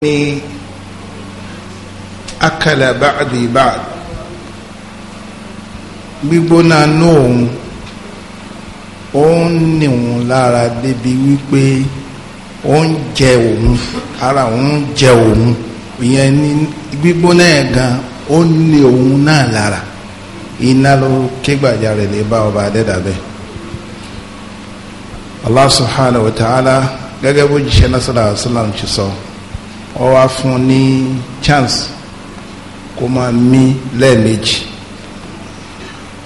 ni akala baadu ibaad gbígbóná nú òun ó ń ní òun lára débi wípé ó ń jẹ òun ara òun ń jẹ òun ìyẹn ní gbígbóná yẹn gan ó ní òun náà lára iná ló kégbàjarè lè bá ọba adẹ́dàbẹ́ Allah subhanahu wa gẹ́gẹ́ bó jíṣẹ́ nasara asalam ti sọ. So ọ wá fún ní chance kó máa mí lẹ́ẹ̀mejì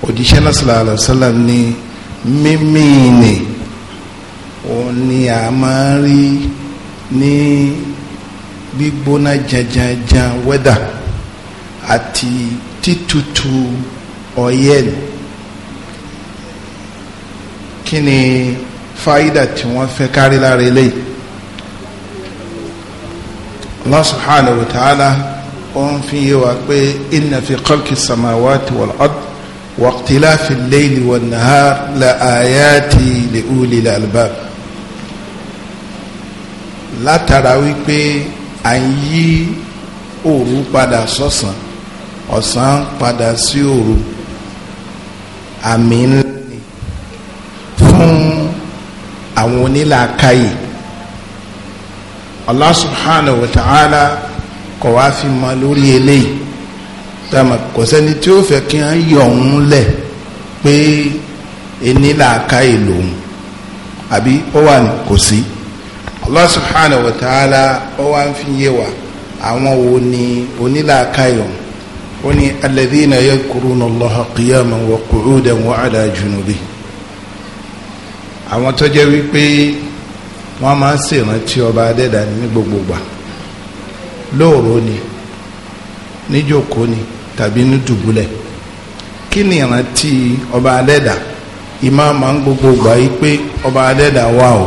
òjíṣẹ́ náà sallallahu alaihi ní mímí ni òun ni a máa ń rí ní gbígbóná janjanjan wẹ́dà àti títútù ọ̀yẹ́lì kí ni fáyidà tí wọ́n fẹ́ kárí lára eléyìí Allah subhanahu wa ta'ala ó ń fi yé wa pé inna fi khalqi samawati wal ard wa ikhtilafi al-layli wan nahar la ayati li ulil albab látara wípé à ń yí òru padà sọ́sàn ọ̀sán padà sí òru àmì ńlá ni fún Allah subhanahu wa ta'ala kọ̀ wá fi mọ lórí eléyìí dàmà kò sẹ́ni tí ó fẹ́ kí wọ́n yọ̀ ọ́n lẹ̀ pé ení làákà èlòun àbí ó wà ní kò sí Allah subhanahu wa ta'ala ó wá ń fi yé wa àwọn wo ni onílàákà èlòun ó ní alladhina yadhkuruna Allaha qiyaman wa qu'udan wa ala junubihim àwọn tó wípé. wọ́n máa ń ṣèrántí ọba adẹ́dàní ní gbogbogbà lóòrò ni níjòkó ni tàbí ní dùbúlẹ̀ kí ni ìrántí ọba adẹ́dà ìmá máa ń gbogbogbà yìí pé ọba adẹ́dà wà o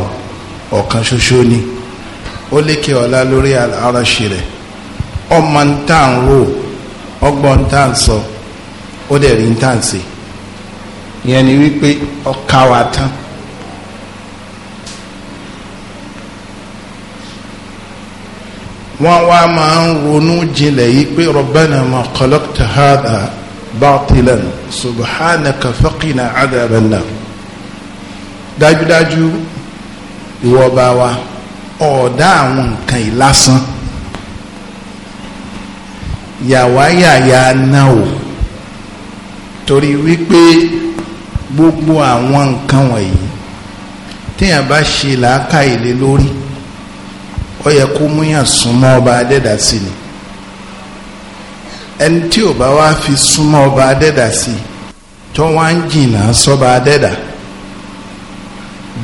ọ̀kan ṣoṣo ni ó lékè ọ̀la lórí aráṣì rẹ̀ ọmọ ń tà ń rò ọgbọ́n ń tà ń sọ ó dẹ̀ rí ń tà ń ṣe ìyẹn ni wípé ọkà wa tán. wọ́n wá máa ń ronú jinlẹ̀ yìí pé rabbana ma khalaqta hadha batilan subhanaka faqina adhabannar dájúdájú ìwọ bá wa ọ̀ọ́dá àwọn nǹkan yìí lásán yàwáyàyà náà torí wípé gbogbo àwọn nǹkan wọ̀nyí téèyàn bá ṣe làákàyè lé lórí ó yẹ kó múyàn súnmọ́ ọba adẹ́dà sí ni ẹni tí ò bá wá fi súnmọ́ ọba adẹ́dà sí tó wá ń jìnnà sọ́ba adẹ́dà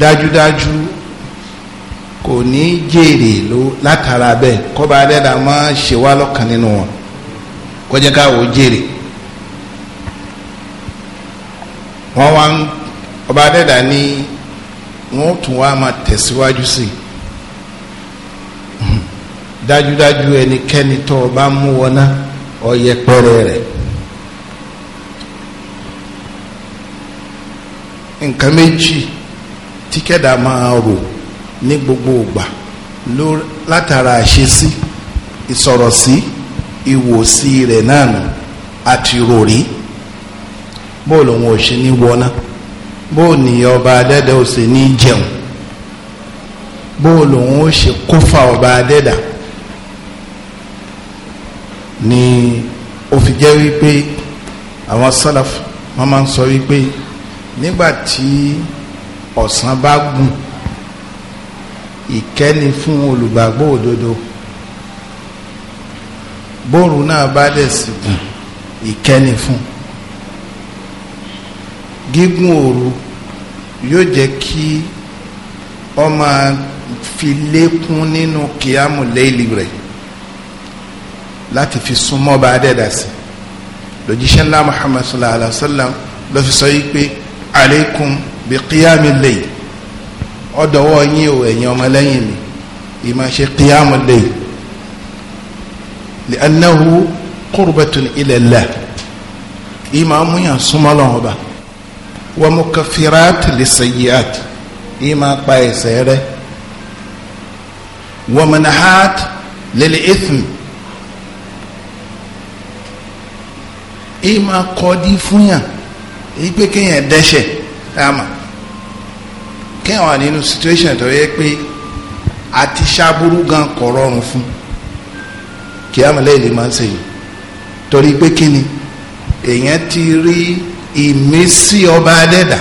dájúdájú kò ní jèrè ló látara bẹ́ẹ̀ kọ́ba adẹ́dà máa ṣe wá lọ́kàn nínú wọn kó káwọ́ jèrè wọ́n wá ọba adẹ́dà ní wọ́n tún wá máa tẹ̀síwájú sí i. dájúdájú ẹnikẹ́ni tó o bá mú wọn ná ọ yẹpẹrẹ rẹ̀ nǹkan méjì tí kẹ́dà máa rò ní gbogbo ìgbà látara àṣesí ìsọ̀rọ̀ ìwòsí rẹ̀ náà nù àti ròrí bó lòun ò ṣe ní wọná bó ní ọba adẹ́dẹ́ ò sì ní jẹun bó lòun ó ṣe kófà ọba ni ó fi jẹ́ wípé àwọn salaf wọ́n máa ń sọ wípé nígbà tí ọ̀sán bá gùn ìkẹ́ni fún olùgbàgbọ́ òdodo bóòrù náà bá dẹ̀ sí gùn ìkẹ́ni fún gígùn òru yóò jẹ́ kí ọ máa fi lékún nínú kíámù léèlì rẹ̀ láti fi súnmọ́ bá dẹ́dà sí lójíṣẹ́ ńlá muhammad sallallahu alayhi wa sallam ló fi sọ yìí pé aleikum bi qiyami lay ọdọwọ yín o ẹ̀yin ọmọlẹ́yìn mi ìmọ̀ ṣe qiyami lay li annahu qurbatun ila ìmọ̀ amúyàn súnmọ́ lọ́wọ́ bá wa mukaffirat lisayyiat ìmọ̀ apá ẹ̀ṣẹ̀ rẹ̀ wa manahat lil ithmi. èyí máa kọ́dí fúnyàn èyí pé ama dẹ́ṣẹ̀ dáàmà kéèyàn situation tó yẹ pé àti ṣàbúrú gan kò rọrùn fún kí amúlẹ́ẹ̀lì máa ń ṣe yìí torí pé kí ni èèyàn ti rí ìmísí ọba adẹ́dà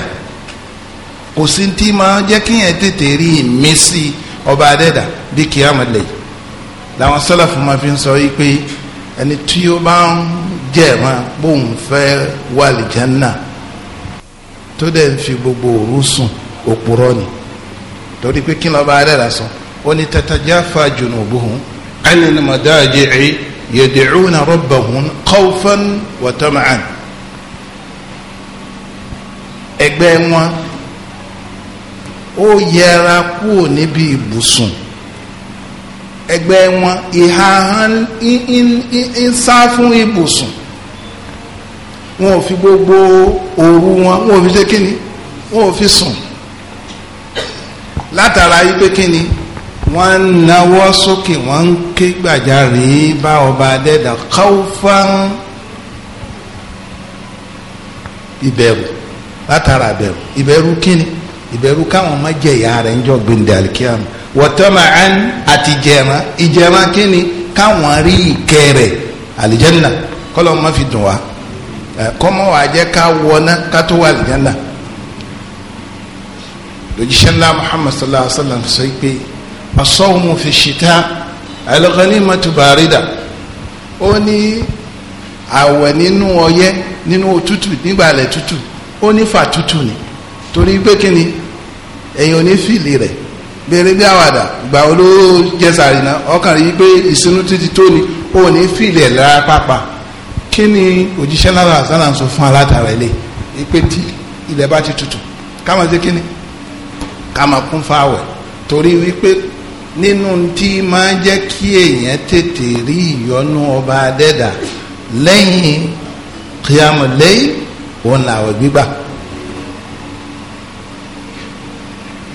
kò sí tí máa jẹ́ kéèyàn tètè rí ìmísí ọba adẹ́dà bí kí amúlẹ́ẹ̀lì làwọn sọ́làfù máa fi ń sọ yìí pé ẹni tí ó bá ń jẹ̀mọ́ bóun fẹ́ wà lìjánná tó dẹ̀ ń fi gbogbo òru sùn òpùrọ̀ ni torí pé kí lọ́ba adẹ́rà sọ ó ní tatajafa junubuhum anil madaji'i yad'una rabbahum khawfan wa tama'an ẹgbẹ́ wọn ó yẹra kúrò níbi ibùsùn ẹgbẹ́ wọn ìhà ń sá fún ibùsùn wọn ò fi gbogbo òru wọn wọn ò fi ṣe kíni wọn ò fi sùn látara yìí pé kíni wọ́n ń nawọ́ sókè wọ́n ń ké gbàjarè bá ọba adẹ́dà káwọ́fán ìbẹ̀rù látara ìbẹ̀rù ìbẹ̀rù kíni ìbẹ̀rù káwọn má jẹ̀yà rẹ̀ ń jọ gbẹ̀ndẹ̀ àlìkíyàmù wọ́tọ́mà án àti jẹ̀mà ìjẹ̀mà kíni káwọn rí ìkẹ́ rẹ̀ kọ́lọ́ má fi dùn wá kọ́mọ́ wa jẹ́ ká wọná ká tó wà lìjánà lójíṣẹ́ ńlá muhammad sallallahu alaihi wa sallam sọ pé fasọ́wọ́mù fi ṣìtá al-ghanimatu barida ó ní àwẹ̀ nínú ọyẹ́ nínú òtútù nígbàlẹ̀ tútù ó ní fàtútù ni torí pé kí ni èyàn ní fìlì rẹ̀ béèrè bí àwàdà gbà olóró jẹsàrìnà ọkàn rí pé ìsinú títí tó ni ó ní lára pápá kí ni òjíṣẹ́ lára àzálà ń sọ fún alátara ilé ipe tí ilẹ̀ bá ti tutù ká máa ṣe kí ni ká máa kún fáwẹ̀ torí wípé nínú tí máa jẹ́ kí èèyàn tètè rí ìyọnu ọba adẹ́dà lẹ́yìn kíámù òun làwẹ̀ gbígbà.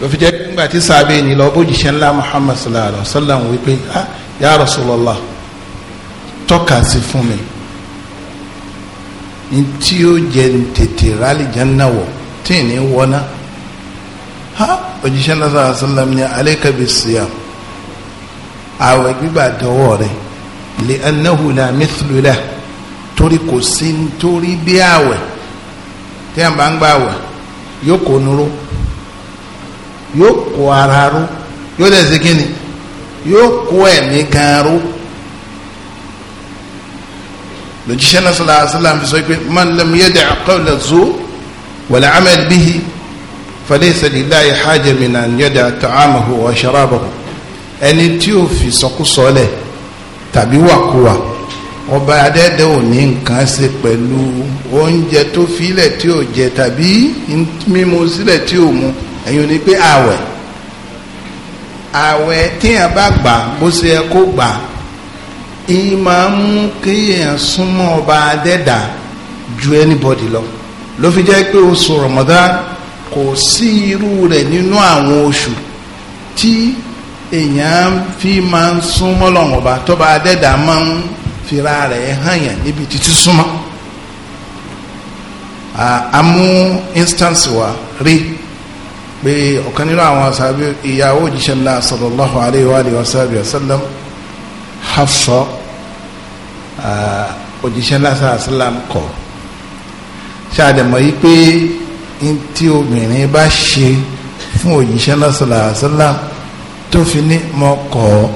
lọ́fi jẹ́ nígbà tí sábẹ́ ni lọ bójìṣẹ́ ńlá muhammad sallallahu alaihi wa sallam wípé ah ya rasulallah tọ́ka sí fún mi ní tí ó jẹ tètè rálì janna wọ tí ì ní wọná ha òjíṣẹ́ lọ́sàn án sọ́lám ní alayka bis-siyam àwẹ̀ gbígbà dọ́wọ́ rẹ̀ li annahu la mithlu lahu torí kò sí nítorí bí àwẹ̀ tí a bá ń gbà àwẹ̀ yóò kó nuró yóò kó ara ró yóò dẹ̀ sí yóò kó ẹ̀mí gan ró lójúṣẹ́ náà sallallahu alaihi wasallam fi sọ pé man lam yada' qawla zur wal amal bihi falaysa lillahi haja min an yada' ta'amahu wa sharabahu ẹni tí ó fi sọkúsọ lẹ̀ tàbí wàkúwà ọba adẹ́dẹ́ ò ní nǹkan ṣe pẹ̀lú oúnjẹ tó filẹ̀ tí ò jẹ tàbí mímu sílẹ̀ tí ò mu ẹ̀yin ò pé àwẹ̀ àwẹ̀ téèyàn bá gbà bó ṣe yẹ kó gbà èyí máa ń mú kéèyàn súnmọ́ ọba adẹ́dà ju anybody lọ ló fi jẹ́ pé oṣù Ramadan kò sí irú rẹ̀ nínú àwọn oṣù tí èèyàn fi máa ń súnmọ́ lọ́wọ́n tọ́ba adẹ́dà máa ń fira rẹ̀ hàn níbi títí súnmọ́ amú instance wa rí pé ọ̀kan nínú àwọn ìyàwó òjíṣẹ́ ńlá sallallahu alayhi wa sallam Hafsa. Ah, òjíṣẹ́ lásán asílám kọ̀ ṣàdẹ̀mọ̀ yí pé tí obìnrin bá ṣe fún òjíṣẹ́ lásán asílám tó fi ní mọ́ kọ̀ ọ́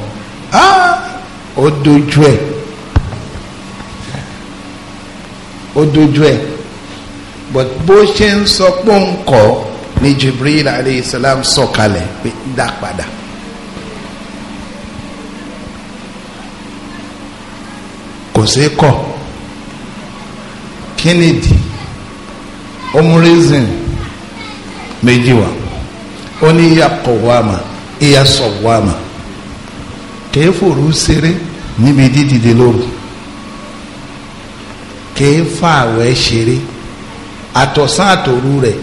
ah, ó dojú ẹ̀ ó dojú ẹ̀ but bó ṣe ń sọ pé ó ń kọ̀ ní Jibril alayhi salam sọ̀kalẹ̀ pé dá padà. kò sí kọ̀ kínìdì omurizin méjì wà ó ní ìyá kọ̀wáàmà ìyá sọ̀wáàmà kééfòrú ṣeré níbi dídìde lóru kééfàwẹ́ ṣeré àtọ̀sán àtòru rẹ̀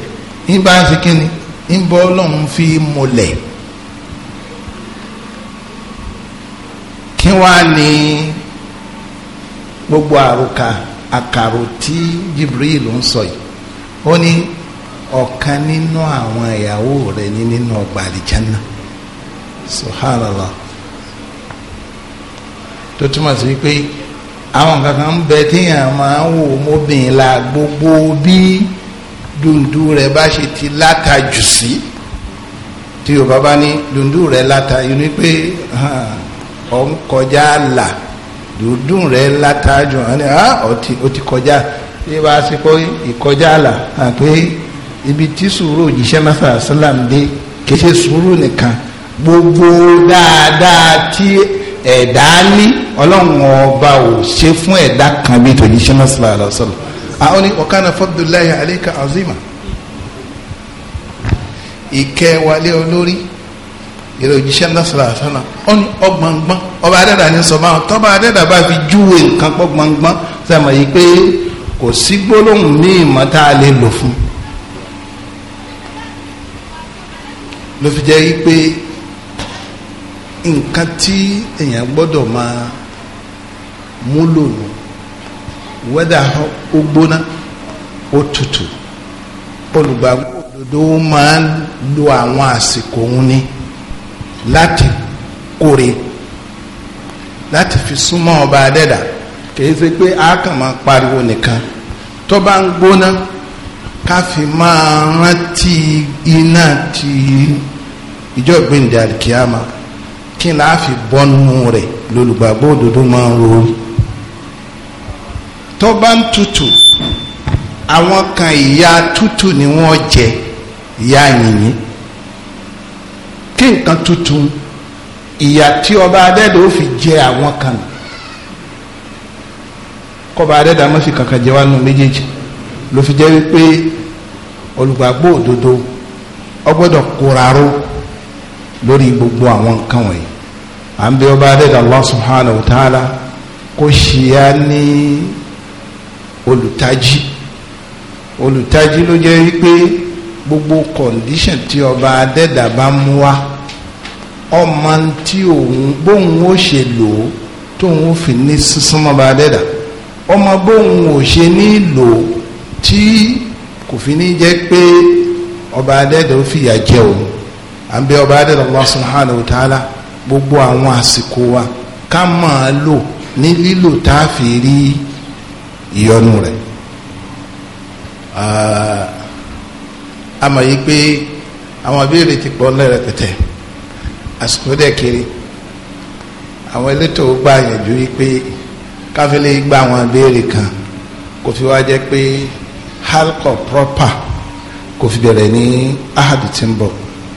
ń fi kíni ń ọlọ́run fi mọlẹ̀ kí wàá ní gbogbo àròkà àkàrò tí Jibril ń sọ yìí ó ní ọ̀kan nínú àwọn ìyàwó rẹ̀ ní nínú ọgbà àlìjánná subhanallah tó túmọ̀ sí pé àwọn kankan ń bẹ téèyàn máa ń wò mọ́bìnrin la gbogbo bí dundun rẹ̀ bá ṣe ti láta jù sí tí yorùbá bá ní dundun rẹ̀ láta yìí ni pé ọ̀ kọjá là dùndùn rẹ látàjù wọn ni ah, ọtí ọtí kọjá bí wàá sí pé ìkọjá là àpé ibi tí sùúrù òjíṣẹ́ náà sàlám dé kìí ṣe sùúrù nìkan gbogbo dáadáa tí ẹ̀dá ní ọlọ́run ọba ò ṣe fún ẹ̀dá kan bí tòjíṣẹ́ náà sàlám àwọn ni ọ̀kánà fadlullahi alayka azima ìkẹwàlẹ́ olórí. ìrẹ òjíṣẹ́ ńlá sọ̀rọ̀ àṣàlà ọ ní ọgbọ̀ngbọ́n ọba adẹ́dà ní sọ báwọn tọ́ba adẹ́dà bá fi júwe nǹkan pọ̀ gbọ̀ngbọ́n sàmà yìí pé kò sí gbólóhùn ní ìmọ̀ tá a lè lò fún. ló fi jẹ́ yìí pé nǹkan tí èèyàn gbọ́dọ̀ máa múlò nù wẹ́dà ó gbóná ó láti kórè láti fi súnmọ́ ọba adẹ́dà kìí ṣe pé a kàn máa pariwo nìkan tó bá ń gbóná ká fi máa ti ìjọ kí la fi bọ́nu rẹ̀ lólùgbàgbọ́ òdodo máa ń ro tó bá ń tutù àwọn kan ìyà tutù ni wọ́n jẹ kí nǹkan tuntun ìyà tí ọba adẹ́dẹ́ ó fi jẹ àwọn kan kọba adẹ́dẹ́ a má fi kankan jẹ wá nù méjèèjì ló fi jẹ́ wípé olùgbàgbọ́ òdodo ọgbọ́dọ̀ kóraró lórí gbogbo àwọn nǹkan wọ̀nyí à ń bẹ ọba adẹ́dẹ́ Allah subhanahu wa ta'ala kó ṣe á ní olùtají olùtají ló jẹ́ wípé gbogbo condition ti ọba adẹ́dà bá mú wá ọmọ tí òun bóun ó ṣe lò ó tóun ó fi ní sísún ọba adẹ́dà ọmọ bóun ò ṣe ní lò ó tí kò fi ní jẹ́ pé ọba adẹ́dà ó fìyà jẹ òun à ń bẹ ọba adẹ́dà Allah subhanahu wa ta'ala gbogbo àwọn àsìkò wa ká máa lò ní lílò tá a fi rí ìyọnu rẹ̀. Ama mọ̀ yí pé àwọn ìbéèrè ti pọ̀ lẹ́rẹ̀pẹ̀tẹ̀ àsìkò dẹ̀ kiri àwọn elétò gbà yànjú yí pé káfílẹ̀ gba àwọn ìbéèrè kan kò fi wá jẹ́ pé halkọ proper kò fi bẹ̀rẹ̀ ní ahadu tí ń bọ̀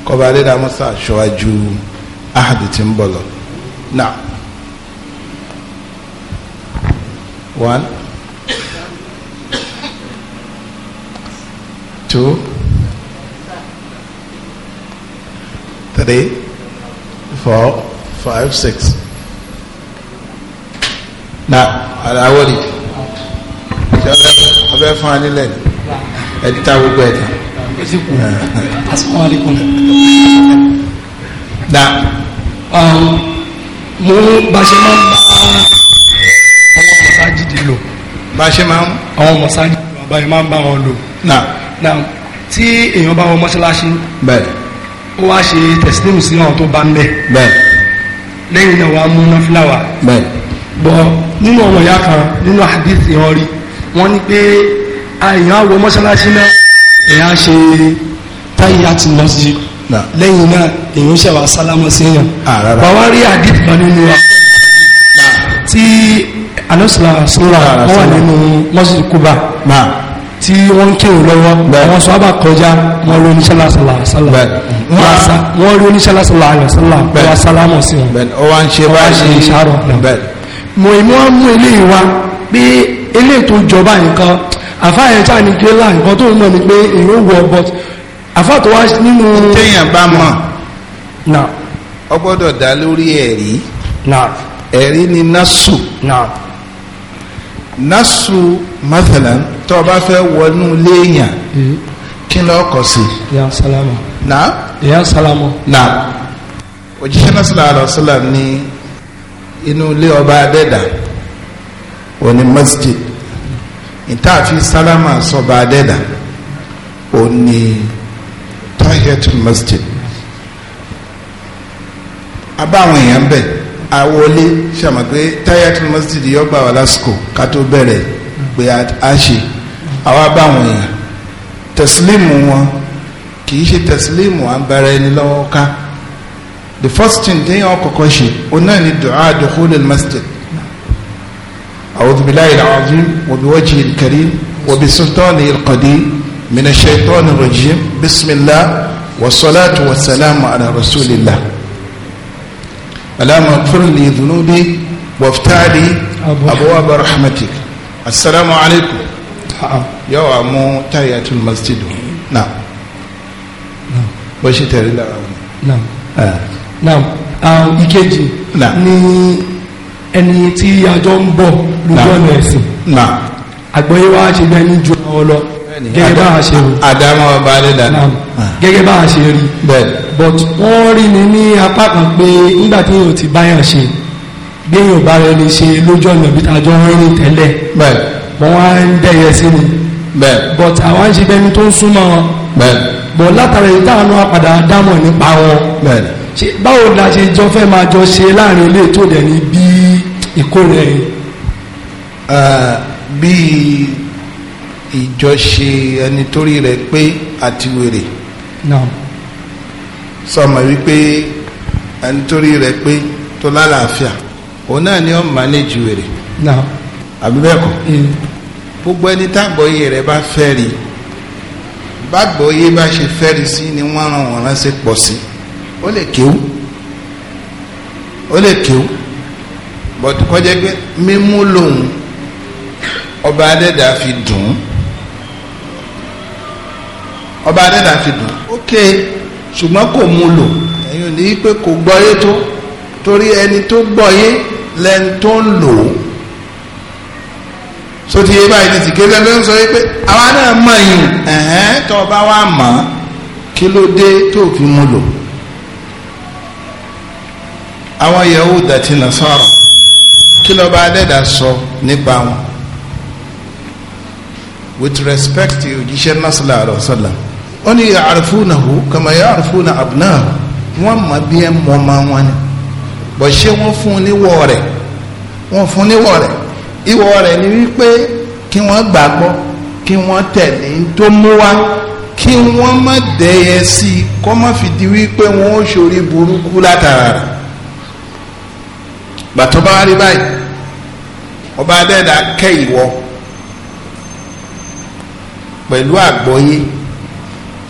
kọba adédàmọ́sá aṣọ́wájú ahadu tí ń bọ̀ lọ. now one two. three four five six Now I na aláwọ̀rì abẹ́ fún anílẹ̀ ẹ̀dítà gbogbo ẹ̀dá. asalaamualeykum. na um, mo bá ṣe máa ń bá àwọn mọ̀sájìdì lò. bá ṣe máa ń. àwọn mọ̀sájìdì lò àbáyé máa ń bá wọn lò. na na tí èèyàn bá wọn mọ́ṣáláṣí. bẹ́ẹ̀ ó wá ṣe tẹ̀sílẹ̀mù sí àwọn tó bá ń bẹ̀. bẹ́ẹ̀ lẹ́yìn náà wàá mú náfìláwà. bẹ́ẹ̀ bọ́ nínú ọmọ ìyá kan nínú hadith yẹn rí wọ́n ní pé àyàn àwọ̀ mọ́ṣáláṣí náà èèyàn ṣe táyì àti lọ́sí lẹ́yìn náà èèyàn ṣẹ̀wá sálámọ́ sí yàn. bàbá rí hadith kan nínú wa tí anusala sọ́la wọ́n wà nínú mọ́ṣídìí kúbà tí wọ́n ń kírun lọ́wọ́ àwọn sọ àbá kọjá wọn rí oníṣẹ́lá sàlàsàlà wọn rí oníṣẹ́lá sàlàsàlà wọn sálámọ̀ sí wọn. ó wá ń ṣe báyìí ìṣàrọ̀ mọ ìmú wọn ilé wa pé ilé tó jọba nǹkan àfa yẹn tá ní gírílà nǹkan tó ń mọ̀ ni pé èrò wọ but àfa tó wá nínú. téèyàn bá mọ̀ ọ gbọ́dọ̀ dá lórí ẹ̀rí ẹ̀rí ni násù. nasu mathalan tó o bá fẹ́ wọnú léèyàn eh. kí ni ọkọ̀ sí. ya salamu. na. ji salamu. na. òjíṣẹ́ náà sallallahu alaihi ní inú ilé ọba adẹ́dà òní masjid ìtààfin sálámà sọba adẹ́dà òní tahiyat masjid abáwọn èèyàn bẹ́ẹ̀ àwọlé ṣàmà pé tayatul masjid yọ gbà wá lásìkò ká tó bẹ̀rẹ̀ pé a ṣe àwa báwọn èèyàn wọn kì ṣe tẹ̀sílímù à ń bára ẹni lọ́wọ́ ká the first thing tí yẹn kọ́kọ́ ṣe òun náà ni du'a dukhul al-masjid a'udhu billahi al-azim wa bi wajhihi al-karim wa bi sultanihi al-qadim min ash-shaytani ar-rajim wa salatu wa salamu ala rasulillah. اللهم اغفر لي ذنوبي وافتح لي ابواب رحمتك السلام عليكم يا عمو تحية المسجد نعم bó ṣe tẹ̀lé lára wọn. naam naam ìkejì ni ẹni tí àjọ ń bọ̀ lójú ọ̀nà ẹ̀sìn àgbọ̀yé wa ṣe bẹ́ẹ̀ ní ju ọ lọ gẹ́gẹ́ bá a ṣe rí but wọ́n rí ni ní apá kan pé nígbà tí yóò ti báyàn ṣe gbéyàn bá rẹ ní ṣe lójú ọ̀nà bí tajọ́ ń tẹ́lẹ̀ wọ́n wá ń dẹ̀yẹ sí ni but àwọn ń ṣe bẹ́ni tó ń súnmọ́ but látara èyí táwọn náà padà dámọ̀ nípa wọn báwo la ṣe jọ fẹ́ máa jọ ṣe láàrin ilé tó dẹ̀ ní bí ìkórè. bíi ìjọṣe ẹni torí rẹ̀ pé àti wèrè sọmọ wípé ẹni torí rẹ̀ pé tó lálàáfíà òun náà ni ó manage wèrè àbí bẹ́ẹ̀ kọ́ gbogbo ẹni tágbọ́yé rẹ̀ bá fẹ́ rí bágbọ́yé bá ṣe fẹ́ rí sí ni wọ́n ràn wọ́n ránṣẹ́ pọ̀ sí ó lè kéwú ó lè kéwú bọ̀dù mímú lòun ọba adẹ́dàá fi dùn ún ọba adẹ́dà fi dùn ok ṣùgbọ́n kò mú lò ẹ̀yin ò ní í pé kò gbọ́yé tó torí ẹni tó gbọ́yé lẹ́ni tó ń lò ó sóti yé báyìí ní ti kéde ló ń sọ yé pé àwa náà mọ̀ yìí ẹ̀hẹ́n tó o bá wà mọ̀ kí ló dé tó fi mú lò àwọn Yahuda àti Nasara kí lọ́ba adẹ́dà sọ nípa wọn with respect to òjíṣẹ́ nasala àlọ́ sọ́lá. ó ní ya'rifunahu kama ya'rifuna abna'ahu wọ́n mọ̀ bí ẹ ma wọn ni bọ̀ ṣé wọ́n fún un níwọ̀ rẹ̀ wọ́n fún un ni wípé ki wọ́n gbàgbọ́ ki wọ́n tẹ̀lé to muwa ki kí ma má si sí i kọ́ má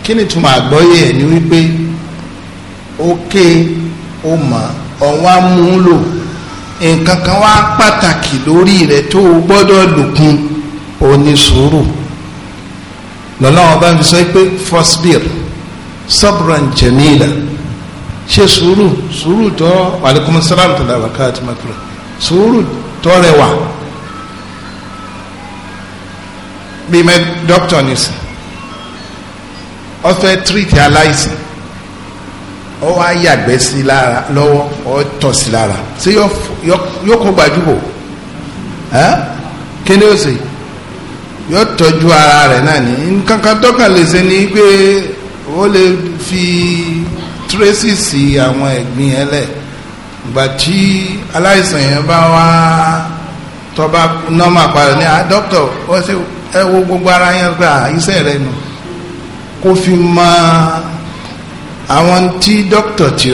kí ni túmọ̀ àgbọ́yé ẹ̀ ni wípé ó ké ó mọ̀ ọ̀hún á mú un lò nǹkan kan wá pàtàkì lórí rẹ̀ tó o gbọ́dọ̀ lòkun ó ní sùúrù lọ́lọ́wọ́n bá fi sọ pé fosbir sabran jamila ṣe sùúrù sùúrù tó aleykum salaam tó dábàá káàtì sùúrù tó rẹwà bí mẹ́ dókítà nìsín ó fẹ́ tírìtì aláìsàn ó wá yàgbẹ́ sí lára lọ́wọ́ ó tọ̀ sí lára ṣé yóò kó gbajúbò kí ni ó sì yóò tọ́jú ara rẹ̀ náà ní nǹkan kan lè ṣe ni pé ó lè fi tírésìsì àwọn ẹ̀gbin yẹn lẹ̀ gbà tí aláìsàn yẹn bá wá tọ́ba nọ́mà parẹ́ ní dókítà ẹ wo gbogbo ara yẹn gbà ah, iṣẹ́ rẹ nù. No kó fi mọ àwọn tí dókítà ti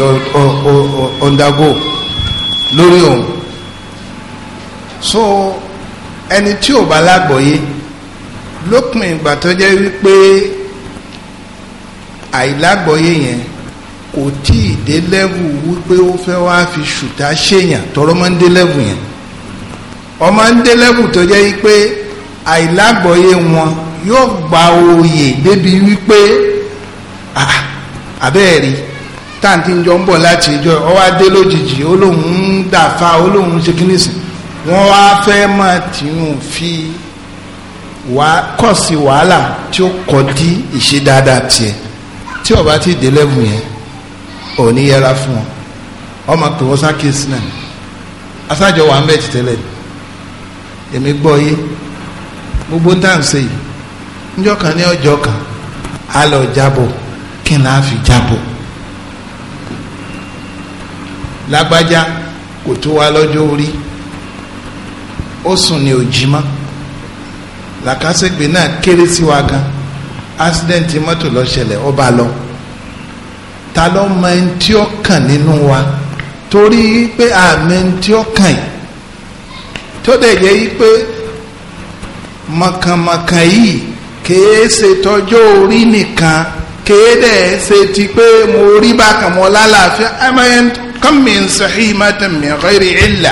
undergo lórí òun so ẹni tí ò bá lágbọ̀ọ́yé lópin ìgbà tó jẹ́ wípé àìlágbọ̀ọ́yé yẹn kò tí ì dé lẹ́vù wípé ó fẹ́ wá fi ṣùtá ṣèyàn tọrọ máa ń dé lẹ́vù yẹn ọmọ ń dé lẹ́vù tó jẹ́ wípé àìlágbọ̀ọ́yé wọn yóò gba oyè débi wípé àbẹ́ẹ̀rí táǹtí ń jọ ń bọ̀ láti ìjọ ọwọ́ adé lójijì ó lóun ń dàfa ó lóun ń ṣe kíní sìn wọ́n wá fẹ́ máa tì ń fi kọ̀ sí wàhálà tí ó kọ́ dí ìṣe dáadáa tiẹ̀ tí ọba ti dé lẹ́bùn yẹn ò ní yẹra fún ọ ọmọ pé wọ́n sá kéésì náà asájọ wà ń bẹ̀ tẹ́lẹ̀ èmi gbọ́ yé gbogbo ń tà ń yìí níjọ́ kan ní ọjọ́ kan a lọ jábọ̀ kí n láà fi jábọ̀ lágbájá kò tó wa lọ́jọ́ orí ó sùn ní òjìmọ́ làkàṣègbè náà kéré sí wa gan accident mọ́tò lọ ṣẹlẹ̀ ó bá lọ ta ló mọ ẹni tí ó kàn nínú wa torí pé àmì ẹni tí ó kàn yìí tó dẹ̀ yẹ yí pé mọ̀kànmọ̀kàn yìí kèé ṣe tọjọ́ orí nìkan kèé dẹ̀ ṣe ti pé mo rí bákan mọ́ lálàáfíà ẹ̀mẹ́yẹn kam min sahimatan min ghairi illa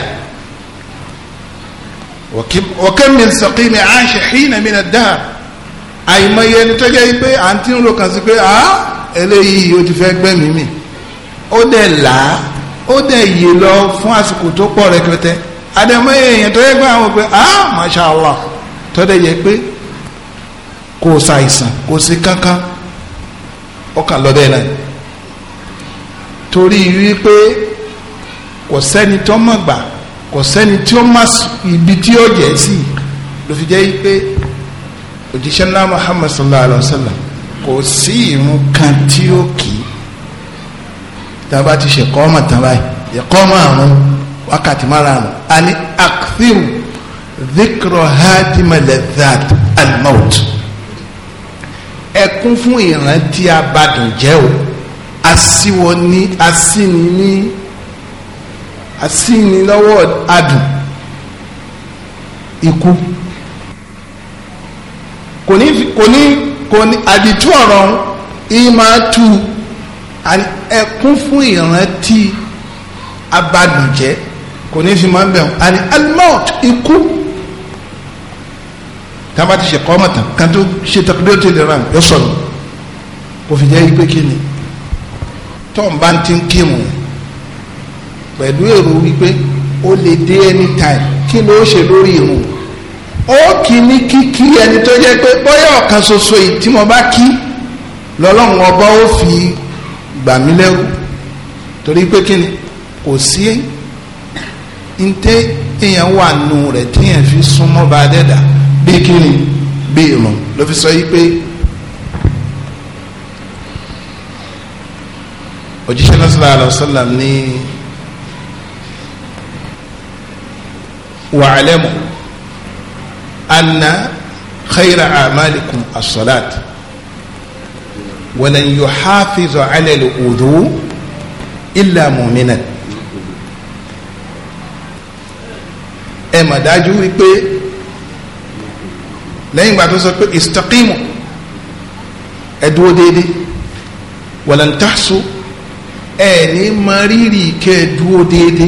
wa kam min saqimi aasha hina min ad-dahr àìmọye ẹni tọ́jọ́ yìí pé à ń tí ń ro kàn sí pé a eléyìí o ti fẹ́ gbẹ́mìí mi ó dẹ̀ là á ó dẹ̀ yè lọ fún àsìkò tó pọ̀ rẹpẹtẹ àdèmọye èèyàn tọ́jọ́ pé pé a masha Allah tọ́jọ́ yẹ pé kó o ṣàìsàn kó o ṣe kankan ọkàn lọ bẹ́ẹ̀ náà torí wípé kò sẹ́ni tó mọ̀ gbà kò sẹ́ni tí ó má ibi tí ó jẹ́ sí ló fi jẹ́ wípé òjíṣẹ́ ńlá Muhammad sallallahu alayhi wa sallam kò sí irun kan tí ó kì í tá a bá ti ṣe kọ́ ọmọ tán báyìí ẹ̀kọ́ ọmọ àrùn wákàtí márùn-ún a ní akthiru dhikra hatimaladat almaut ẹkún fún ìrántí abadùnjẹ́ o asíwọ ní asini ní asíni lọ́wọ́ adùn ikú kò ní kò ní kò ní àdìtú ọ̀rọ̀ yìí máa tu ẹkún fún ìrántí abadùnjẹ́ kò ní fi máa bẹ̀rù àní alimọ́ọ̀tì ikú tába ti ṣe kọ́mọ̀ tán kan tó ṣe tẹkidó tẹlẹ ran yọ sọ̀rọ̀ kò fi jẹ́ ipe kí ni tọ́n bá ti ń kírun pẹ̀lú èrò wípé ó lè dé anytime kí ló ṣe lórí irun ó kì í ní kíkí ẹni tó jẹ́ pé bóyá ọ̀kan ṣoṣo yìí tí mo bá kí lọ́lọ́run ọba ó fi gbà mí lẹ́rù torí pé kí ni kò sí ntẹ́ èèyàn wà nù rẹ̀ téèyàn fi súnmọ́ bá dẹ́dà bí kíni bí ìrun ló fi sọ yí pé òjíṣẹ́ náà sallallahu alaihi wasallam ní wa'lamu anna khayra a'malikum as-salat wa lan yuhafizu 'ala al-wudu illa mà dájú wípé lẹ́yìn ìgbà tó sọ pé istaqimu ẹ̀dúró déédé wàlàntàṣó ẹ̀ ní máa rírì kẹ́ ẹ̀dúró déédé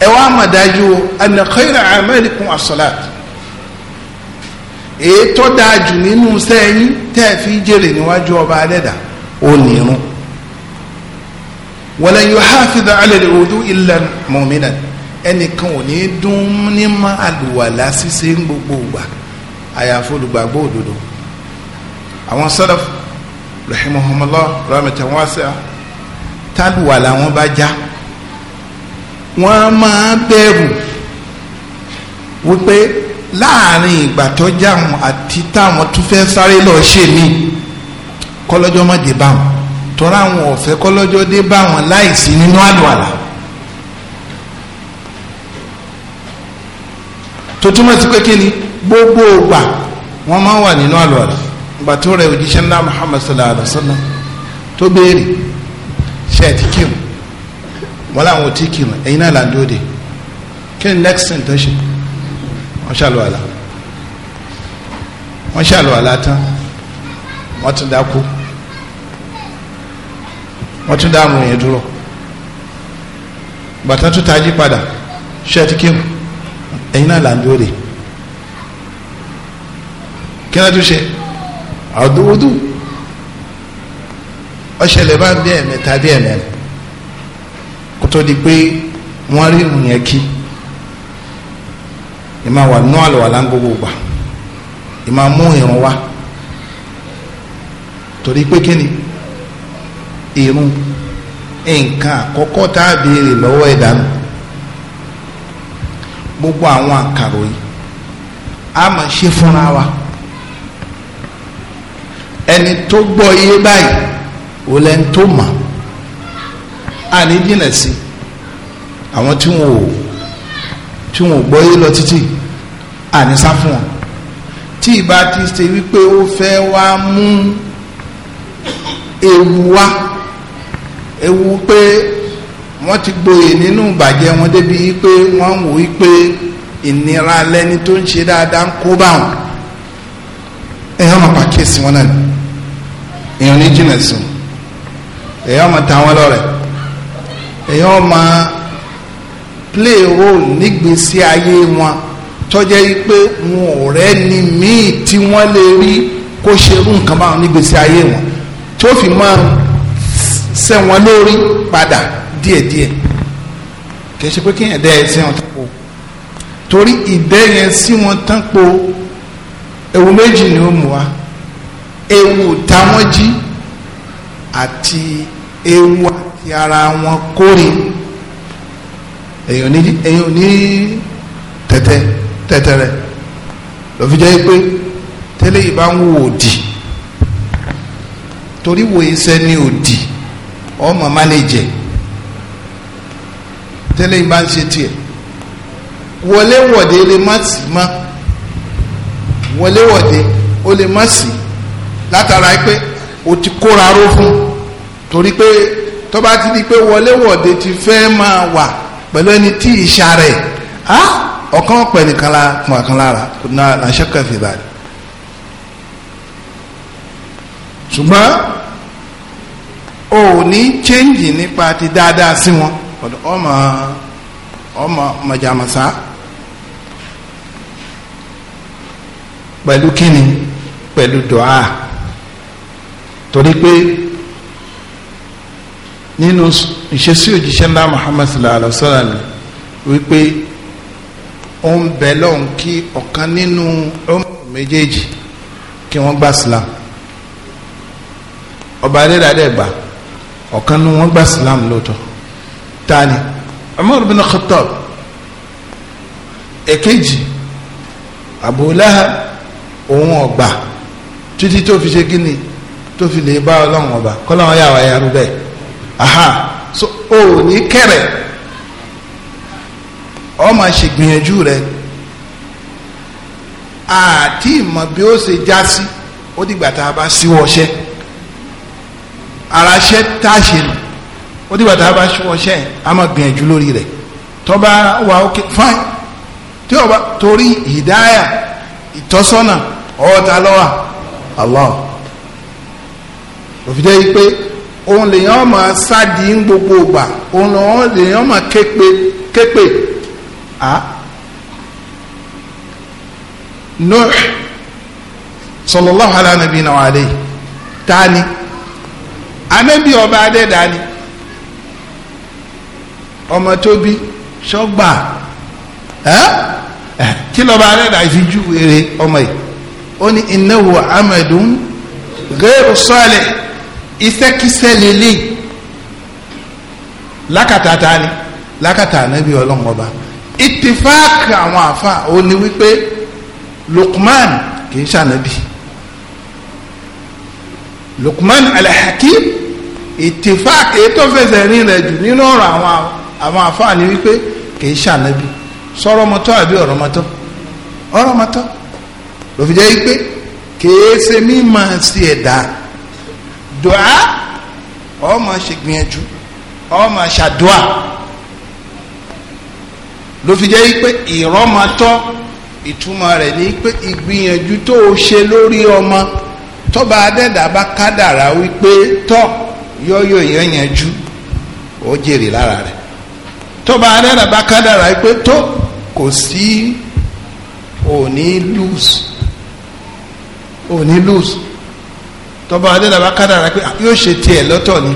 ẹ wá mà dájú anna khayra amalikum as-salat èyí tó dáa jù nínú sẹ́yìn tẹ́ ẹ fi jèrè níwájú ọba adẹ́dà ó nìrún walan yuhafiza ala al-wudu illa mu'minan ẹnìkan ò ní dún ní má àlùwàlá ṣíṣe ń gbogbo ìgbà àyàfo olùgbàgbọ́ òdodo àwọn salaf rahimahumullah rahmatan wasi'a tálùwàlá wọn bá já wọn a máa bẹ̀rù wípé láàrin ìgbà tó já wọn àti táwọn tún fẹ́ sáré lọ́ọ́ ṣe mí kọ́lọ́jọ́ má dé bá tọ́ra àwọn ọ̀fẹ́ kọ́lọ́jọ́ dé bá wọn láìsí nínú àlùwàlá. tó túmọ̀ sí pé kí ni gbogbo ògbà wọ́n máa ń wà nínú àlùwàlà ìgbà tó rẹ òjíṣẹ́ ńlá Muhammad sallallahu alaihi wa sallam tó béèrè ṣe ẹ̀ ti kírun wọ́n láwọn ò tí kírun ẹ̀yin náà là ń dóde kí ni next thing tó ṣe wọ́n ṣàlùwàlà wọ́n ṣàlùwàlà tán wọ́n tún dákú wọ́n tún dá àwọn èèyàn dúró gbàtà tún tají padà ṣe ti kírun. ẹ̀yin náà là ń de kí náà tún ṣe àdúwòdù ọ̀ṣẹ̀lẹ̀ bá bí ẹ̀mẹ́ta bí di pé wọ́n rí ìrùn yẹn kí ìmọ̀ wà nú gbogbo gbà ìmọ̀ mú ìrùn wá torí pé kí ni ìrùn nǹkan àkọ́kọ́ tá a gbogbo àwọn àkàrò yìí a máa ṣe fúnra wa ẹni tó gbọ́ iye báyìí ò lẹ́ni tó mọ̀ á ní jìnà sí àwọn tí wọn ò tí wọn ò gbọ́ iye lọ títì á ní sá fún wọn tí ìbá ti ṣe wípé ó fẹ́ wá mú ewu wá ewu pé wọ́n ti gboyè nínú ìbàjẹ́ wọn débi wípé wọ́n ń wò wípé ìnira lẹ́ni tó ń ṣe dáadáa ń kó bá wọn èèyàn máa pàkíyèsí wọn náà ni èèyàn ní jìnnà sùn èèyàn máa ta wọn lọ́rẹ èèyàn play role nígbésí ayé wọn tọ́jẹ́ wípé wọn ò rẹ́ni míì tí wọ́n lè rí kó ṣerú nǹkan báwọn nígbésí ayé wọn tó fi máa sẹ́wọ̀n lórí padà díẹ̀díẹ̀ kìí ṣe pé kí ẹ̀dá ẹ̀ sí wọn tán po torí ìdẹ́ yẹn sí wọn tán po ewu méjì ni ó mú wa ewu táwọn jí àti ewu àti ara wọn kórè èèyàn ní èèyàn ní tẹ̀tẹ̀ tẹ̀tẹ̀ rẹ̀ lọ́fi jẹ́ pé tẹ́lẹ̀ yìí bá ń wò òdì torí wòye sẹ́ni òdì ọmọ mánéjẹ̀ tẹ́lẹ̀ yìí bá ń ṣe tiẹ̀ wọléwọ̀de lè má sí mọ́ wọléwọ̀de ó lè má sí látara pé o ti kóra ró fún torí pé tó bá ti di pé wọléwọ̀de ti fẹ́ máa wà pẹ̀lú ẹni tí ìṣà rẹ̀ á ọ̀kan pẹ̀ la pọ̀ kan lára náà làṣẹ kẹfì báyìí ṣùgbọ́n o ò ní chẹ́ǹgì nípa ti dáadáa sí wọn kọ́dọ̀ oma ọmọ mọ̀jàmọ̀sá pẹ̀lú kíni pẹ̀lú dọ́à torí pé nínú ìṣesí òjíṣẹ́ ńlá Muhammad sallallahu alaihi wa sallam wípé ó ń bẹ lọ́hùn kí ọ̀kan nínú ọmọ méjèèjì kí wọ́n gba Islam ọba adédàdé gbà ọ̀kan nínú wọn gba Islam lóòótọ́ tani Umar bin Khattab èkejì Abu Lahab òun ọgbà títí tó fi ṣe kíni tó fi lè bá Ọlọ́run ọba kọ́láwọn yà wá yarú bẹ́ẹ̀ aha so o ò ní kẹrẹ ọ máa ṣègbìyànjú rẹ àti ìmọ̀ bí ó ṣe já sí ó dìgbà tá a bá síwọ́ ṣẹ́ ara ṣẹ́ tá a ṣe nù. ó dìgbà tá a bá ṣọṣẹ́ a máa gbìyànjú lórí rẹ wa oke fine tí o bá torí hidaya ìtọ́sọ́nà ọwọ́ lọ́wà Allah òfìdẹ́ yìí pé òun lèyàn máa sadi ń gbogbo ògbà òun lèyàn máa képe képe a Nuh sallallahu ala tani anabi ọba ọmọ tó bí sọgbà ẹ kí lọ́ba alẹ́dà fi ju èrè ọmọ yìí ó ní innahu amadun ghayru salih iṣẹ́kíṣẹ́ lélẹ̀ lákàtàtà ni lákàtà ànábì ọlọ́run ọba ìtìfáàkì àwọn àfa ó ní wípé Luqman kì í ṣànábì Luqman al-Hakim ìtìfáàkì ètò fẹsẹ̀ rìn rẹ̀ jù nínú ọ̀rọ̀ àwọn àwọn àwọn àfáàní wípé kì í ṣànábì sọ̀rọ̀ mọ́tọ́ àbí ọ̀rọ̀ mọ́tọ́ ọ̀rọ̀ mọ́tọ́ ló fi jẹ́ wípé kì í ṣe mí máa ṣe ẹ̀dá dùá ọ̀ máa ṣègbìyànjú ọ̀ máa ṣàdùá ló fi jẹ́ wípé ìrọ́mọtọ́ ìtumọ̀ rẹ̀ ní pé ìgbìyànjú tó o ṣe lórí ọmọ tọ́ba adẹ́dà bá kádàrá wípé tọ́ yọ́yọ́ yẹn yẹn jú ó jèrè lára rẹ̀ tọba arẹ́rà bá kádàrà pé tó kò sí òní lose òní lose tọba arẹ́rà bá kádàrà pé yóò ṣe tiẹ̀ lọ́tọ̀ ni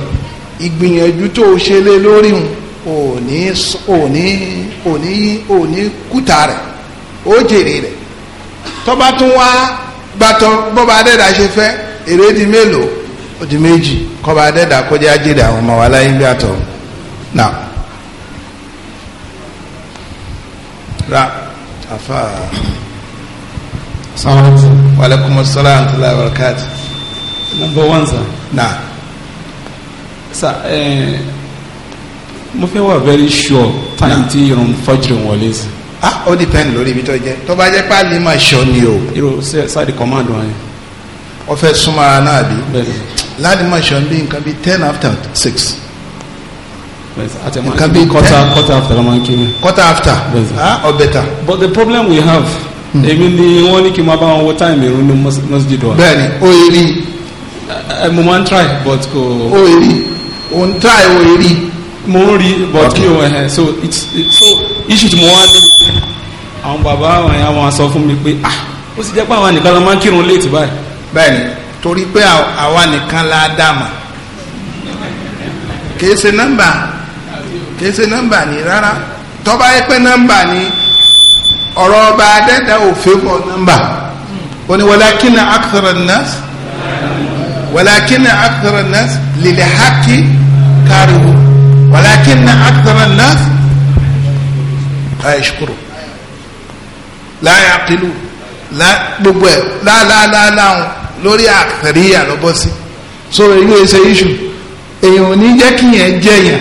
ìgbìyànjú tó o ṣe lé lórí wọn òní òní òní òní kùtà rẹ̀ ó jèrè rẹ̀ tọba tún wá gbàtọ bọba adẹ́dà ṣe fẹ́ èrè di mélòó ó di méjì kọba adẹ́dà kọjá jèrè àwọn ọmọ wa láyé gbàtọ náà. ra afa. salaamaleykum. waaleykum salaam wa rahmatulahi wa barakati. number one sir. na. sa ẹẹ eh, mo fẹ́ wà very sure time ti irun fajiri wọlé sí. ah ó depend lórí ibi tó jẹ tó bá jẹ pé àlè máa ṣọ ni o. irú sáàdì command wọn yẹn. ọfẹ súnmọ́ ara náà bí. bẹ́ẹ̀ni. láti máa ṣọ bí nǹkan bíi ten after six. It can be quarter, ten. quarter after la máa ń kí quarter after ah or better. but the problem we have. Hmm. èmi ni wọ́n ní kí n máa bá wọn wo time irun ní masjid wa. bẹ́ẹ̀ni o yìí rí. Eh, eh, mo máa ń try but kò. o yìí o ń try o yìí rí. mo ń rí but kí o ẹ̀hẹ̀ eh, so it's so issue tí mo wá ní. àwọn bàbá àwọn ẹ̀yà wọn sọ fún mi pé ah ó sì jẹ́ pé àwọn nìkan la máa ń kírun late báyìí. bẹ́ẹ̀ni torí pé àwa nìkan la dá mọ̀ kì í ṣe nọ́mbà kìí ṣe nọ́mbà ni rárá tọ́ba yẹ pé nọ́mbà ni ọ̀rọ̀ ọba adẹ́dá òfin bọ̀ nọ́mbà ó ní walakin akthara nas walakin akthara nas lil haqqi karihu walakin akthara nas la yashkuru la yaqilu la gbogbo ẹ̀ láàláàláàláhùn lórí àkàríyà lọ́bọ́sí sọ̀rọ̀ ilé iṣẹ́ iṣu èèyàn ò ní jẹ́ kíyẹn jẹ́yàn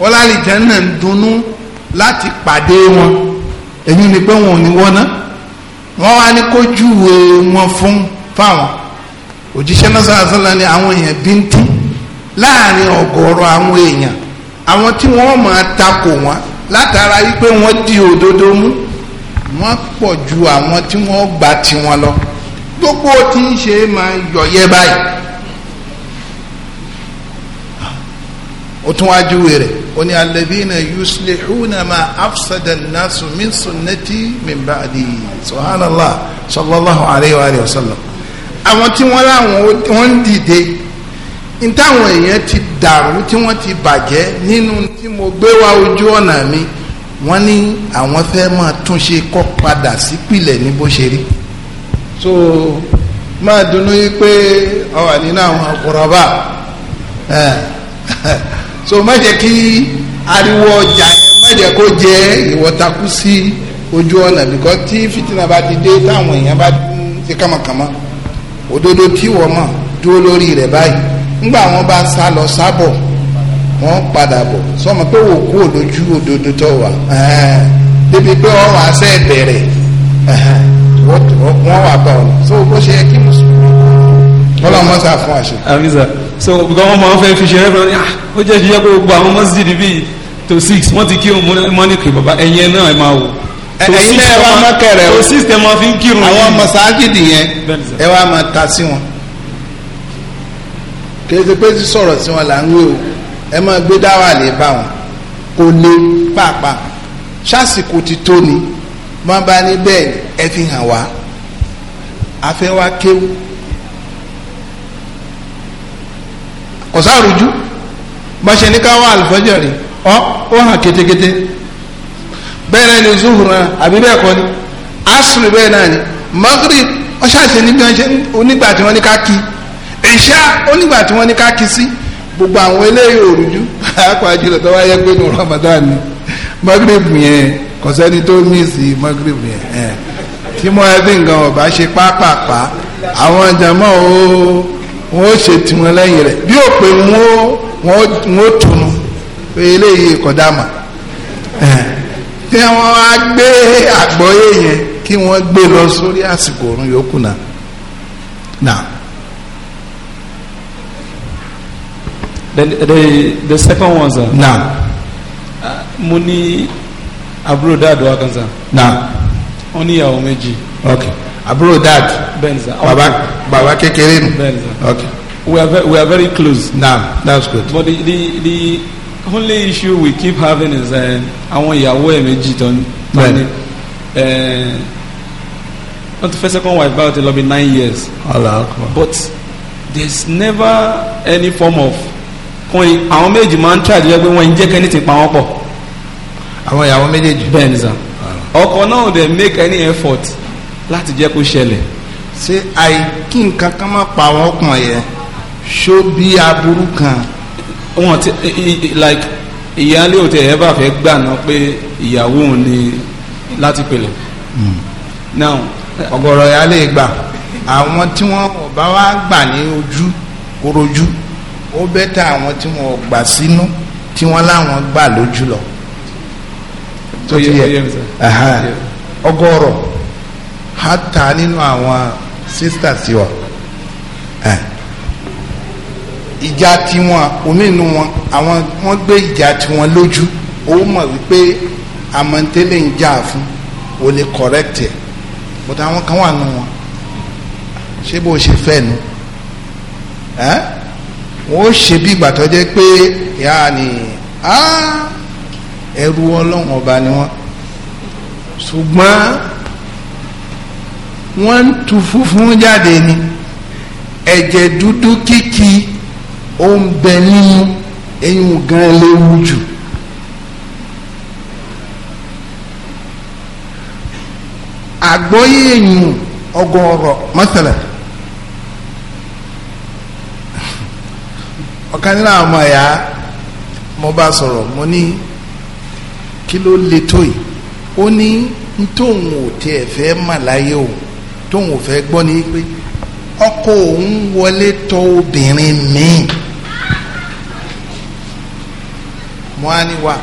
wọ́n lálìjẹ́ náà ń dunnú láti pàdé wọn èyí ni pé wọn ò ní wọ́n náà wọ́n wá ní kó júwe wọn fún fáwọn òjíṣẹ́ náà sàásánlá ni àwọn èèyàn bíntín láàrin ọ̀gọ̀ọ̀rọ̀ àwọn èèyàn àwọn tí wọ́n máa takò wọn látara wípé wọ́n di òdodo mú wọ́n pọ̀ ju àwọn tí wọ́n gbà tiwọn lọ gbogbo tí ń ṣe máa yọ̀yẹ́ báyìí. ó tún wá júwe rẹ̀ ó ní alladhina ma afsada nasu min sunnati min ba'di subhanallah sallallahu alayhi wa sallam àwọn tí wọ́n láwọn wọ́n dìde n táwọn èèyàn ti dàrú tí wọn ti bàjẹ́ nínú tí mo gbé wá ojú ọ̀nà mi wọ́n ní àwọn fẹ́ máa túnṣe kọ́ padà sípìlẹ̀ ní bó ṣe rí so máa dunnú yí pé ọ wà nínú àwọn àkùrọ̀bà ẹ̀ so má jẹ́ kí ariwo ọjà yẹn má jẹ́ kó jẹ́ ìwọ́takú sí ojú ọ̀nà because tí fìtínà bá ti dé táwọn èèyàn bá ti kàmàkàmà òdodo tí wọ́n mọ̀ dúró lórí rẹ̀ báyìí ńgbà wọn bá sá lọ sábọ̀ wọ́n padà bọ̀ sọmọ pé wò kú òdojú òdodo tó wà débi pé wọ́n wà sẹ́ bẹ̀rẹ̀ wọ́n wà bá wọn so bó ṣe yẹ kí mùsùlùmí ọlọ́mọ sá fún àṣẹ so because wọ́n máa ń fẹ́ fi ṣe rẹ́fúrẹ́ ah ó jẹ́ ṣiṣẹ́ pé gbogbo àwọn mọ́sídìí bíi to six wọ́n ti kírun mọ́nìkì bàbá ẹ̀yẹ náà ẹ̀ máa wò ẹ̀yin náà ẹ wá má kẹrẹ o system of fi ń kírun àwọn mọ̀sáàjìdì yẹn ẹ wá máa ta sí wọn kéde pé tí sọ̀rọ̀ sí wọn là ń wé o ẹ máa gbé dáwà lè bá wọn kò lè pàápàá ṣásìkò ti tó ni wọn bá ní bẹ́ẹ̀ ẹ fi hàn wá a fẹ́ kéwù kò sáàrùjú bá ṣe ní káwọn àlùfájàrí ọ ó hàn kétékété bẹ́ẹ̀ náà ni zuhur náà àbí bẹ́ẹ̀ kọ́ ni asùlù bẹ́ẹ̀ náà ni magrib ọṣàṣe nígbà tí wọ́n ní ká kí ìṣá onígbà tí wọ́n ní ká kí sí gbogbo àwọn eléyìí òrùjú pàápàá jùlọ tó wáyé pé ní Ramadan ni magrib yẹn kò tó mí sí magrib yẹn tí mo ẹ bí nǹkan ọ̀bá ṣe pápápá àwọn jàmọ́ ooo. wọn ó ṣe tiwọn lẹ́yìn rẹ̀ bí ó pé wọn ó wọn ó tunu eléyìí kọ̀dá mà tí wọn á gbé yẹn kí wọ́n gbé lọ sórí àsìkò yòókù The, the, the second one sir. na. Ah, mo ní àbúrò dáàdọ́ na. wọ́n ní ìyàwó méjì. àbúrò dad baba baba kékeré nu okay. we are very, we are very close. now nah, that's good. but the the the only issue we keep having is eh, àwọn ìyàwó ẹ̀ méjì tán ní eh, wọ́n ti fẹ́ second wife báyọ̀ ti lọ nine years. Allah Akbar. but there's never any form of kún àwọn méjì máa ń try to jẹ́ pé wọ́n ń jẹ́ kẹ́ni ti pa wọ́n pọ̀. àwọn ìyàwó méjèèjì. bẹ́ẹ̀ ni sà ọkọ náà dey make any effort láti jẹ́ kó ṣẹlẹ̀ ṣé àì kí nǹkan kan má pa àwọn ọkàn yẹn ṣó bí aburú kan. wọn ti like ìyáálé òtẹ ẹ bá fẹ́ gbà náà pé ìyàwó òun ni láti pèlè. Hmm. now ọ̀gọ̀rọ̀ ìyáálé gbà àwọn tí wọ́n bá wá gbà ní ojú korojú ó bẹ́tà àwọn tí wọ́n gbà sínú tí wọ́n láwọn gbà lójú lọ. tó yẹ ọgọ́rọ̀ hata nínú àwọn sisters wa ìjà tiwọn omi nu wọn àwọn wọn gbé ìjà tiwọn lójú ó mọ̀ wípé amọ̀ntẹ́lẹ̀ ń jà fún o lè correct ẹ̀ but àwọn kan wà nù wọn ṣé bó ṣe fẹ́ nu wọ́n ṣe bí ìgbà tó jẹ́ pé ìyá ni ẹrú ọlọ́run ọba ni wọ́n ṣùgbọ́n wọ́n ń tu funfun jáde ni ẹ̀jẹ̀ dúdú kíkì ó ń bẹ nínú eyín gan léwu jù. àgbọ́yé èèyàn ọgọ́rọ̀ mọ́sálẹ̀ ọ̀kan nínú àwọn ọmọ mo bá sọ̀rọ̀ mo ní kí ló le tó yìí ó ní ntòun ò tiẹ̀ fẹ́ mà láyé òun tóun ò fẹ́ gbọ́ ni pé ọkọ òun wọlé tọ obìnrin míì mo á ní wa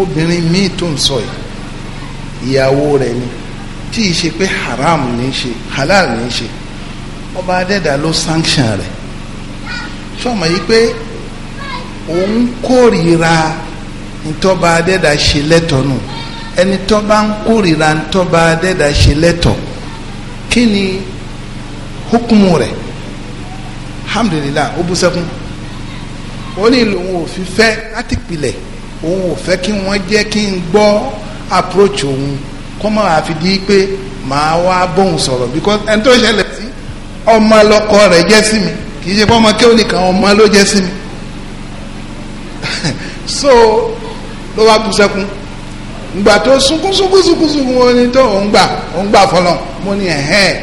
obìnrin míì tó ń sọ yìí ìyàwó ni tí ì ṣe pé haram ní í ṣe halal ní í ṣe ọba adẹ́dà ló sanction rẹ̀ sọmọ yìí pé òun kórìíra ntọ́ba adẹ́dà ṣe lẹ́tọ̀ọ́ nù ẹni tọ́ba ń kórìíra ntọ́ba adẹ́dà ṣe lẹ́tọ̀ọ́ kí ni hukumu rẹ̀ alhamdulilayi ó bú sẹ́kún ó ní lòun ò fi fẹ́ láti pilẹ̀ òun ò fẹ́ kí wọ́n jẹ́ kí n gbọ́ approach òun kọ́ máa àfi di pé màá wá bóun sọ̀rọ̀ because ẹni tó ṣẹlẹ̀ sí ọmọ lọkọ rẹ̀ jẹ́ sí mi kì í ṣe pé ọmọ kéwòn ọmọ ló jẹ́ sí mi so ló wá bú ngbà tó sunkún sunkún sunkún sunkún wọn ni tó ń gbà ń gbà fọlọ mo ní ẹhẹn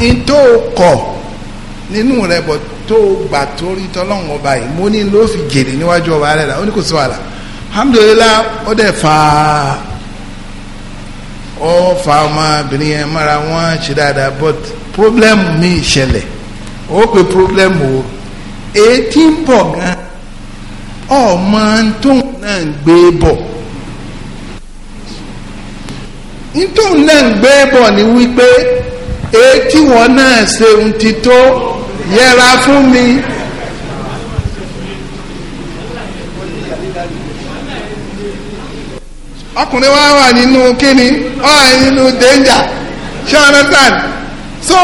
n tó kọ nínú rẹ bọ tó gbà torí tọlọ́run ọba yìí mo ní ló fi jèrè níwájú ọba rẹ la ó ní kò sí wàhálà alhamdulilah ó dẹ̀ fà á ó fà á ọmọbìnrin yẹn mọ́ra wọ́n ṣe dáadáa but problem mi ṣẹlẹ̀ ó pe problem wo èyí tí ń bọ̀ gan ọmọ tó ń gbé bọ̀ nítorí náà ń gbé bọ̀ ní wípé etí wọn náà ṣeun ti tó yẹra fún mi. ọkùnrin wa wà nínú kíni ọ wà nínú danger ṣé understand so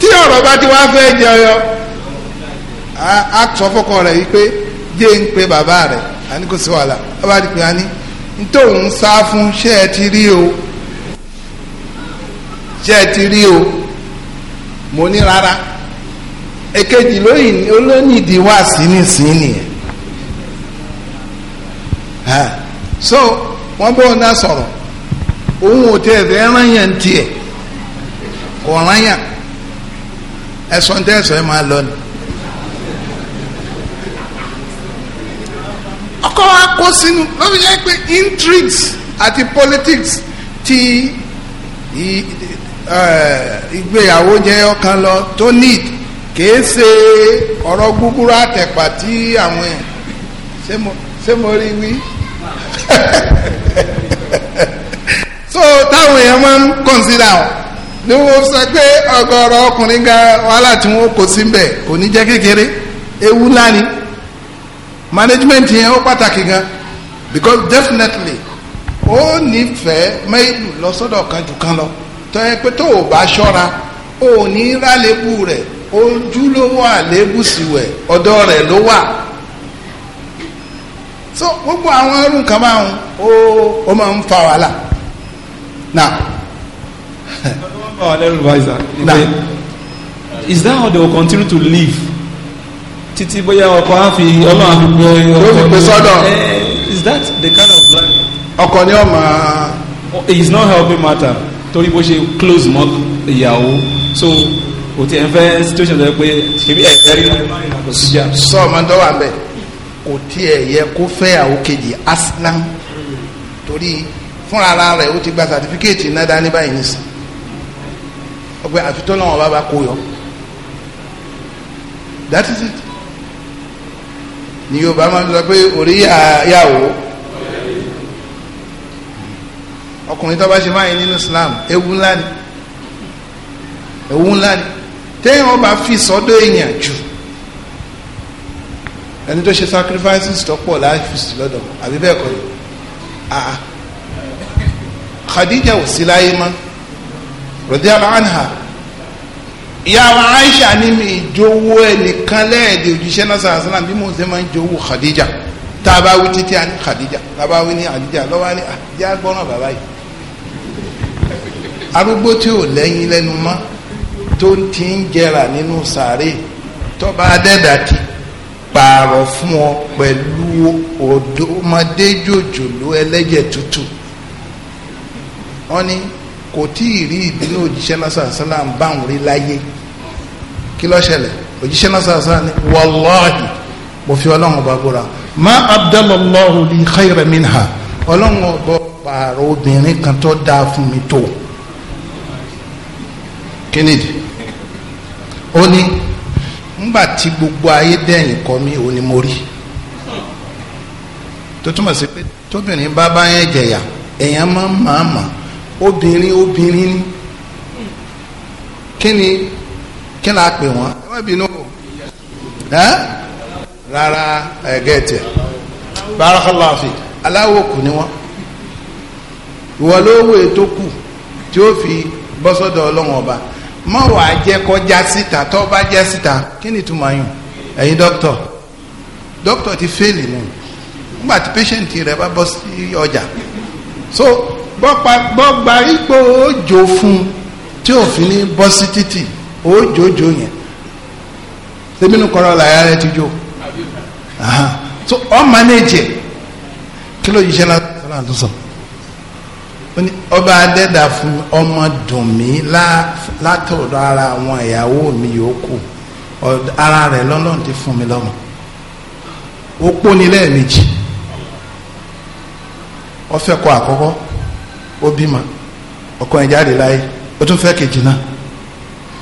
tí ọ̀rọ̀ bá ti wá fẹ́ jẹyọ a sọ fọ́kọ rẹ̀ yìí pé jẹ́ ń pe bàbá rẹ̀ àní kò sí wàhálà ọba ti pè á ní nítòun sá fún ṣé ẹ ti rí o ṣé ẹ ti rí o mo ní rárá èkejì lóyìn olónìdí wà sí nísìnyí nìyẹn so wọn bọ ọdá sọ̀rọ̀ òun ò tẹ ẹfẹ ẹran yẹn tiẹ ọ̀ràn yẹn ẹsọ ń ẹsọ ẹ máa lọ ni. ọkọ wa kó sínú lọ́dún yẹn pé intrigues àti politics ti ìgbéyàwó jẹ ọ̀kan lọ tó need kìí ṣe ọ̀rọ̀ gbúgbúrú àtẹ̀pà tí àwọn ẹ̀ ṣé mo rí wí. so táwọn èèyàn máa ń consider ọ ni wọ́n sọ pé ọ̀gọ̀rọ̀ ọkùnrin gan wàhálà tí wọ́n kò sí bẹ̀ kò ní jẹ́ kékeré ewu ńlá management yẹn ó pàtàkì gan because definitely ó nífẹ̀ẹ́ mẹ́ìlú lọ́sọ́dọ̀ kan jù kan lọ tó yẹ pé tó o bá ṣọ́ra o ní rálébù rẹ̀ ojú ló wà lébùsíwẹ̀ ọ̀dọ́ rẹ̀ ló wà so gbogbo àwọn ẹrù nǹkan máa ń ó ó máa ń fa wàhálà now. ọlọ́run bá wà now is that how they will continue to live títí bóyá ọkọ̀ á ọlọ́run á fi gbé ní pé sọ́dọ̀ eh, is that the kind of plan. ọkọ ni ọmọ. Oh, it is not helping matter torí bó ṣe close mọ́ ìyàwó so kò tiẹ̀ fẹ́ situation tó yẹ pé ṣèbí ẹ̀ fẹ́ rí kò sí jà. sọ ọmọ tó wà bẹ́ẹ̀ kò tiẹ̀ yẹ kó fẹ́ àwọn kejì aslam torí fúnra ara rẹ̀ ó ti gba sàtífíkẹ́ẹ̀tì náà dání báyìí nìsín ọgbẹ́ àfitọ́ náà wọn bá bá kó yọ that is it ni yorùbá máa ń sọ pé orí yàwó ọkùnrin tó bá ṣe báyìí nínú islam ewu ńlá ni ewu ńlá ni téèyàn bá fi sọ́dọ̀ èèyàn jù ẹni tó ṣe sacrifices tó pọ̀ láìfisì lọ́dọ̀ àbí bẹ́ẹ̀ kọ́ ni àà khadija ò sí láyé mọ́ rọ̀dí aláǹhà ìyàwó Aisha ní mi ìjowó ẹnìkan lẹ́ẹ̀dẹ̀ òjíṣẹ́ náà sàrásánà bí mo ṣe máa ń jowó Khadija tá a bá wí títí a ní Khadija tá a bá wí ní Khadija lọ́wọ́ ní àdíjà ah, gbọ́ràn bàbá yìí arúgbó tí ò lẹ́yìn lẹ́nu mọ́ tó ti ń jẹrà nínú sàárè tọ́ba adẹ́dà ti pààrọ̀ fún ọ pẹ̀lú ọ̀dọ́mọdé jòjòló ẹlẹ́jẹ̀ tútù wọ́n ní kò tí ì rí ìbínú òjíṣẹ́ lásán sálàm báwọn rí láyé kí ló ṣẹlẹ̀ òjíṣẹ́ náà sàásà ni wàláhì mo fi ọlọ́run ọba búra má abdallahu li khayra minha ọlọ́run ọba pààrọ̀ obìnrin kan tó dáa fún mi tó kí nìdí ó ní ńgbà tí gbogbo ayé dẹ́yìn kọ́ mi ò ní mo rí tó túmọ̀ sí pé tóbìnrin bá bá yẹn jẹ̀yà èèyàn máa ń màmá obìnrin obìnrin ni kí kí la pè wọ́n ẹ má bínú ẹ rárá ẹ gẹ̀ẹ́tì barakallahu fi aláwọ̀ kù ni wọ́n ìwọ ló wò ètò kù tí ó fi bọ́sọ̀dọ̀ ọlọ́wọ́n ọba má wàá jẹ́ kọjá síta tó bá jẹ́ síta kí ni ìtumọ̀ yìí ẹ̀yin dókítọ̀ dókítọ̀ ti fẹ́ẹ̀lì nù nígbà tí patient rẹ bá bọ́ sí ọjà so bọ́gba ipò òjò fún tí òfin ní bọ́ sí títì ó jòjò yẹn sẹ́mi nu kọ́ra làyà rẹ ti jó so ọ manage kí ló yíṣẹ́ náà sọ́nà tó sọ ọba adẹ́dà fún ọmọ dùn mí látọ̀dọ̀ ara àwọn ìyàwó mi yòókù ara rẹ̀ lọ́lọ́run ti fún mi lọ́mọ ó póni lẹ́ẹ̀mejì ó fẹ́ kọ àkọ́kọ́ ó bímọ ọkọ ẹ̀ jáde láyé o tún fẹ́ kejì náà.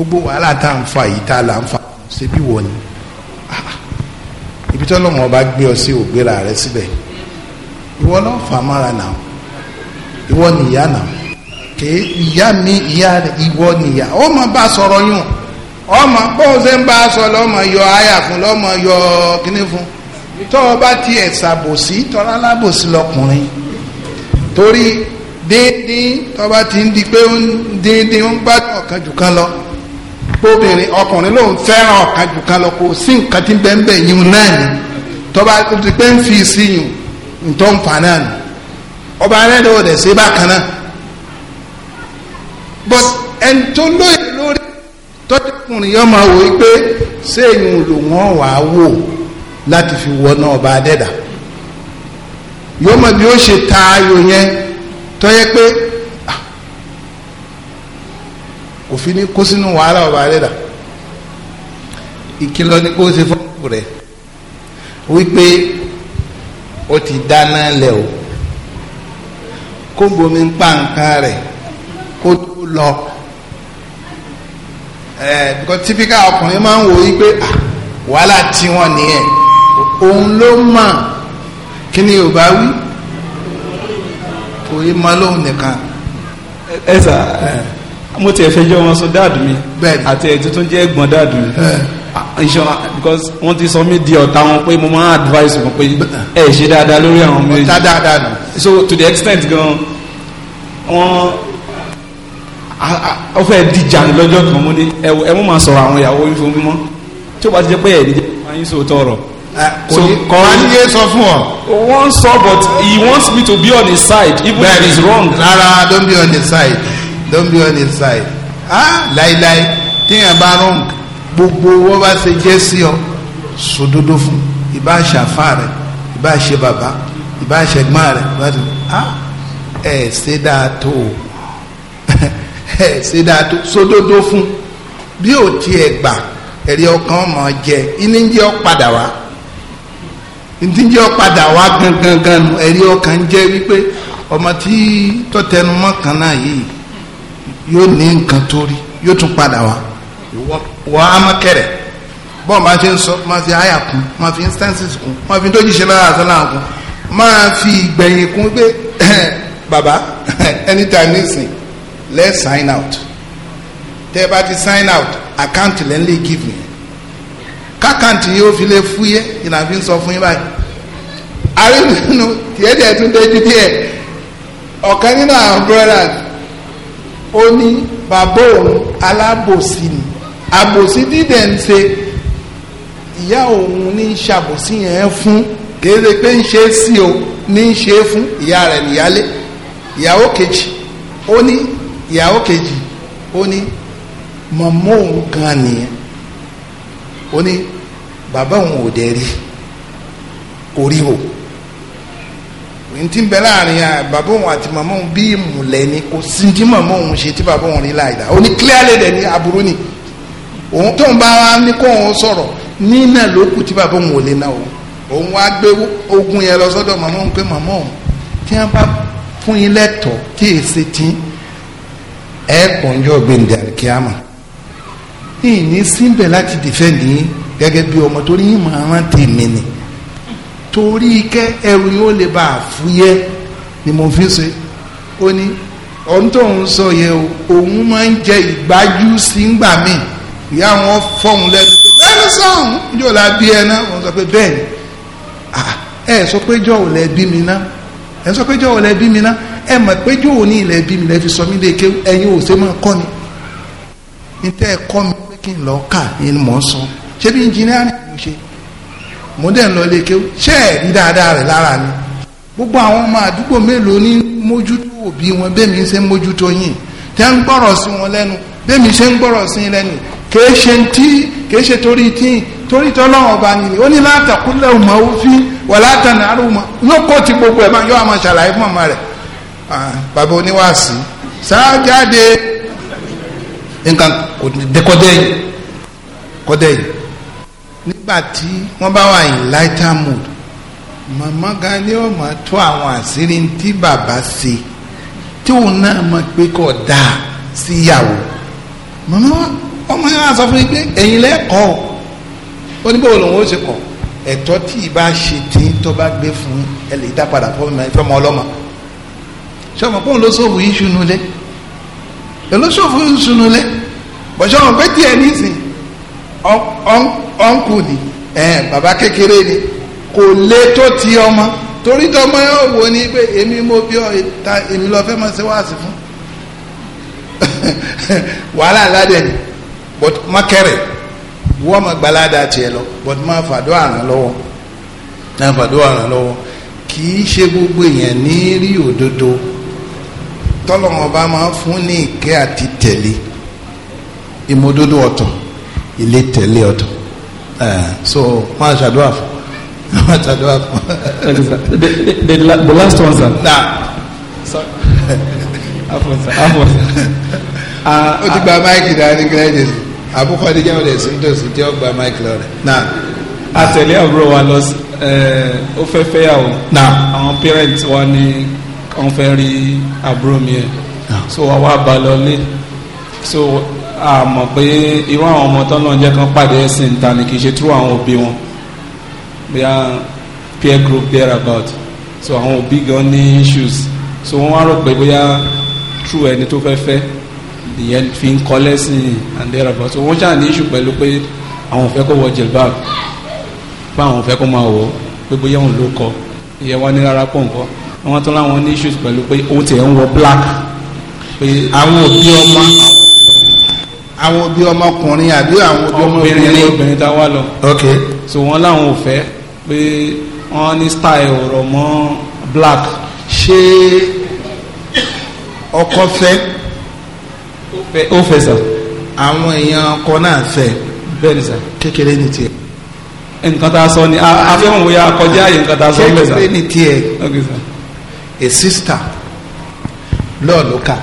gbogbo wàhálà tá à ń fa yìí tá à là ń fa ṣe bí wọ ni ah, ibi tí ọlọ́mọ bá gbé ọ sí ògbéra rẹ síbẹ̀ ìwọ náà fà á mára nà ìwọ nìyá nà kèé ìyá mi ìyá rẹ ìwọ nìyá ó mọ bá sọ̀rọ̀ yùn ọmọ bóun ṣe ń bá a sọ lọ́mọ yọ àyà fún lọ́mọ yọ kíní fún tọ́ ọ bá tiẹ̀ ṣàbòsí tọ́lá lábòsí lọkùnrin torí díndín tọ́ bá ti ń di pé díndín ń gbádùn ọ̀kan kan lọ. obìnrin ọkùnrin lòun fẹ́ràn ọ̀kan jù kan lọ kò sí nǹkan tí bẹ́ẹ̀ náà ni tọ́ba ti ń fi sí yùn ntọ́ ń náà ni ọba ò dẹ̀ ṣe bákan náà but ẹni yọ máa wò pé wọ́n wà fi wọ náà ọba adẹ́dà bí ó ṣe ta ayò òfin ní kó sínú wàhálà ọba rẹ̀ dà ìkìlọ̀ ni kó o ṣe fọ́ọ̀kù rẹ̀ wípé o ti dáná lẹ̀ o kó bomi ń pa nǹkan rẹ̀ kó tó lọ ẹ̀ bíkọ́ típíkà ọkùnrin máa ń wò wípé wàhálà tiwọn nìyẹn òun ló mọ̀ kí ni yorùbá wí kò yí mọ lóhùn nìkan. ẹ sà mo tiẹ̀ fẹjọ́ wọn sọ dáàdù mi àti ẹ̀ tuntun jẹ́ ẹ̀gbọ́n dáàdù mi ìṣọ́ra ah, because wọ́n ti sọ mí di ọ̀tá wọn pé mo máa advice wọn pé ẹ ṣe dáadáa lórí àwọn méjì ọ̀tá dáadáa nù. so to the extent gan wọn ọ fẹ́ dìjà lọ́jọ́ kan mo ní ẹ mú máa sọ̀rọ̀ àwọn ìyàwó yín fún mi mọ́ tí ó bá ti jẹ́ pé ẹ̀ níjẹ́ máa yín sòótọ́ ọ̀rọ̀. so kọ́ wá ní yé sọ fún ọ. wọ́n sọ but he wants me to be on his side even if he is wrong. rárá don't be on his side don't be on his side ah láíláí téèyàn bá wrong gbogbo wọ́n bá ṣe jẹ́ sí ọ sòdodo fún ìbá ṣàfà rẹ ìbá ṣe bàbá ìbá ṣẹgbọ́n rẹ ìbá ṣe ah ẹ ṣe dáa tó ẹ ṣe dáa tó sòdodo fún bí ò tiẹ̀ gbà ẹ̀rí ọkàn mọ̀ jẹ ilé ń ọ padà wá ìdíjẹ́ padà wá gangan ẹ̀rí ọkàn jẹ́ wípé ọmọ tí tọ́tẹnumọ́ kan náà yìí yóò ní nǹkan tó rí yóò tún padà wá wọ́n á má kẹ̀rẹ̀ bọ́ọ̀ máa fi ń sọ máa fi àyà kún máa fi instances kún máa fi tó jíṣẹ́ lára àtọ́lá kún máa fi ìgbẹ̀yìn kún pé bàbá anytime nísìn let's sign out tẹ́ ẹ bá ti sign out account lẹ́ ń lè give me kákàǹtì yóò fi lè fúyẹ́ ìlànà fi ń sọ fún yín báyìí àríwísínú tiẹ̀ tiẹ̀ tún dé ju díẹ̀ ọ̀kan nínú àwọn brothers ó ní bàbá òun alábòsí ni àbòsí dídẹ̀ ń ṣe ìyá òun ní ṣàbòsí yẹn fún kéde pé ń ṣe sí o ní ń ṣe fún ìyá rẹ̀ níyálé ìyàwó kejì ó ní ìyàwó kejì ó ní mọ̀mọ́ òun gan nìyẹn ó ní bàbá òun ò dẹ̀ rí kò o ntí ń bẹ láàrin bàbá òun àti màmá òun bí ìmùlẹ̀ ni kò sí ní màmá òun ṣe tí bàbá òun rí láìda ó ní clearly dẹ̀ ní aburú ni òun tóun bá wa ní kó òun sọ̀rọ̀ nínà ló kù tí bàbá òun ò lè náà òun wá gbé ogun yẹn lọ sọ́dọ̀ màmá òun pé màmá òun tí wọ́n bá fún yín lẹ́tọ̀ọ́ kí èsì tí ẹ pọ̀njọ́ gbẹ̀ǹdẹ̀ àríkíámà ní ìní síbẹ̀ láti dìfẹ́ nìyí gẹ́gẹ́ bí ọmọ torí yín máa rántí mi ni torí kẹ ẹrù yóò lè bá a ni mo fi ṣe ó ní ọ̀n tó ń sọ yẹ o òun máa ń jẹ ìgbájú sí ń gbà mí ìyá wọn fọhùn lẹ́nu pé bẹ́ẹ̀ ni sọhùn yóò la bí ẹ náà wọ́n sọ pé bẹ́ẹ̀ ni ẹ sọ pé jọ ò lẹ bí mi ná ẹ sọ pé jọ ò lẹ bí mi ná ẹ mọ̀ pé jọ ò ní ilẹ̀ bí mi lẹ sọ mí lè ké ẹ̀yin ò ṣe máa kọ́ mi ní tẹ́ ẹ kọ́ mi pé kí n lọ kà ni mò ń sọ ṣé bí engineering mo ṣe mo dẹ̀ ń lọ ilé kéwú ṣé ẹ̀ rí dáadáa rẹ̀ lára mi gbogbo àwọn ọmọ àdúgbò mélòó ní mójútó òbí wọn bẹ́ẹ̀ mi ṣe ń mójútó yìí tẹ́ ń gbọ́rọ̀ sí wọn lẹ́nu bẹ́ẹ̀ mi ṣe ń gbọ́rọ̀ sí lẹ́nu kìí ṣe tí kìí ṣe torí tí torí tọ́lọ́wọ́n ọba nìyí ó ní látàkúlẹ̀ ọmọ òfin wà látàná àrùmọ lóko tí gbogbo ẹ̀ máa yọ àmọ́ ṣàlàyé fún ọmọ rẹ̀ bàbá oníwàásí sáájáde nǹkan kò dé kọ́dẹ́ yìí nígbà tí wọ́n bá wà in lighter mood màmá gan ni ó máa tó àwọn àṣírí tí bàbá ṣe tí òun náà mọ̀ pé kò dáa síyàwó màmá ọmọ yẹn sọ fún mi pé ẹ̀yin lẹ́kọ̀ọ́ ó ní bó lòun ó ṣe kọ̀ ẹ̀tọ́ tí ìbá ṣe tí tó bá gbé fún ẹ lè dá padà fọmọ ọlọ́mọ ṣé ọmọ pọ́n ló sọ̀rọ̀ yìí ṣùnú lẹ́ ẹ̀ ló sọ̀rọ̀ yìí ṣùnú lẹ́ bọ̀ṣọ́ ọ̀gbẹ́tì ẹ̀ nísìnyí ọ̀nkù ni bàbá kékeré ni kò lé tó ti ọmọ torí tọmọ yóò wò ní pé èmi mo bí ọ ta èmi lọ fẹ́ mọ sí wáàsí fún wàhálà ládẹ ni but mọkẹrẹ wọ́n ma gbalada tiẹ̀ lọ but ma fàdó àràn lọ́wọ́ ma fàdó àràn lọ́wọ́ kì í ṣe gbogbo èèyàn ní rí òdodo tọ́lọ́mọba máa fún ní ìkẹ́ àti tẹ̀lé ìmọ̀dodo ọ̀tọ̀ ilé tẹ̀lé ọ̀tọ̀ so máa ṣàdúrà fún máa ṣàdúrà fún. the the last one sir. na afọ sir afọ sir. o ti gba máìkì dání gírẹ́dì àbúkọ adéjẹ́ ọ̀dẹ̀ síntòsí jẹ́ ọgbà máìkì lọ́rẹ̀. na àtẹ̀lé àbúrò wa lọ sí ó fẹ́ fẹ́ yà wọ́n. na àwọn parents wa ni wọ́n fẹ́ rí àbúrò mi yẹn. so àwa balọ̀ lé so a mọ̀ pé irú àwọn ọmọ tó náà jẹ́ kán pàdé ẹ̀sìn ta ni kì í ṣe true àwọn òbí wọn bí a peer group there about so àwọn òbí gan ní issues so wọ́n wá rò pé bóyá true ẹni tó fẹ́ fẹ́ ìyẹn fi ń kọ́ lẹ́sìn and there about so wọ́n ṣáà ní issue pẹ̀lú pé àwọn ò fẹ́ kó wọ jilbab pé àwọn ò fẹ́ kó máa wọ̀ pé bóyá òun ló kọ ìyẹn wá ní rárá pọ̀ nǹkan wọ́n tún láwọn ní issues pẹ̀lú pé òun tiẹ̀ ń wọ black pé àwọn òbí ọmọ àwọn àwọn òbí ọmọkùnrin àbí àwọn òbí ọmọbìnrin ní. ọmọbìnrin tá wá lọ. ok so wọn làwọn ò fẹ́ pé wọn ní style ọ̀rọ̀ mọ́ black. ṣé ọkọ fẹ́. ó fẹ́ sà. àwọn èèyàn ọkọ náà fẹ́. bẹ́ẹ̀ ni sà. kékeré ni tiẹ̀. nǹkan tá a sọ ni afẹ́hùn wo ya kọjá yìí nǹkan tá a sọ bẹ́ẹ̀ sà. kékeré ni tiẹ̀. ok sà. a sister lọ́ọ̀lù kà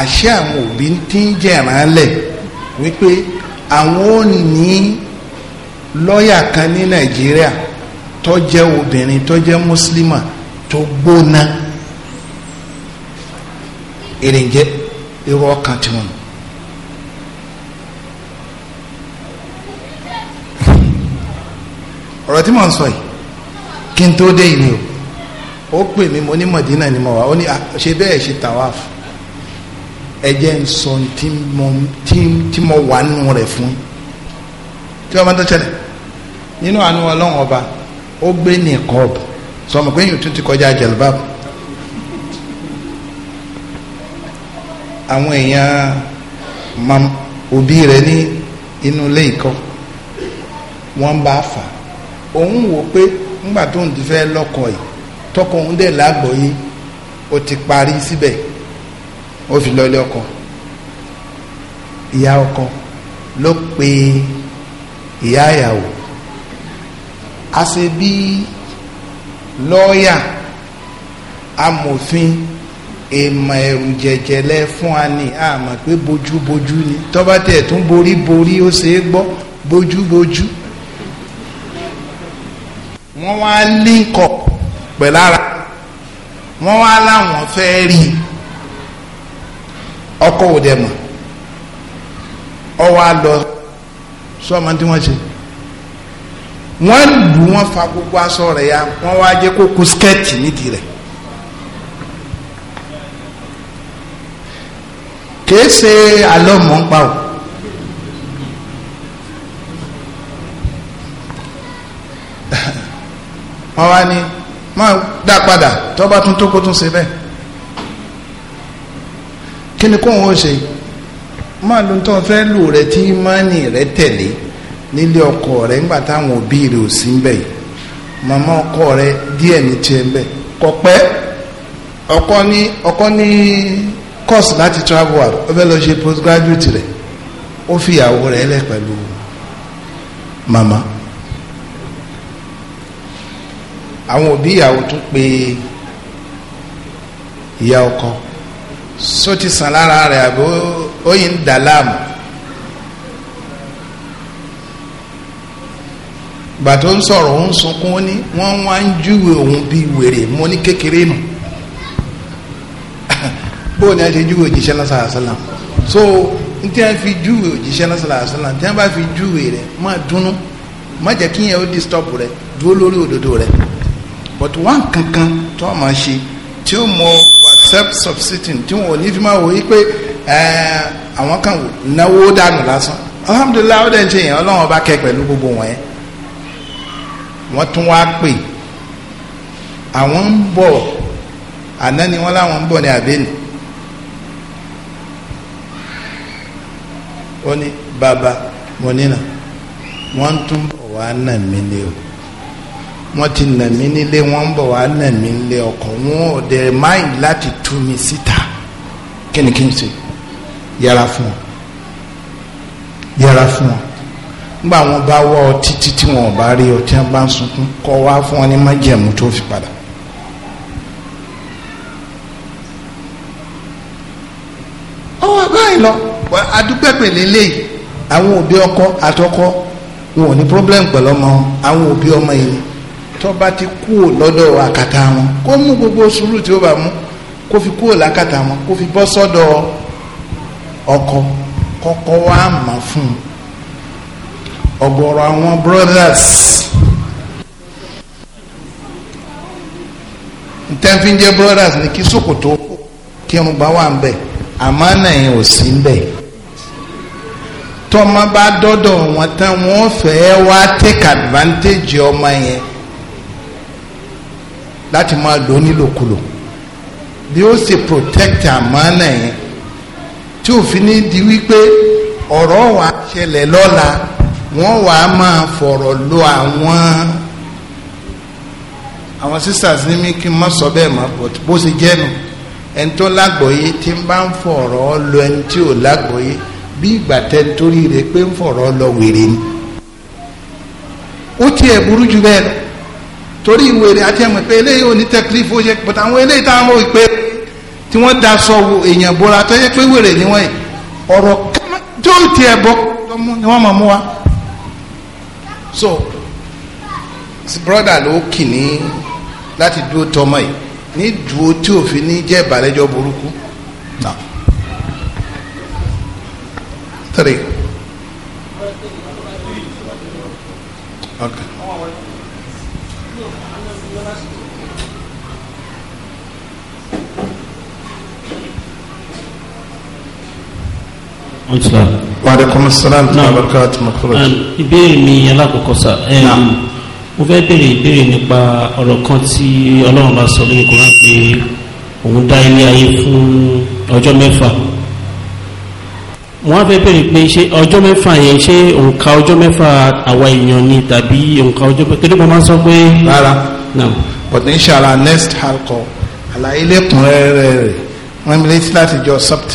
àṣẹ àwọn òbí ti ń jẹ̀ràn lẹ̀ wípé àwọn ò ní lọ́ọ̀yà kan ní nàìjíríà tó jẹ́ obìnrin tó jẹ́ mùsùlùmà tó gbóná èrèǹjẹ́ irú ọkàn tiwọn. ọ̀rọ̀ tí mò ń sọ yìí kí n tó dé ìlú ó pè mí mo ní mọ̀dínà ni mo wà ó ní ṣe bẹ́ẹ̀ ṣe tàwáfù ẹ jẹ́ ń sọ tí mo tí mo wà nù rẹ̀ fún tí wọ́n bá tó ṣẹlẹ̀ nínú àánú ọlọ́run ọba ó gbé ní kọ́ọ̀bù sọmọ pé yìí tún ti kọjá jẹ̀lbáàbù àwọn èèyàn mam òbí rẹ̀ ní inú ilé ìkọ́ wọ́n bá fà òun wò pé ńgbà tó ń ti fẹ́ lọ́kọ̀ yìí tọkọ òun dẹ̀ lágbọ̀ọ́yé ó ti parí síbẹ̀. Si ó fi lọ ilé ọkọ ìyá ọkọ ló pe ìyá ìyàwó àṣebí lọ́ọ̀yà amòfin èèmọ̀ ẹ̀rù jẹ̀jẹ̀lẹ̀ fún wa ní àmọ̀ pé bójúbójú ni tọ́ba tẹ̀ tún borí borí ó ṣeé gbọ́ bójúbójú wọ́n wá link up pẹ̀lára wọ́n wá láwọn fẹ́ rí i ọkọ ò dẹ̀ mọ̀ ọwọ́ á lọ sọ́mọ tí wọ́n ṣe wọ́n lù wọ́n fa gbogbo aṣọ rẹ̀ ya wọ́n wá jẹ́ kó kó skẹ́ẹ̀tì nídìí rẹ̀ kìí ṣe àlọ́ mọ̀ ń pa o. wọ́n wá ní máa dá padà tó bá tún tó kó tún ṣe bẹ́ẹ̀. kí ni kóun ṣe máa ló fẹ́ lù ọkọ rẹ ńgbà táwọn òbí rẹ ọkọ rẹ díẹ̀ ní tiẹ̀ ń ọkọ ní ọkọ ní course láti travel out fẹ́ lọ ṣe postgraduate rẹ̀ ó fi ìyàwó rẹ̀ lẹ̀ pẹ̀lú màmá àwọn ọkọ so ti sàn lára rẹ̀ àbí ó yìí ń dà láàmú gbàtó ń sọ̀rọ̀ ń sunkún ó ní wọ́n wá ń júwe òun bí wèrè mo ní kékeré nù bóun ni a ṣe júwe òjíṣẹ́ náà sàlá so n tí wọ́n fi júwe òjíṣẹ́ náà sàlá sàlá tí wọ́n bá fi júwe rẹ̀ máa dùnnú má jẹ́ kí yẹn ó disturb rẹ̀ dúró lórí òdodo rẹ̀ but wọ́n kankan tó máa ṣe tí ó mọ whatsapp subsiting tí wọn ò ní fi máa wò wípé àwọn kan wò náwó dànù lásán alhamdulilayi ó dẹ̀ ń ṣe yẹn ọlọ́run ọba kẹ pẹ̀lú gbogbo wọn yẹn wọ́n tún wá pè àwọn ń bọ̀ àná ni wọ́n láwọn ń bọ̀ ní àbẹ́ni ó ní bàbá mo nínà wọ́n tún bọ̀ wá nà mí ni o wọ́n ti nà mí nílé wọ́n ń bọ̀ wá nà mí nílé ọkọ wọn ò dẹ̀ máyì láti tú mi síta kí ni kí n ṣe yẹra fún ọ yẹra fún ọ nígbà wọn bá wọ ọ títí tí wọn ò bá rí ọ tí wọn bá ń sunkún kọ wá fún ọ ní májẹ̀mú tó fi padà. ọwọ́ báyìí lọ adúgbò pèlè léyìí àwọn òbí ọkọ àtọkọ wọn ò ní pírọ́blẹ́mù pẹ̀lú ọmọ àwọn òbí ọmọ yìí tó bá ti kúò lọ́dọ̀ àkàtà wọn kó mú gbogbo sùúrù tí ó bá mú kó fi kúò lákàtà wọn kó fi bọ́ sọ́dọ̀ ọkọ kọ́kọ́ wa mọ̀ fún un ọ̀gọ̀rọ̀ àwọn brothers ntẹ́fíńjẹ́ brothers ni kí sòkòtò kírun bá wà ń bẹ̀ àmọ́ nàìyàn ò sí ń bẹ̀ tọ́mọ bá dọ́dọ̀ wọn tán wá láti máa lò nílòkulò bí ó ṣe protect àmánà yẹn tí òfin ní di wípé ọ̀rọ̀ wa ṣẹlẹ̀ lọ́la wọ́n wà á máa fọ̀rọ̀ lọ àwọn àwọn sisters ní mi kí n má sọ bẹ́ẹ̀ mọ́ but bó ṣe jẹ́ nu ẹni tó lágbọ̀ọ́yé tí ń bá ń fọ̀rọ̀ lọ ẹni tí ò lágbọ̀ọ́yé bí ìgbà tẹ torí rẹ̀ pé ń fọ̀rọ̀ lọ wèrè ni ó tiẹ̀ burú jù bẹ́ẹ̀ lọ torí ìwé rẹ̀ àti ẹ̀mọ̀ pé eléyìí ò ní tẹ̀klif ó yẹ pẹ̀tà àwọn eléyìí táwọn mọ̀ pé tí wọ́n da sọ èèyàn bora tó yẹ pé wèrè ni wọ́n yìí ọ̀rọ̀ tó tiẹ̀ bọ́ ni wọ́n mọ̀ mú wa. so broda ló kì ní láti dúró tọmọ yìí ní dúró tí òfin ní jẹ́ ìbàlẹ́jọ́ burúkú. Nah. Three. Okay. wàdàkùn sàlám tó àbúkà àti mọ̀kúrò. ìbéèrè mi alákọ̀ọ́kọ́ sà mo fẹ́ béèrè ìbéèrè nípa ọ̀rọ̀ kan tí ọlọ́run bá sọ lórí kò rán pé òun dá ilé ayé fún ọjọ́ mẹ́fà wọ́n á fẹ́ béèrè pé ṣé ọjọ́ mẹ́fà yẹn ṣé òǹkà ọjọ́ mẹ́fà àwa èèyàn ni tàbí òǹkà ọjọ́ mẹ́fà torí mo máa ń sọ pé. rárá but inshallah next halkọ àlàyé lẹ́kùnrẹ́rẹ́ rẹ̀ wọ́n mi létí láti jọ sabt.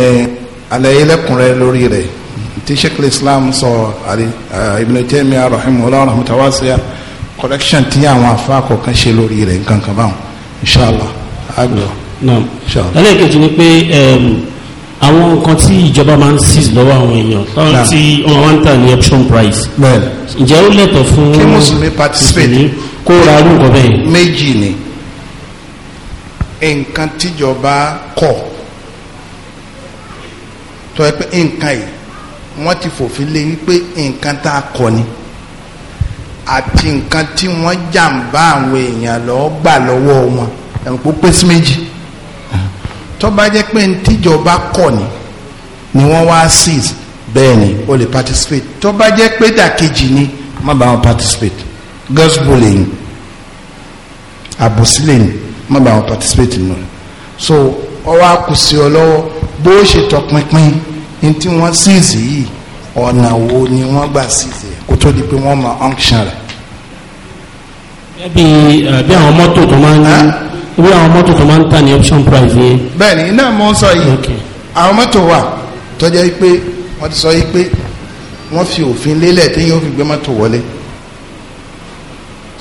Eh, àlàyé lẹ́kùnrẹ́rẹ́ lórí rẹ̀ tí sheikh islam sọ àrí ibn taymiya rahimahullah rahmatawasiya correction tí àwọn afa kọ̀ọ̀kan ṣe lórí rẹ̀ nǹkan kan báwọn inshallah agbọ̀. ẹlẹ́ẹ̀kejì ni pé àwọn nǹkan tí ìjọba máa ń seize lọ́wọ́ àwọn èèyàn tí wọ́n wá ń tà ní option price ǹjẹ́ ó lẹ́tọ̀ fún kí mùsùlùmí participate kó ra arúgbó bẹ́ẹ̀. méjì ni nǹkan tíjọba kọ̀ tó yẹ pé nǹkan yìí wọ́n ti fòfin lé wípé nǹkan tá a kọ ni àti nǹkan tí wọ́n jàǹbá àwọn èèyàn lọ́ọ́ gbà lọ́wọ́ wọn ẹ̀ǹpọ̀ pèsè méjì tó jẹ́ pé ntíjọba kọ̀ ni ni wọ́n wá seize bẹ́ẹ̀ ni o lè participate tó bá jẹ́ pé dàkejì ni má bá wọn participate gospel lẹ́yìn àbòsí lẹ́yìn má bá wọn participate nù so ọwọ́ àkùsí ọ lọ́wọ́ bó ṣe tọpinpin ní tí wọ́n ṣìṣì yìí ọ̀nà wo ni wọ́n gbà ṣìṣì kó tó di pé wọ́n mọ ọ̀nkṣan rẹ̀. bí bí àwọn mọ́tò tó máa ń bí àwọn mọ́tò tó máa ń tà ní option price yẹn. bẹ́ẹ̀ni iná mọ sọ yìí àwọn mọ́tò wà tọjá yìí pé wọ́n ti sọ yìí pé wọ́n fi òfin lélẹ̀ téèyàn ó fi gbé mọ́tò wọlé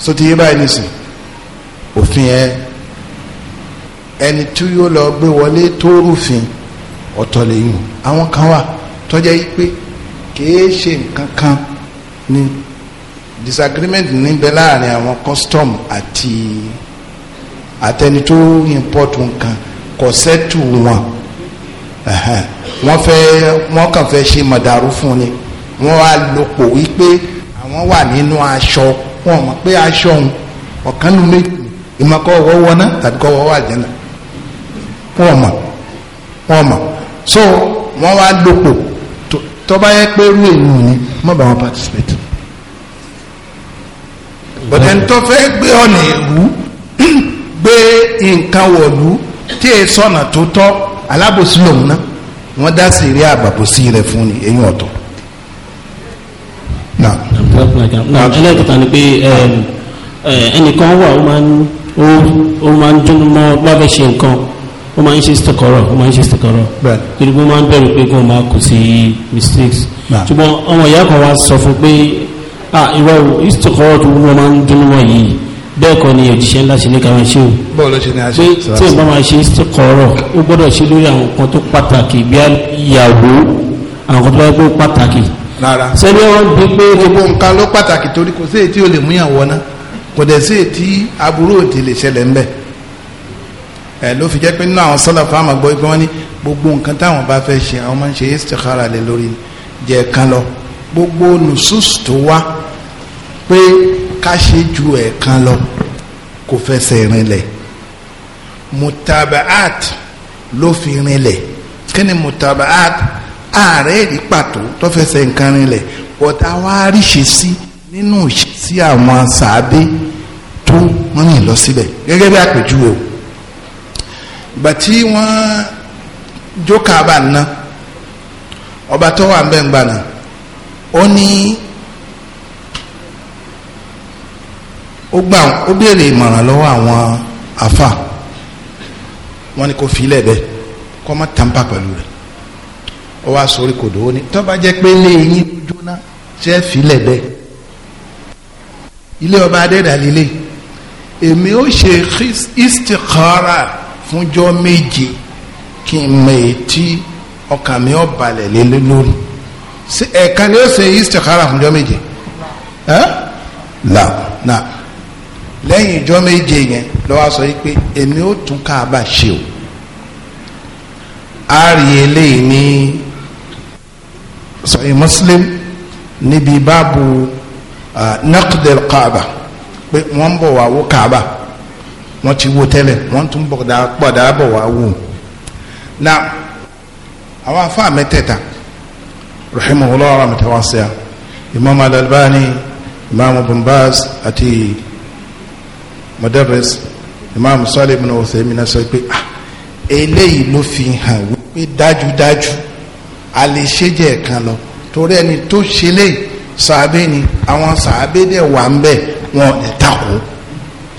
so ti yé báyìí nísìn òfin yẹn ẹni tí yóò lọ gbé wọlé tó rúfin ọ̀tọ̀ lẹ́yìn àwọn kan wà tọ́jà yìí pé kìí ṣe nǹkan kan ni disagreement níbẹ̀ láàrin àwọn custom àti àtẹni tó import nǹkan kò sẹ́tù wọn wọ́n fẹ́ wọ́n kàn fẹ́ ṣe mọ̀dàrú fún ni wọ́n wá lòpò wípé àwọn wà nínú aṣọ wọn mọ̀ pé aṣọ òun ọ̀kan ló méjì ìmọ̀kọ́ ọwọ́ wọná tàbí kọ́ ọwọ́ àjẹ́nà wọn mọ̀ wọn mọ̀ so wọ́n wá dòpò tó bá yẹ pé irú èyí ò ní má bàa wọn participate bọ̀dẹ̀ ń tọ́ fẹ́ gbé ọ̀nà ìlú gbé nǹkan wọ̀lú tí è sọ̀nà tó tọ́ alábòsí lòun náà wọ́n dá sí eré àbàbòsí rẹ̀ fún ni eyín ọ̀tọ̀. ẹlẹ́kìtà ni pé ẹnìkan wà ó máa ń dúnú mọ́ bá fẹ́ ṣe nǹkan ó máa ń ṣe stakọrọ ó máa ń ṣe stakọrọ torí máa ń bẹ̀rù pé kó máa kù sí mistakes ṣùgbọ́n ọmọ ìyá kan wá sọ fún pé ah ìwọ istakọrọ tó wọ́n máa ń dúró wọ̀ yìí bẹ́ẹ̀ kọ́ ni òjíṣẹ́ ńlá ṣe ní káwọn ṣe o bọ́ọ̀lù ṣe ní àṣẹ tí ìbá máa ṣe stakọrọ ó gbọ́dọ̀ ṣe lórí àwọn kan tó pàtàkì bí ìyàwó àwọn kan tó bá gbó pàtàkì rárá sẹ́ni wọ́n bí pé gbogbo nǹkan ló pàtàkì torí kò sí èyí tí o lè mú yàn wọ́ná kò dẹ̀ sí èyí tí aburú òdì lè ṣẹlẹ̀ ńbẹ̀ ẹ ló fi jẹ́ pé nínú àwọn sọ́lá fáwọn àgbọ̀ ìgbọ́n ní gbogbo nǹkan táwọn bá fẹ́ ṣe àwọn máa ń ṣe istikhara lé lórí jẹ́ kan lọ gbogbo nusus tó wá pé ká ṣe ju ẹ̀kan lọ kò fẹsẹ̀ rinlẹ̀ mutabaat ló fi rinlẹ̀ kí ni mutabaat ààrẹ èdè pàtó tó fẹsẹ̀ nǹkan rinlẹ̀ ọ̀tá wa rí ṣe sí nínú ìṣesí àwọn sàábé tó ń rìn lọ síbẹ̀ gẹ́gẹ́ bí àpèjúwe o bàtí wọn jó kaaba nná ọba tó wà nbẹ ngbà náà ó ní ó gbà ó béèrè ìmọ̀ràn lọ́wọ́ àwọn afa wọn ni kò filẹ̀ bẹ́ẹ̀ kọ́ má tàǹpà pẹ̀lú rẹ̀ ó wá sórí kòdó ó ní tọ́ba jẹ́ pé ilé yín jóná ṣe é filẹ̀ bẹ́ẹ̀ ilé ọba adédàlílé èmi ó ṣe istikhara. fúnjọ́ méje kí n mọ ètí ọkàn mi ò balẹ̀ lé ni ó ṣe istikhara fúnjọ́ méje là nà lẹ́yìn ìjọ́ méje yẹn lọ́wọ́ sọ yìí pé èmi ó tún káàbà ṣe o a eléyìí ní Muslim níbi báàbù kaaba pé wọ́n kaaba. wọ́n ti wo tẹ́lẹ̀ wọ́n tún padà bọ̀ wá wò na àwọn afáà mẹ́tẹ̀ẹ̀ta rahimahullah rahmatawasiya imam al-albani imam ibn baz àti mudarris imam salih ibn uthaymin sọ pé ah eléyìí ló fi hàn wípé dájúdájú a lè ṣèjẹ kan lọ torí ẹni tó ṣe lè ni àwọn sàábé dẹ̀ wà ń bẹ̀ wọn ẹ̀ takò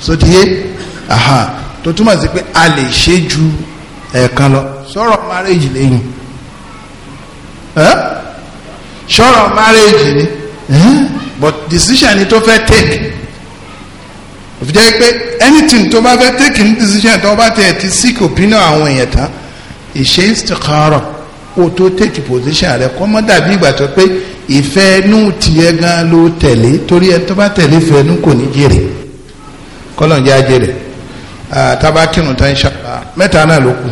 sódìé aha tó túmọ̀ sí pé a lè ṣe ju ẹ̀ẹ̀kan lọ sọ̀rọ̀ márèjì lẹ́yìn sọ̀rọ̀ márèjì ni but decision ni tó fẹ́ take òfin jẹ́ pé anything tó bá fẹ́ take ní decision tó bá tẹ̀ ti seek opinion àwọn èèyàn tán ìṣe istikara kó tó take position rẹ kọ́ mọ́ dàbí ìgbà tó pé ìfẹ́ inú tiẹ̀ gan ló tẹ̀lé torí ẹ tó bá tẹ̀lé ìfẹ́ inú kò ní jèrè kọ́lọ̀ ń jẹ́ àjẹrè taba kinu ta insha Allah mẹ́ta náà ló kù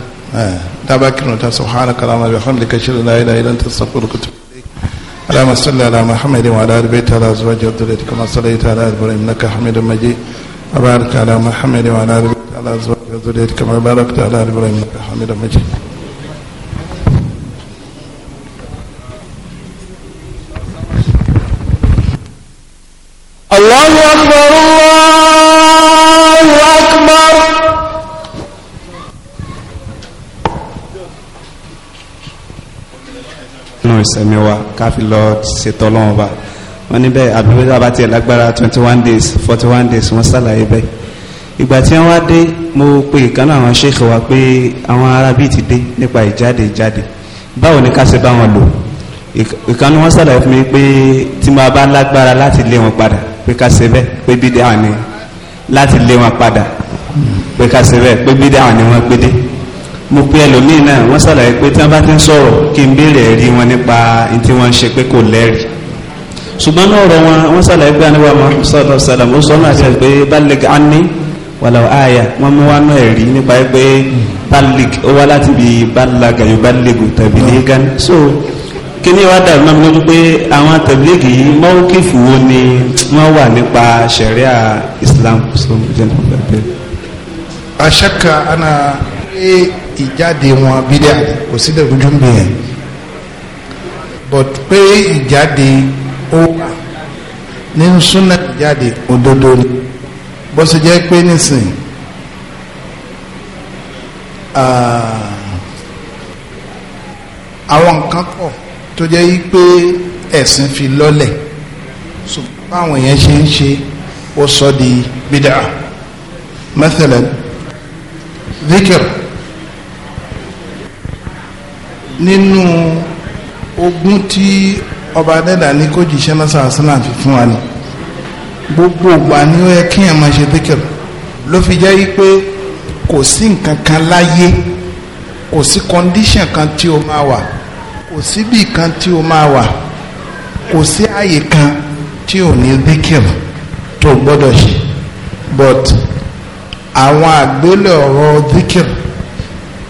taba kinu ta subhanaka allahumma wa bihamdika ashhadu an la ilaha illa anta astaghfiruka wa atubu ilayk اللهم صل على محمد وعلى ال بيت على ازواج ذريته كما صليت على ال ابراهيم انك حميد مجيد وبارك على محمد وعلى ال بيت على ازواج ذريته كما باركت على ال ابراهيم انك حميد مجيد الله اكبر sẹ́mi wa ká fi lọ ṣètò ọlọ́run ọba wọ́n níbẹ̀ àbíwẹ́dà bá tiẹ̀ lágbára twenty one days forty one days wọ́n ṣàlàyé bẹ́ẹ̀ ìgbà tí wọ́n wá dé mo pe ìkànnì àwọn ṣèkè wa pé àwọn arábì ti dé nípa ìjáde ìjáde báwo ni ká ṣe bá wọn lò ìkànnì wọn ṣàlàyé fún mi pé tí mo bá lágbára láti lé wọn padà pé ká ṣe bẹ́ẹ̀ pé bídẹ́ àwọn ni láti lé wọn padà pé ká ṣe bẹ́ẹ̀ pé bídẹ́ àwọn ni wọ́n gbé dé mo pe ẹlòmíì náà wọ́n ṣàlàyé pé tí wọ́n bá ti ń sọ̀rọ̀ kí n béèrè ẹ̀rí wọn nípa ní tí wọ́n ń ṣe pé kò lẹ́rìí ṣùgbọ́n náà ọ̀rọ̀ wọn wọ́n ṣàlàyé pé aníwá Muhammad sallallahu ó sọ náà ṣe pé balig anni walau aya wọ́n mú wá náà ẹ̀rí nípa pé balig ó wá láti ibi balaga yóò baligu tàbí lẹ́gàn so kíní wa dàrú náà lójú pé àwọn tẹ̀blígì mọ́wókìfù wo ni wọ́n wà nípa ṣẹ̀ríà Islam so jẹ́ nípa bẹ́ẹ̀. àṣàkà ana ìjáde wọn bídẹ́ àdé kò sí dẹ̀rújú ń bẹ̀yẹn but pé ìjáde ó wà ní súnà ìjáde òdodo ni bó ṣe jẹ́ pé nísìnyí àwọn nǹkan pọ̀ tó jẹ́ yí pé ẹ̀sìn fi lọ́lẹ̀ ṣùgbọ́n báwọn yẹn ṣe ń ṣe ó sọ di bídà mathalan dhikr nínú ogún tí ọba adẹ́dà ní kó jíṣẹ́ lọ́sàn àṣìlá fi fún wa ni gbogbo ìgbà ni ó yẹ kí ẹ̀ máa ṣe pékèrè ló fi jẹ́ wípé kò sí nǹkan kan láyé kò sí condition kan tí o máa wà kò síbì kan tí o máa wà kò sí àyè kan tí ò ní pékèrè tó gbọ́dọ̀ ṣe but àwọn àgbélẹ̀ ọ̀rọ̀ zikir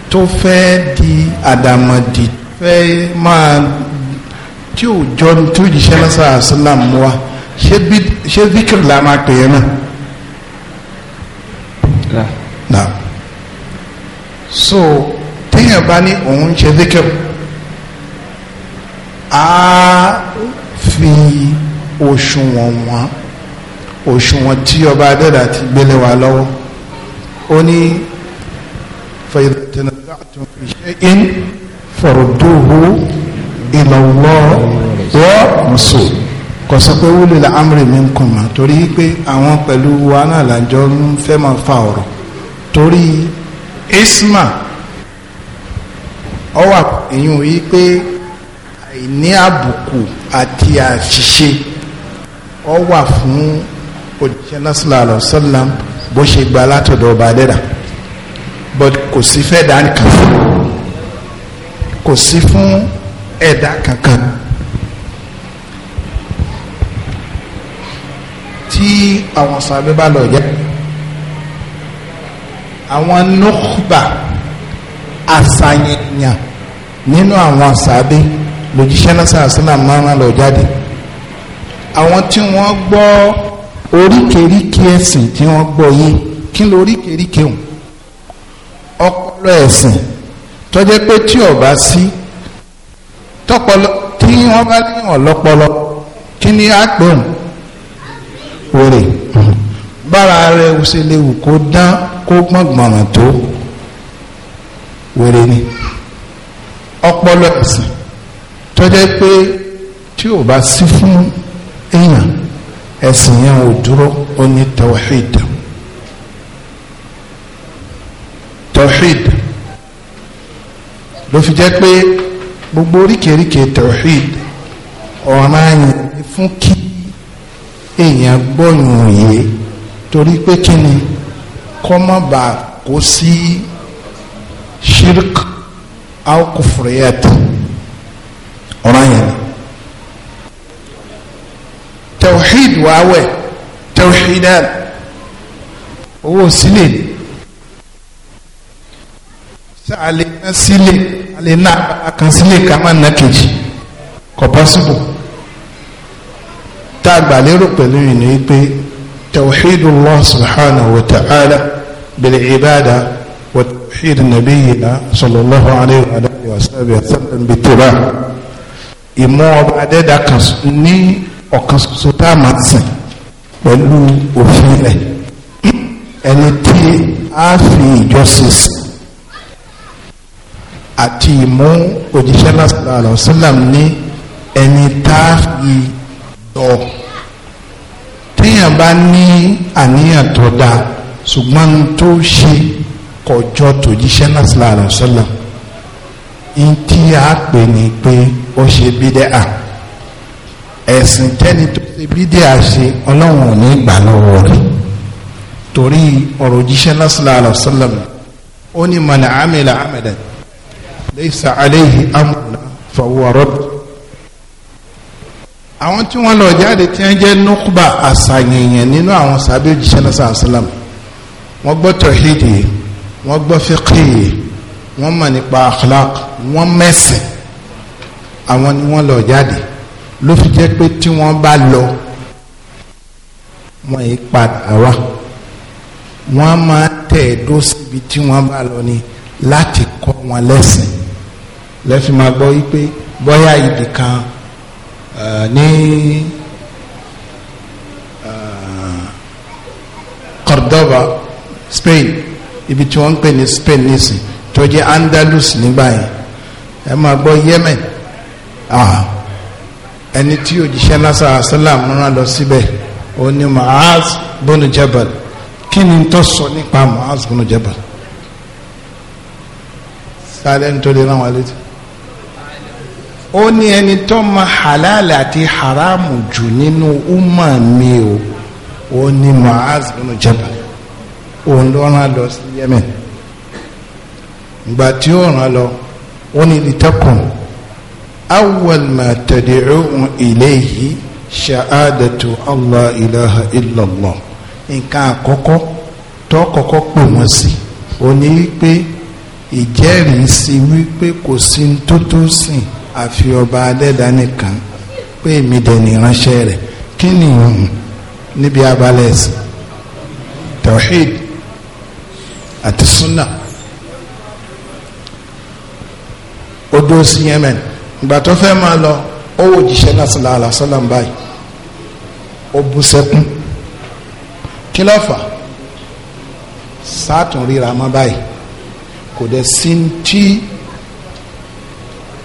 tó fẹ́ di àdàmọ̀dì fẹ́ máa tí ò jọ tó jíṣẹ́ lọ́sà àṣìlám wa ṣé zikir la máa pè é náà. so téèyàn bá ní òun ṣe zikir á fi òṣùwọ̀n wọn òṣùwọ̀n tí ọba adẹ́dà ti gbélé wa lọ́wọ́ ó ní. تنازعتم في شيء فردوه إلى الله والرسول kò sọ pé wúlò la amúre mi ń kùn mà torí pé àwọn pẹ̀lú wa náà làjọ ń fẹ́ máa fa ọ̀rọ̀ torí isma ọwà èyàn yìí pé àìní àbùkù àti àṣìṣe ọwà fún òjíṣẹ́ náà sallallahu alaihi bó ṣe gba látọ̀dọ̀ ọba adẹ́dà but kò sí fẹ́ dá nìkan fún kò sí fún ẹ̀dá kankan tí àwọn sábẹ́ bá lọ jẹ́ àwọn nukba àṣàyàn nínú àwọn sábẹ́ lójíṣẹ́ náà sàásìlà márùn lọ jáde àwọn tí wọ́n gbọ́ oríkèéríkèé ẹ̀sìn tí wọ́n gbọ́ yìí kí ló oríkèéríkèé òun ọpọlọ ẹ̀sìn tó jẹ́ pé tí ó bá sí tọpọlọ tí wọ́n bá ní ọlọpọlọ kí ni á pè wèrè bára rẹ̀ ṣe léwu kó dán kó gbọ̀ngbọ̀nà tó wèrè ni ọpọlọ ẹ̀sìn tó jẹ́ pé tí ó bá sí fún èèyàn ẹ̀sìn yẹn ò dúró ó ní tawhid tawhid ló fi jẹ́ pé gbogbo oríkèéríkèé tawhid ọ̀ràn yìí fún kí èèyàn gbọ́yùn yìí torí pé kí ni kọ́mọ́bà kó sí shirk alkufriyat ọ̀ràn yìí tawhid wàá wẹ̀ tawhidat owó sílẹ̀ ni ṣe àlè kan sílé àlè ná abala kan sílé ká má ná kejì kò pọ́sibù tá a gbà lérò pẹ̀lú yìí ni pé tawhidullah subhanahu wa ta'ala bil ibada wa tawhid nabiyina sallallahu alayhi wa sallam bi tura ìmọ̀ ọba adẹ́dà kan ní ọ̀kan ṣoṣo tá a máa sìn pẹ̀lú òfin ẹni tí a fi ìjọsìn sí àti ìmú òjíṣẹ́ sallallahu alaihi wasallam ní ẹni tá a fi dọ̀ téèyàn bá ní àníyàn tó dáa ṣùgbọ́n tó ṣe kọjọ́ tòjíṣẹ́ sallallahu alaihi wasallam ń tí a pè ní pé ó ṣe bídẹ́ à ẹ̀sìn tẹ́ni tó ṣe bídẹ́ à ṣe ọlọ́run ní gbà lọ́wọ́ rẹ̀ torí ọ̀rọ̀ òjíṣẹ́ sallallahu alaihi ó ní man amila amadan laysa alayhi amruna fahuwa radd. àwọn tí wọ́n lọ jáde tí wọ́n jẹ́ nukba àṣàyẹ̀yẹ̀ nínú àwọn sábẹ́ òjíṣẹ́ náà sàlám wọ́n gbọ́ tọ̀hídì wọ́n gbọ́ fíkìyì wọ́n mọ̀ nípa akhlaq wọ́n mẹ́sìn àwọn ni wọ́n lọ jáde ló fi jẹ́ pé tí wọ́n bá lọ wọ́n yìí padà wá wọ́n máa tẹ̀ dó síbi tí wọ́n bá lọ ni láti kọ́ wọn lẹ́sìn lẹ́fi máa gbọ́ wípé bóyá ibì kan ní Cordoba Spain ibi tí wọ́n ń pè ní Spain nísìn tó jẹ́ Andalus nígbà yẹn ẹ máa gbọ́ Yemen ẹni tí òjíṣẹ́ lásán asálàm rán lọ síbẹ̀ ó ní Muaz bonu Jabal kí ni tó sọ nípa Muaz bonu Jabal sáré nítorí rán létí ó ní ẹni tó mọ halal àti haramu jù nínú umma mi o ó ní Muaz bin Jabal òun ló rán lọ sí Yemen ìgbà tí ó rán lọ ó ní litakun awwal ma tad'uhum ilayhi shahadatu allah ilaha illallah nǹkan àkọ́kọ́ tó kọ́kọ́ pè wọ́n sí ó ní wípé ìjẹ́rìí sí wípé kò sí ní tó tó sìn àfi ọba adẹ́dá nìkan pé èmi dẹ̀ ní ìránṣẹ́ rẹ̀ kí ni ìhùn níbi abalẹ̀ ẹ̀sìn tawhid àti sunna ó dúró sí yemen ìgbà tó fẹ́ máa lọ ó wò jíṣẹ́ náà sọ̀lá àlàsọ́lá báyìí ó bú sẹ́kún kí ló fà sátùn ríra mọ́ báyìí kò dẹ̀ sí tí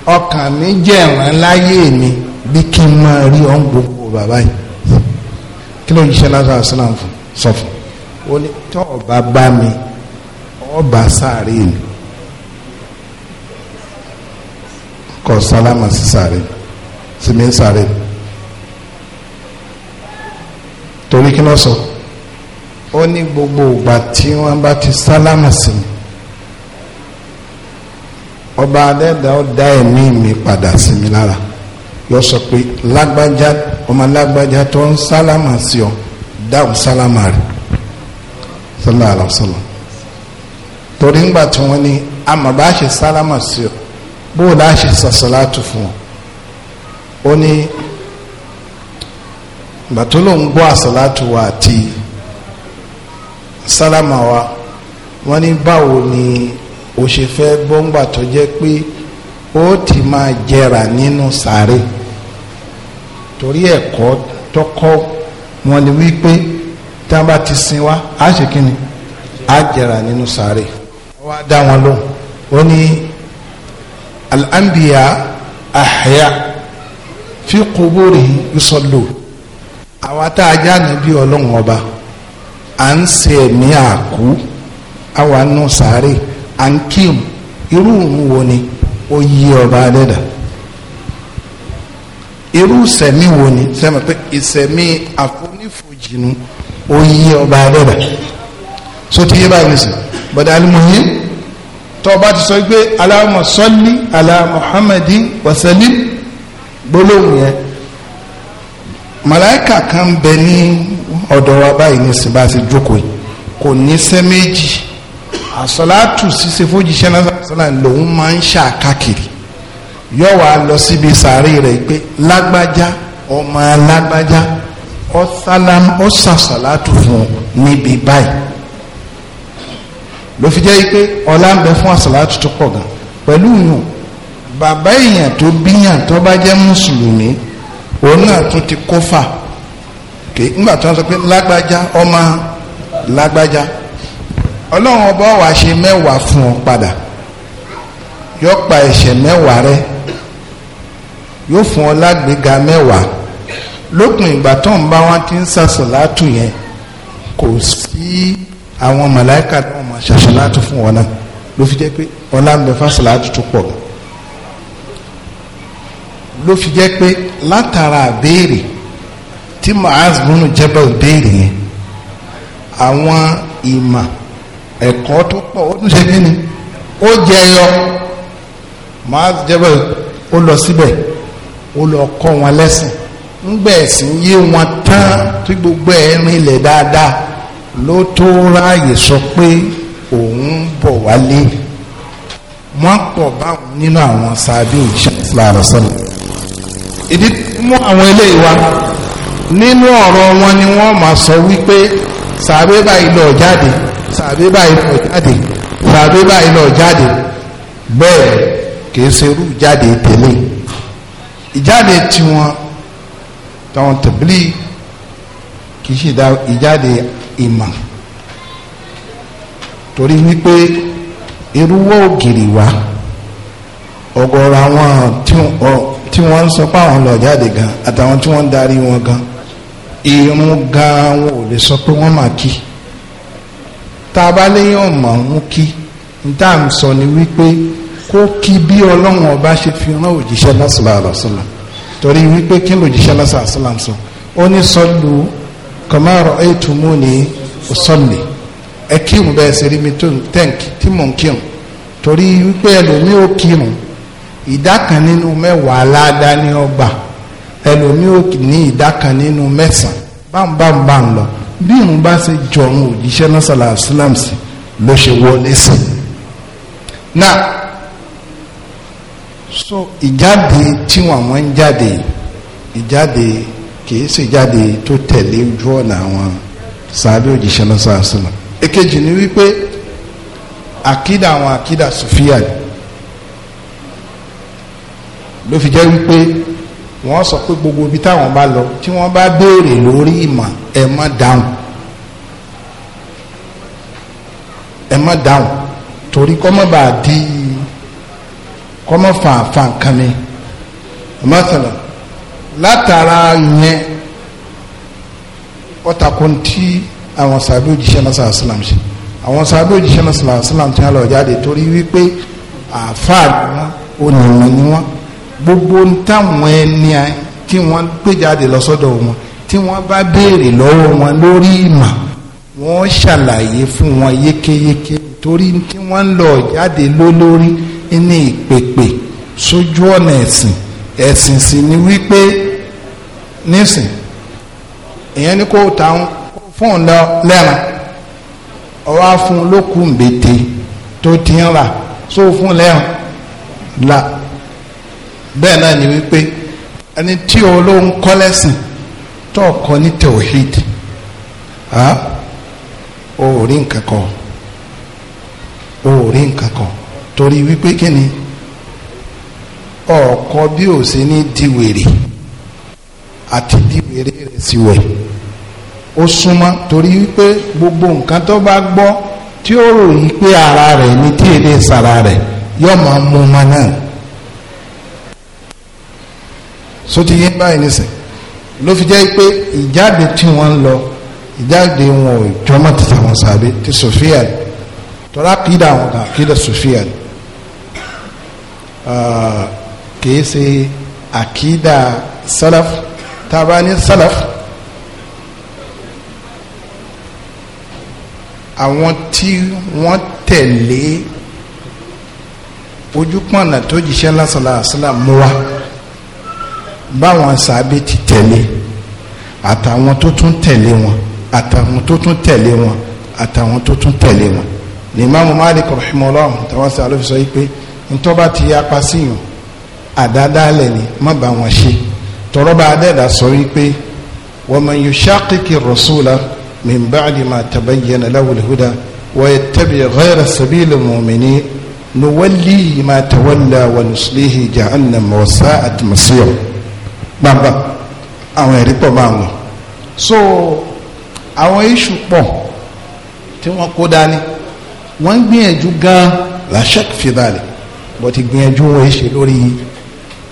ọkàn mi jẹ̀ràn láyé mi bí kí n máa rí ọ̀n gbogbo bàbá yìí kí ló ń ṣe lásán àṣìláàmù fún sọ fún ó ní tọ́ ọba bá mi ọba sáré mi kọ sálámà sí sáré sí mi ń sáré torí kí ló sọ ó ní gbogbo ìgbà tí wọ́n bá ti sálámà sí mi ọba adẹ́dá ó dá ẹ̀mí mi padà sí mi lára yọ sọ pé lágbájá ọmọ lágbájá tó ń sálámà sí ọ dáhùn sálámà rẹ̀ sọlá àlọ́sọlá torí ńgbà tí wọ́n ní àmọ́ bá ṣe sálámà sí ọ bó o láṣẹ sàṣàlátù fún ọ ó ní ìgbà tó ló ń gbọ́ àṣàlátù wa àti sálámà wa wọ́n ní báwo ni o ṣe fẹ́ gbọ́ngbà tó jẹ́ pé ó ti máa jẹrà nínú sàárè torí ẹ̀kọ́ tọkọ wọn ni wípé tí wọn bá ti sin wa á ṣe kí ni á jẹrà nínú sàárè wọn á dá wọn lóhùn ó ní al ahya fi quburi yusallu àwa tá a já níbi ọlọ́run ọba à ń ṣe ẹ̀mí àkú àwa nù sàárè. No à ń kírun irú òun wo ni ó yí ọba adẹ́dà irú sẹ̀mí wo ni sẹ́mi pé ìsẹ̀mí àfonífojìnnú ó yí ọba adẹ́dà so ti yé báyìí nìsín bọ̀dá alimuyin tó bá ti sọ pé Allahumma salli ala Muhammadin wa sallim gbólóhùn yẹn màláìkà kan bẹ ní ọ̀dọ̀ wa báyìí nìsín bá ti jókòó kò ní sẹ́ méjì àsọlátù ṣíṣe fójíṣẹ́ lásánà lòun máa ń ṣàkàkiri yóò wá lọ síbi sàárè rẹ̀ pé lágbájá ọmọ lágbájá ó ṣàsọlátù fún níbi báyìí ló fi jẹ́ pé ọlá ń bẹ fún àsọlátù tó pọ̀ gan pẹ̀lú yùn bàbá èèyàn tó bíyàn tó bá jẹ́ mùsùlùmí òun náà tún ti kófà nígbà tó ń sọ pé lágbájá ọmọ lágbájá ọlọ́run ọba wá ṣe mẹ́wàá fún ọ padà yóò pa ẹ̀ṣẹ̀ mẹ́wàá rẹ yóò fún ọ lágbèéga mẹ́wàá lópin ìgbà tó ń bá wọn ti ń sàṣọ látù yẹn kò sí àwọn màláìka tó ń ṣàṣọ látù fún wọn náà ló fi jẹ́ pé ọlá ń látù tó pọ̀ ló fi jẹ́ pé látara àbéèrè tí Mu'az bunu Jabal béèrè yẹn àwọn ìmọ̀ ẹ̀kọ́ tó pọ̀ ó ń ṣe kí ni ó jẹyọ Mu'adh Jabal ó lọ síbẹ̀ ó lọ kọ́ wọn lẹ́sìn ńgbẹ̀ yé wọn tán tí gbogbo ẹ̀ rinlẹ̀ dáadáa ló tó ráàyè sọ pé òun bọ̀ wálé báwọn nínú àwọn ìdí mú àwọn eléyìí wá nínú wọn ni wọn máa sọ wípé báyìí lọ jáde sàbí báyìí lọ jáde sàbí báyìí lọ jáde bẹ́ẹ̀ kìí ṣe irú jáde tẹ̀lé ìjáde tiwọn táwọn tẹ̀bílì kìí ṣe ìjáde ìmọ̀ torí wípé irúwọ́ ògiri wa ọ̀gọ̀rọ̀ àwọn tí wọ́n ń sọ pé àwọn lọ jáde gan àtàwọn tí wọ́n ń darí wọn gan irun gan wọn ò lè sọ pé wọ́n máa kí i. ta a bá léyàn mọ̀ ń kí níta ń ni wípé kó kí bí ọba ṣe fi rán òjíṣẹ́ lọ́sọ̀lá àlọ́sọ̀lá torí wípé kí sọ ó ní sọ́lù kọ́márọ̀ ẹ̀tùmú ni ó sọ́lì ẹ kírun bẹ́ẹ̀ ṣe rí mi tó tẹ́ǹkì tí mò ń kírun torí wípé kírun ìdá kan nínú mẹ́wàá aláàdá ní ọgbà bí irun bá ṣe jọrun òjíṣẹ́ náà sàlàyé islam sí ló ṣe wọlé sí náà so ìjáde tí àwọn ń jáde ìjáde kìí ṣe jáde tó tẹ̀lé ojú ọ̀nà àwọn sàbẹ̀ òjíṣẹ́ náà sàlàyé islam èkejì ni wípé àkídà àwọn àkídà sùfíà ló fi jẹ́ wípé wọ́n sọ pé gbogbo ibi táwọn bá lọ tí wọ́n bá béèrè lórí ìmọ̀ ẹ má dáhùn ẹ má dáhùn torí kọ́mọ́ bá di kọ́mọ́ fàǹfàǹ kan mi mọ́tàlá látara yẹn ọ̀tàkùn tí àwọn sàbí òjíṣẹ́ náà sàrà sílám ṣe àwọn sàbí òjíṣẹ́ náà sàrà sílám tí wọ́n lọ jáde torí wípé àáfàá ni wọ́n onímọ̀ ni wọ́n gbogbo táwọn ẹni tí wọ́n gbé jáde lọ sọ́dọ̀ wọn tí wọ́n bá béèrè lọ́wọ́ wọn lórí ìmọ̀ wọ́n ṣàlàyé fún wọn yékéyéké torí tí wọ́n ń lọ jáde ló lórí ní ìpèpè sójú ọ̀nà ẹ̀sìn ẹ̀sìn sì ni wípé nísìn èèyàn ní kó ta fún lọ lẹ́ran ọwọ́ fún un tó ti ń rà sóò fún un lẹ́ran la bẹ́ẹ̀ náà ni wípé ẹni tí olóhùn kọ́ lẹ́sìn tó kọ́ ní tewhid ó rí nǹkan kan ó rí nǹkan kan torí wípé kí ni bi bí ò sí ní diwèrè àti diwèrè rẹ̀ sì wẹ̀ ó súnmọ́ torí wípé gbogbo nǹkan tó bá gbọ́ tí ó ròyìn pé ara rẹ̀ ni tí èdè sara rẹ̀ yóò máa mú ma náà so ti yé báyìí nísìn ló fi jẹ́ pé ìjáde tí wọ́n ń lọ ìjáde wọn ò jọmọ́ títà wọn sàbẹ̀ ti sofia tọ́lá kìdá wọn kà kìdá sofia ah, kìí ṣe àkìdá salaf tábà ní salaf àwọn tí wọ́n tẹ̀lé ojúpọ̀nà tó jíṣẹ́ lásàlá àṣàlá mú wa báwọn sàbẹ̀ ti tẹ̀lé àtàwọn tó tún tẹ̀lé wọn àtàwọn tó tún tẹ̀lé wọn àtàwọn tó tún tẹ̀lé wọn ní Imam Malik rahimahullah táwọn sọ àlọ́ fi sọ yìí pé ntọ́ba ti yapa síyàn àdádálẹ̀ ni má bá wọn ṣe tọrọba adẹ́dà sọ yìí pé wa man yushaqiqi rasula min ba'di ma tabayyana lahu al-huda wa yattabi' ghayra sabili al-mu'minin nuwallihi ma tawalla wa nuslihi jahannama wa sa'at masira gbangba àwọn ẹ̀rí pọ̀ máa wọ̀n so àwọn iṣu pọ̀ tí wọ́n kó dání wọ́n gbìyànjú gan làṣẹ́k fìdálẹ̀ bó ti gbìyànjú wọn ṣe lórí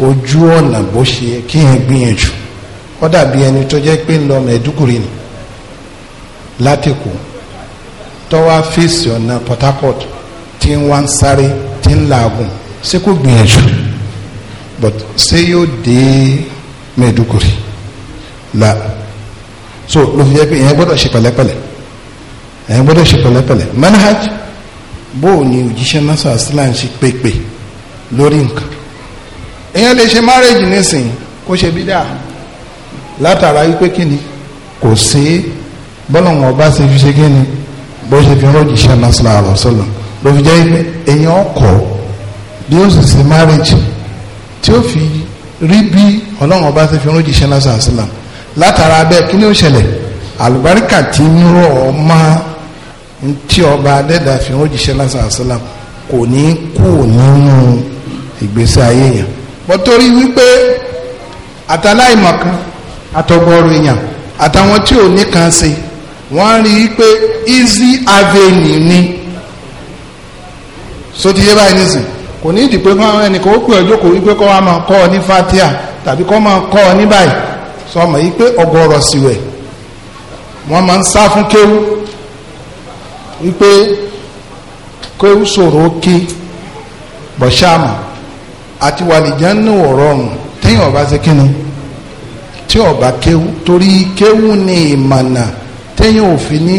ojú ọ̀nà bó ṣe kí n gbìyànjú ó dàbí ẹni tó jẹ́ pé ń lọ mẹ́ẹ̀dúkùrì ni látìkù tó wá fèsì ọ̀nà Port Harcourt tí ń wá ń sáré tí ń làágùn ṣé kò gbìyànjú but ṣé yóò dé. Maiduguri la so ló fi jẹ́ pé ìyẹn gbọ́dọ̀ ṣe pẹ̀lẹ́pẹ̀lẹ́ ìyẹn gbọ́dọ̀ ṣe pẹ̀lẹ́pẹ̀lẹ́ manhaj bó o ní òjíṣẹ́ náà ṣe pépè lórí nǹkan ìyẹn lè ṣe márèjì nísìnyí kó ṣe bí dáa látara wípé kí ni kò sí bọ́lọ̀mù ọba ṣe fi ṣe kí ni bó ṣe fi rọ́ọ̀jì ṣe náà sọ̀rọ̀ àrọ̀ sọ̀rọ̀ ló fi jẹ́ pé èèyàn ọkọ̀ bí ó sì ṣe márèjì tí ó fi rí bí ọlọ́run ọba ti fi rán jíṣẹ́ lásán àṣìlá látara kí ni ó ṣẹlẹ̀ àlùbáríkà ti ń rọ̀ ọ́ tí ọba adẹ́dà fi rán jíṣẹ́ lásán àṣìlá kò ní kú nínú ìgbésí ayé yẹn wípé èèyàn àtàwọn tí ò ní kan ṣe wọ́n rí i pé easy avenue ni kò ní ìdìpé fún ẹnìkan ó pè ọjọ́ kò wípé kọ́ wa máa kọ́ ọ ní fatia tàbí kọ́ máa kọ́ ọ ní báyìí sọmọ yìí pé ọgọ́rọ̀ síwẹ̀ wọ́n máa fún kéwú wípé kéwú sọ̀rọ̀ kí bọ̀ṣáàmù àti wàlìjẹ́ ní ọ̀rọ̀rùn téèyàn ọba ṣe tí ọba kéwú torí kéwú téèyàn ò fi ní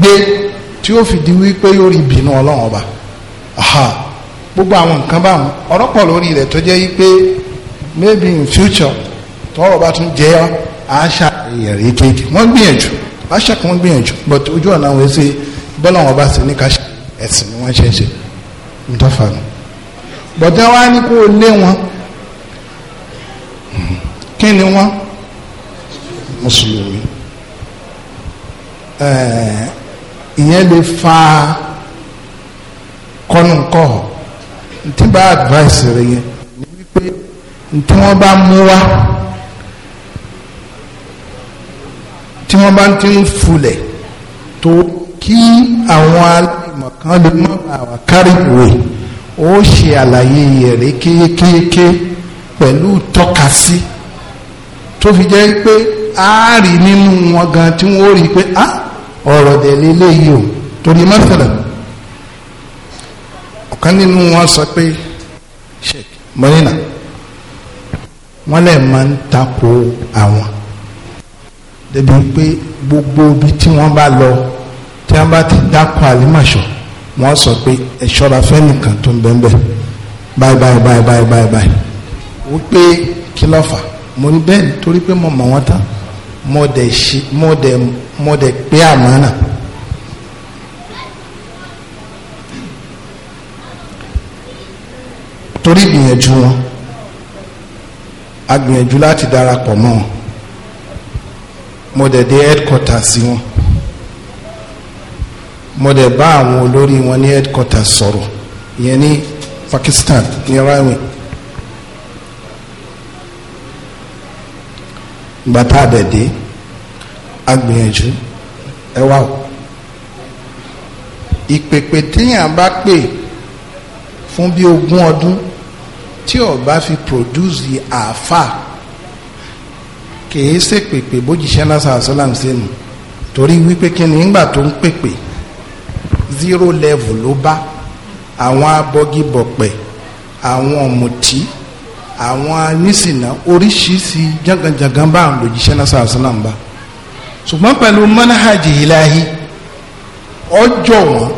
gbé tí ó fi di wípé yóò rí ìbínú gbogbo àwọn nǹkan báwọn ọ̀rọ̀ pọ̀ lórí rẹ̀ tó jẹ́ yí pé maybe in future tọ́rọ̀ bá tún jẹ́ àṣà ìyẹ̀rẹ̀ kéèké wọ́n gbìyànjú àṣà kan gbìyànjú but ojú ọ̀nà àwọn ẹsẹ̀ bọ́lá wọn bá ṣe ní káṣà ẹ̀sìn ni wọ́n ṣe ń ṣe ń tọ́fà nù bọ̀dá wa ní kó lé wọn kí ni wọ́n mùsùlùmí ìyẹn lè fa kọ́nù kọ́ tí bá advice rẹ̀ yẹn ni wípé tí wọ́n bá mú wá tí wọ́n bá ń tí ń fulẹ̀ tó kí àwọn aláìmọ̀kan lè mọ àwọn kárí ìwé ó ṣe àlàyé rẹ̀ kéékèèké pẹ̀lú tọ́ka sí tó fi jẹ́ pé a rí nínú wọn gan tí wọ́n rí pé a ah, ọ̀rọ̀ dẹ̀ o torí mọ́sálà ọ̀kan nínú wọn sọ pé sheik mọ́nínà wọ́n lè máa ń tako àwọn débi pé gbogbo ibi tí wọ́n bá lọ tí wọ́n bá ti dákọ̀ àlìmọ̀ṣọ́ wọ́n sọ pé ẹ ṣọ́ra fẹ́nìkan tó ń bẹ́ńbẹ́ báyìí báyìí báyìí báyìí báyìí báyìí wípé kí ló fà mo ní bẹ́ẹ̀ nítorí pé mo mọ̀ wọ́n tán mo dẹ̀ ṣe mo mo dẹ̀ pé àmọ́ náà. torí ìgbìyànjú wọn a gbìyànjú láti darapọ̀ mọ́ wọn mo dẹ̀ dé headquarters wọn mo dẹ̀ bá àwọn olórí wọn ní headquarters sọ̀rọ̀ ìyẹn ní Pakistan ní raiwe ìgbà tá a dẹ̀ dé a gbìyànjú ẹ wá o ìpèpè téèyàn bá pè fún bí ogún ọdún tí ó fi produce àáfà kìí ṣe pèpè bójìṣẹ́ lásán àṣọlám sẹ́nu torí wípé kí ni ńgbà tó ń pèpè zero level ló bá àwọn abọ́gibọ̀pẹ̀ àwọn ọ̀mùtí àwọn anísìnà oríṣiríṣi janganjangan bá àwọn lòjíṣẹ́ lásán àṣọlám bá ṣùgbọ́n pẹ̀lú manhaj ilahi ọjọ́ wọn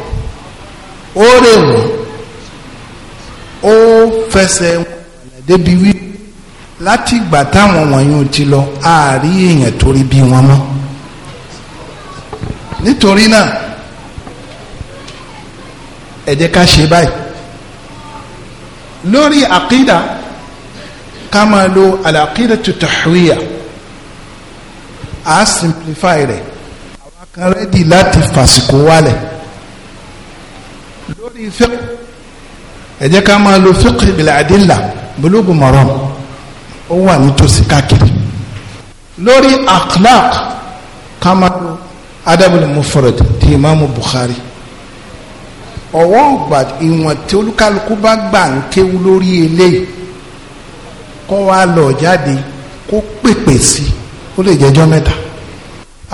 ó rè wọ́n ó fẹsẹ̀ débi wí láti ìgbà táwọn wọ̀nyí ti lọ àárí èèyàn torí bí wọn mọ́ nítorí náà ẹ jẹ́ ká ṣe báyìí lórí àkídà ká máa lo àlàkídà tuntun a simplify rẹ̀ àwọn kan rẹ́dì láti fàsìkò wálẹ̀ lórí fẹ́ẹ́ ẹ jẹ́ ká máa lo fiqh bil adilla bulughu maram ó wà nítòsí káàkiri lórí akhlaq ká máa lo adabul mufrad ti imaamu bukhari ọwọ́ ọgbà ìwọ̀n tí olúkálukú bá gbà ń kéwu lórí eléyìí kó wá lọ jáde kó pèpè sí ó lè jẹjọ́ mẹ́ta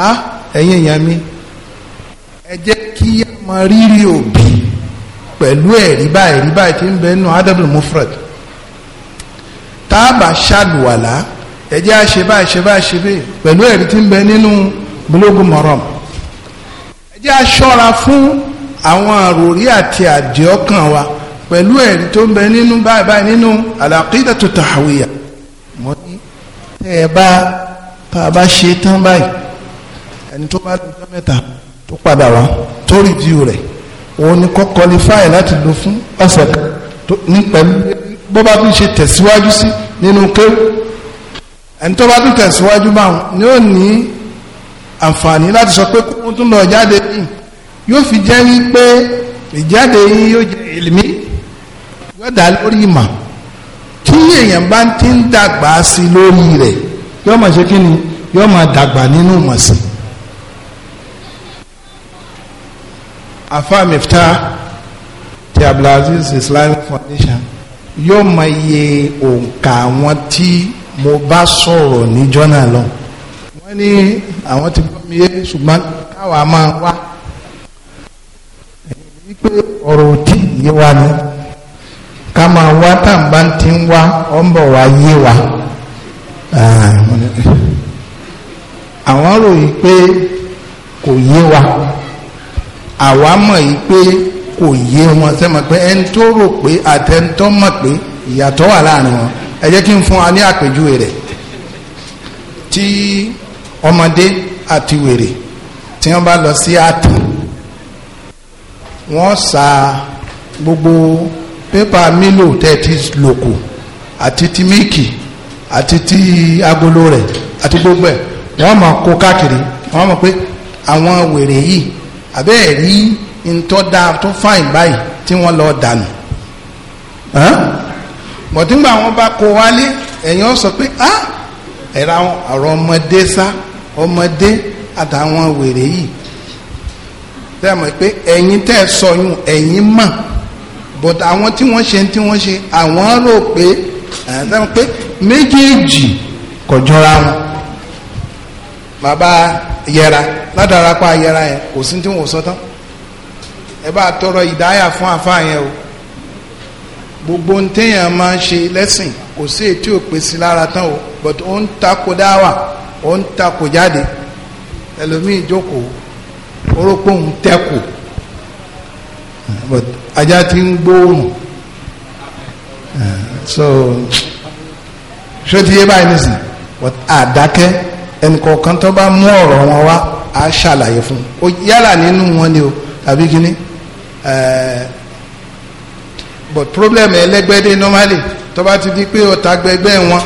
á ah, ẹ̀yin èèyàn mi ẹ jẹ́ kí a mọ rírì òbí pẹ̀lú ẹ̀rí báyìí ẹ̀rí báyìí tí ń bẹ nínú adabul mufrad táàbà ṣàlùwàlá ẹ̀jẹ̀ àṣẹ báyìí ṣe báyìí ṣe bẹ́ẹ̀ pẹ̀lú ẹ̀rí tí ń bẹ nínú bulugh maram ẹ̀jẹ̀ àṣọra fún àwọn àròrí àti àdìọ́kàn wa pẹ̀lú ẹ̀rí tó ń bẹ nínú báyìí báyìí nínú al-aqidatu tahawiyya mọ́ ní tẹ́ ẹ bá tá a bá ṣe tán báyìí ẹni tó bá lọ́jọ́ mẹ́ta tó padà wá tó rìvíw rẹ̀ òun ni kọ́ qualify láti lò fún ọ̀sẹ̀ kan ní pẹ̀lú bó bá tún ṣe tẹ̀síwájú sí nínú kéwù ẹni tó bá tún tẹ̀síwájú báwọn ni ó ní àǹfààní láti sọ pé kó tún lọ jáde yìí yóò fi jẹ́ wípé ìjáde yìí yóò jẹ́ ìlmí yóò dá lórí ìmọ̀ tí èèyàn bá ti ń dàgbà sí lórí rẹ̀ yóò máa ṣe kí ni yóò máa dàgbà nínú ìmọ̀ sí i. afa Miftah ti Abdulaziz Islamic Foundation yóò mọ iye òǹkà àwọn tí mo bá sọ̀rọ̀ níjọ́ náà lọ wọ́n ní àwọn ti gbọ́ mi yé ṣùgbọ́n káwa máa wá wípé ọ̀rọ̀ òdì yé wa ni ká máa wá tá à ń bá ti ń wá ọ̀ ń bọ̀ wá yé wa àwọn ròyìn pé kò yé wa àwa mọ̀ yìí pé kò yé wọn sẹ́mọ̀ pé ẹni tó rò pé àtẹnutọ́ mọ̀ pé ìyàtọ̀ wà láàrin wọn ẹ jẹ́ kí n fún wa ní àpèjúwe rẹ̀ tí ọmọdé àti wèrè tí wọ́n bá lọ sí àtàn wọ́n sa gbogbo pépà mílò tẹ́ ti àti ti míìkì àti ti agolo rẹ̀ àti gbogbo ẹ̀ wọ́n máa kó káàkiri wọ́n mọ̀ pé àwọn wèrè yìí àbẹ́ẹ̀ rí ntọ́ da tó fáìn báyìí tí wọ́n lọ dànù bọ̀dúngbà wọn bá kó wálé ẹ̀yin sọ pé a ẹ̀ra ọ̀rọ̀ ọmọdé sá ọmọdé àtàwọn wèrè yìí tẹ́ mọ̀ pé ẹ̀yin tẹ́ sọyún ẹ̀yin mọ̀ but àwọn tí wọ́n ṣe tí wọ́n ṣe àwọn rò pé tẹ́ mọ̀ pé méjèèjì kò jọra wọn bàbá yẹra ládàra pa yẹra yẹn kò sí tí wọn sọ tán ẹ bá tọrọ ìdáyà fún àfa yẹn o gbogbo ń téèyàn máa ń ṣe lẹ́sìn kò sí ètí òpè sí lára tán o but ó ń takò dáwà ó ń takò jáde ẹlòmíì jókòó orókó ń tẹ́kù but ajá ti ń gbóòrùn eh, so ṣé ti yé báyìí nísìnyí but àdákẹ́ ẹnìkọ̀ọ̀kan tó bá mú ọ̀rọ̀ wọn wá á ṣàlàyé fún un yálà nínú wọn ni o tàbí kíní but problem ẹlẹgbẹdẹ normally tó bá ti di pé ọ̀tá gbẹgbẹ wọn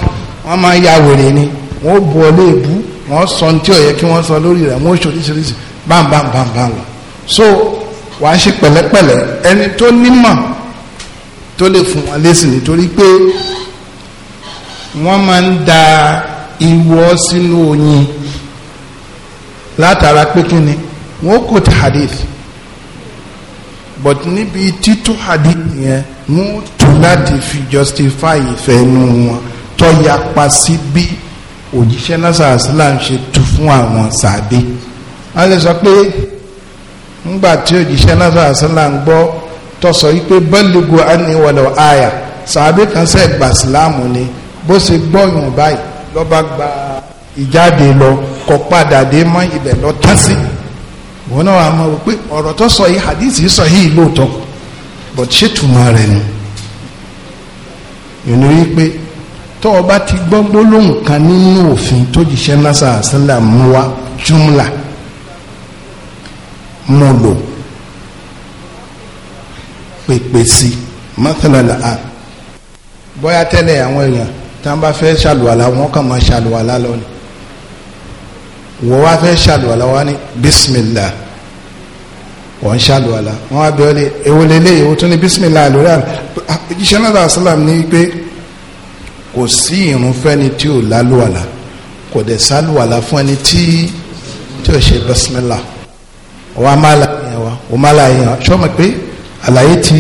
wọn máa ya wèrè ni wọn ò bu ọlé ìbú wọn sọ ní tí ò yẹ kí wọn sọ lórí rẹ wọn ò ṣoríṣiríṣi bam bam bam bam lọ so wàá ṣe pẹ̀lẹ́pẹ̀lẹ́ ẹni tó nímọ̀ tó lè fún wọn lésì nítorí pé wọn máa ń da ìwọ sínú oyin látara pé kí ni wọ́n kò tí hadith but níbi títú hadith yẹn wọ́n tún láti fi justify ìfẹ́ inú wọn tó yapa sí bí òjíṣẹ́ náà sàlám ṣe tu fún àwọn sàbí wọ́n lè sọ pé ńgbà tí òjíṣẹ́ náà sàlám gbọ́ tó sọ wípé bọ́ọ̀lùgù àníwọ̀lọ̀ àyà sàbí kan sẹ́ẹ̀ gbà sílámù ni bó ṣe gbọ́yùn báyìí lọ́ba gba ìjáde lọ kọ padà dé mọ́ ibẹ̀ lọ tán sí wọn náà wà mọ̀ pé ọ̀rọ̀ tó sọ yìí hadith sọ yìí lóòótọ́ but ṣé tùmọ̀ rẹ̀ ni ìnú yìí pé tó o bá ti gbọ́ gbólóhùn kan nínú òfin tó jíṣẹ́ nasa àṣálà mú wa jumla mú lò pèpè sí mọ́tàlá làá bóyá tẹ́lẹ̀ àwọn èèyàn tá n bá fẹ́ ṣàlùwàlà wọn kàn máa ṣàlùwàlà lọ ni wọ́n wá fẹ́ ṣàlùwàlà wá ní bísímìlà wọ́n ṣàlùwàlà wọ́n á bẹ̀rẹ̀ ewu lélẹ́yìí o tún ní bísímìlà lórí àná iṣẹ́ náà sàlám ní pé kò sí irun fẹ́ni tí ò lálùwàlà kò dẹ̀ sálùwàlà fún ẹni tí tí ò ṣe bísímìlà wọ́n á má la wa wọ́n má la wa ṣọ́ ma pé àlàyé tí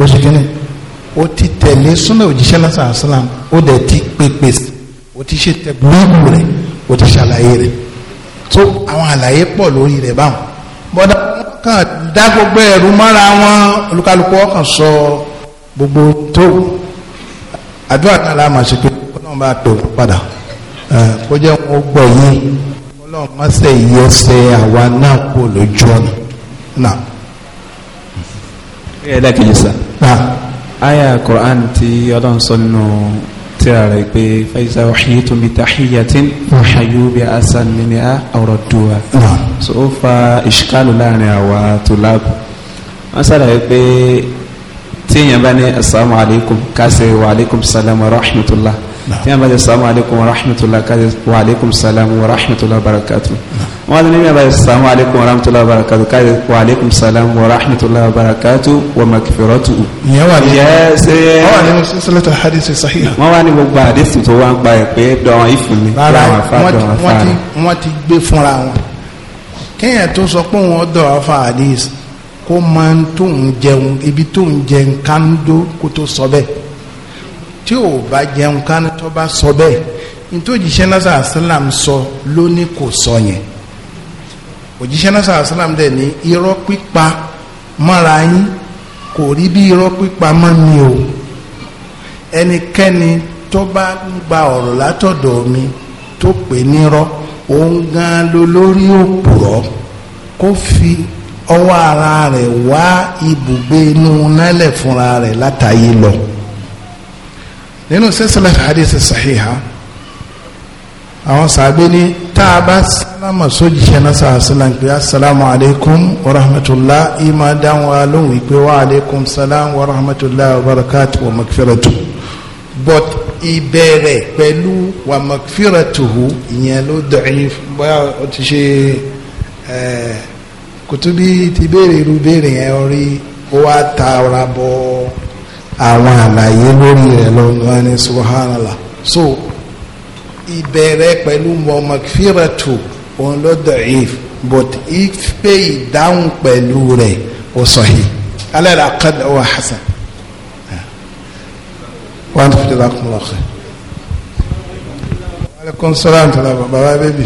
ó ṣe kí ni o ti tẹ̀lé súnà òjíṣẹ́ lásán àṣàlám ó dẹ̀ ti pèpè ó ti ṣe tẹ̀gbọ́n rẹ̀ ó ti ṣàlàyé rẹ̀ tó àwọn àlàyé pọ̀ lórí rẹ̀ báwọn bọ́dá kan dá gbogbo ẹ̀rú mọ́ra wọn olúkálùkù ọkàn sọ gbogbo tó àdúrà kan láà máa ṣe pé ọlọ́run bá pè wọ́n padà kó jẹ́ wọn ó gbọ̀ yìí ọlọ́run má ṣe ìyẹsẹ̀ àwa náà kó lójú ọ̀nà náà. ẹ ẹ dákẹ́jì sá aya quran ti ọlọ́run sọ nínú tíra rẹ̀ pé faiza wahiyitum bi tahiyatin wahayu bi asan minha aw radduha so ó fa ìṣkálù láàrin àwa tulabu wọ́n sàlàyé pé tí bá ní asalaamu alaykum kásẹ̀ wa alaykum salaam wa rahmatulah tí wọ́n bá ti sàmú aleykum rahmatulah wa aleykum salam wa rahmatulah barakatu wọ́n ti ní bí wọ́n bá ti sàmú aleykum rahmatulah barakatu káyọ̀ wa aleykum salam wa rahmatulah barakatu wa makifiratu. ìyẹn wà ní wọ́n wà ní sísílẹ̀tà hadith sahiha. wọ́n wà ní gbogbo hadith tó wá ń pa ẹ̀ pé dọ̀wọ́n ìfún mi. rárá wọ́n ti gbé fúnra wọn kéèyàn tó sọ pé wọ́n dọ̀wọ́ fa hadith kó máa ń tó ń jẹun ibi tó ń jẹun ká ń dó kó tó sọ bẹ́ẹ̀ tí ò bá jẹun kánú tó bá sọ bẹ́ẹ̀ nítòjíṣẹ́ nasa asalam sọ lónìí kò sọ yẹn òjíṣẹ́ nasa asalam dẹ̀ ní irọ́ pípa mọ́ra yín kò rí bí irọ́ pípa mọ́ mi o ẹnikẹ́ni tó bá ń gba ọ̀rọ̀ látọ̀dọ̀ mi tó pè nírọ́ òun gan ló lórí òpùrọ́ kó fi ọwọ́ ara rẹ̀ wá ibùgbé inú nálẹ̀ fúnra rẹ̀ látàyè lọ nínú sẹ́sẹ̀lẹ̀ hadith sahiha àwọn sàgbé ní tá a bá sálámà sójì ṣẹ́ná sàásìlám pé asalaamu alaykum wa rahmatulah ima dáhùn alóhùn ìpè wa alaykum salaam wa rahmatulah wa barakatuh wa makfiratu but ìbẹ̀rẹ̀ pẹ̀lú wa makfiratuhu ìyẹn ló da'if bóyá o ti ṣe kutubi ti béèrè irú béèrè yẹn orí ó wá ta ara bọ́ àwọn àlàyé lórí rẹ̀ lọ́nà wọn ni subhanallah so ìbẹ̀rẹ̀ pẹ̀lú mọ̀mọ́kfíràtù òun ló da'if but ife ìdáhùn pẹ̀lú rẹ̀ ó sahih alẹ́ rà kọ́dà wà hasan wọn fi jọba kún lọ́kẹ́. alekun sọlá ń tọ́lá bàbá bẹ́bí.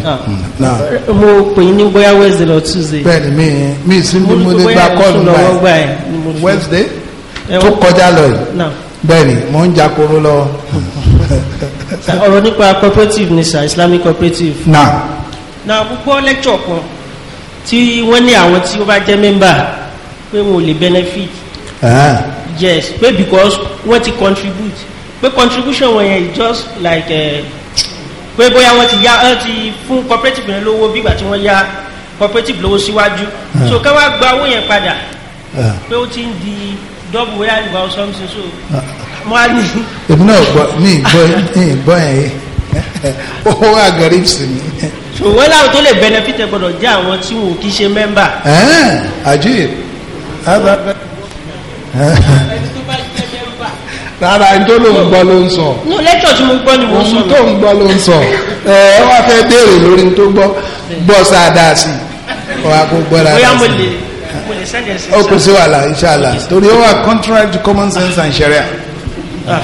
mo pè ní bóyá wednesday or tuesday. bẹ́ẹ̀ni mi mi sí mi mo lè gba kọ́ọ̀lù báyìí wednesday tó kọjá lọ yìí bẹ́ẹ̀ ni mò ń jakoro lọ. ọ̀rọ̀ nípa cooperative ni sir Islamic cooperative. na na gbogbo lecture kan tí wọ́n ní àwọn tí ó bá jẹ́ member pé wọn ò lè benefit. yes pé because wọ́n ti contribute pé contribution wọn yẹn is just like eh, pé bóyá wọ́n ti yá wọ́n ti fún cooperative yẹn lówó bígbà tí wọ́n yá cooperative lówó síwájú so ká wá gba owó yẹn padà pé ó ti ń di dọ́bù wẹ́yà ìgbà ọ̀sán ṣe so mo á ní. èmi náà gbọ́ ní ìgbọ́ ní ìgbọ́ yẹn owó àgàrí sí mi. ṣòwò láwọn tó lè benefit gbọdọ̀ jẹ́ àwọn tí wọn ò kí ṣe mẹ́mbà. àjùyè rárá ẹni tó ló ń gbọ́ ló ń sọ. ní lẹ́tọ̀ tí mo gbọ́ ni mo sọ. ohun tó ń gbọ́ ló ń sọ ẹ ẹ wá fẹ́ béèrè lórí tó gbọ́ gbọ́ sáadáa sí i wà á kó gbọ́ dáadáa sí ó kò sí wàhálà inshàlá torí ó wà contrary to common sense and sharia. Ah,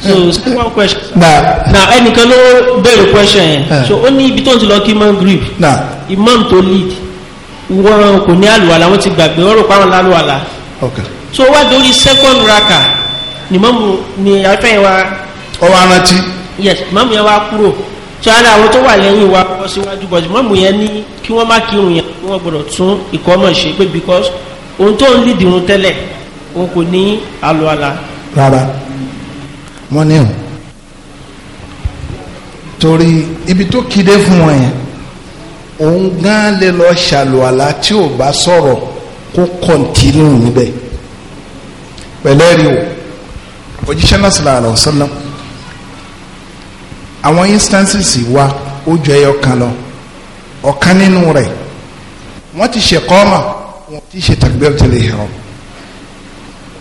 so one question. na na ẹnìkan ló béèrè question yẹn eh. so ó ní ibi tó ń ti lọ kí imam grip imam tó lead wọn kò ní àlùwàlà wọn ti gbàgbé wọn rò pa wọn lálùwàlà so wá dórí second raka ni mọ́mù ni afẹ́ wa. ọwọ́ arántí. yes mọ́mù yẹn wá kúrò tí a àwọn tó wà lẹ́yìn wa kọ́ síwájú bọ̀dù mọ́mù yẹn ní kí wọ́n má kírun yẹn kí wọ́n gbọ́dọ̀ tún ìkọ́ mọ̀ ṣe pé because ohun tó ń lídìí irun tẹ́lẹ̀ wọn kò ní alọ́ ala. rárá wọn ní o torí ibi tó kéde fún wọn yẹn òun gan lè lọ ṣàlùwàlà tí ò bá sọ̀rọ̀ kó kọ̀ntínú níbẹ̀ pẹ̀lẹ́rì o òjíṣẹ́ náà sallallahu alaihi wasallam àwọn instances wa ó jọ ẹyọ kan lọ ọ̀kan nínú rẹ̀ wọ́n ti ṣe kọ́ọ̀mà wọ́n ti ṣe takbiratul ihram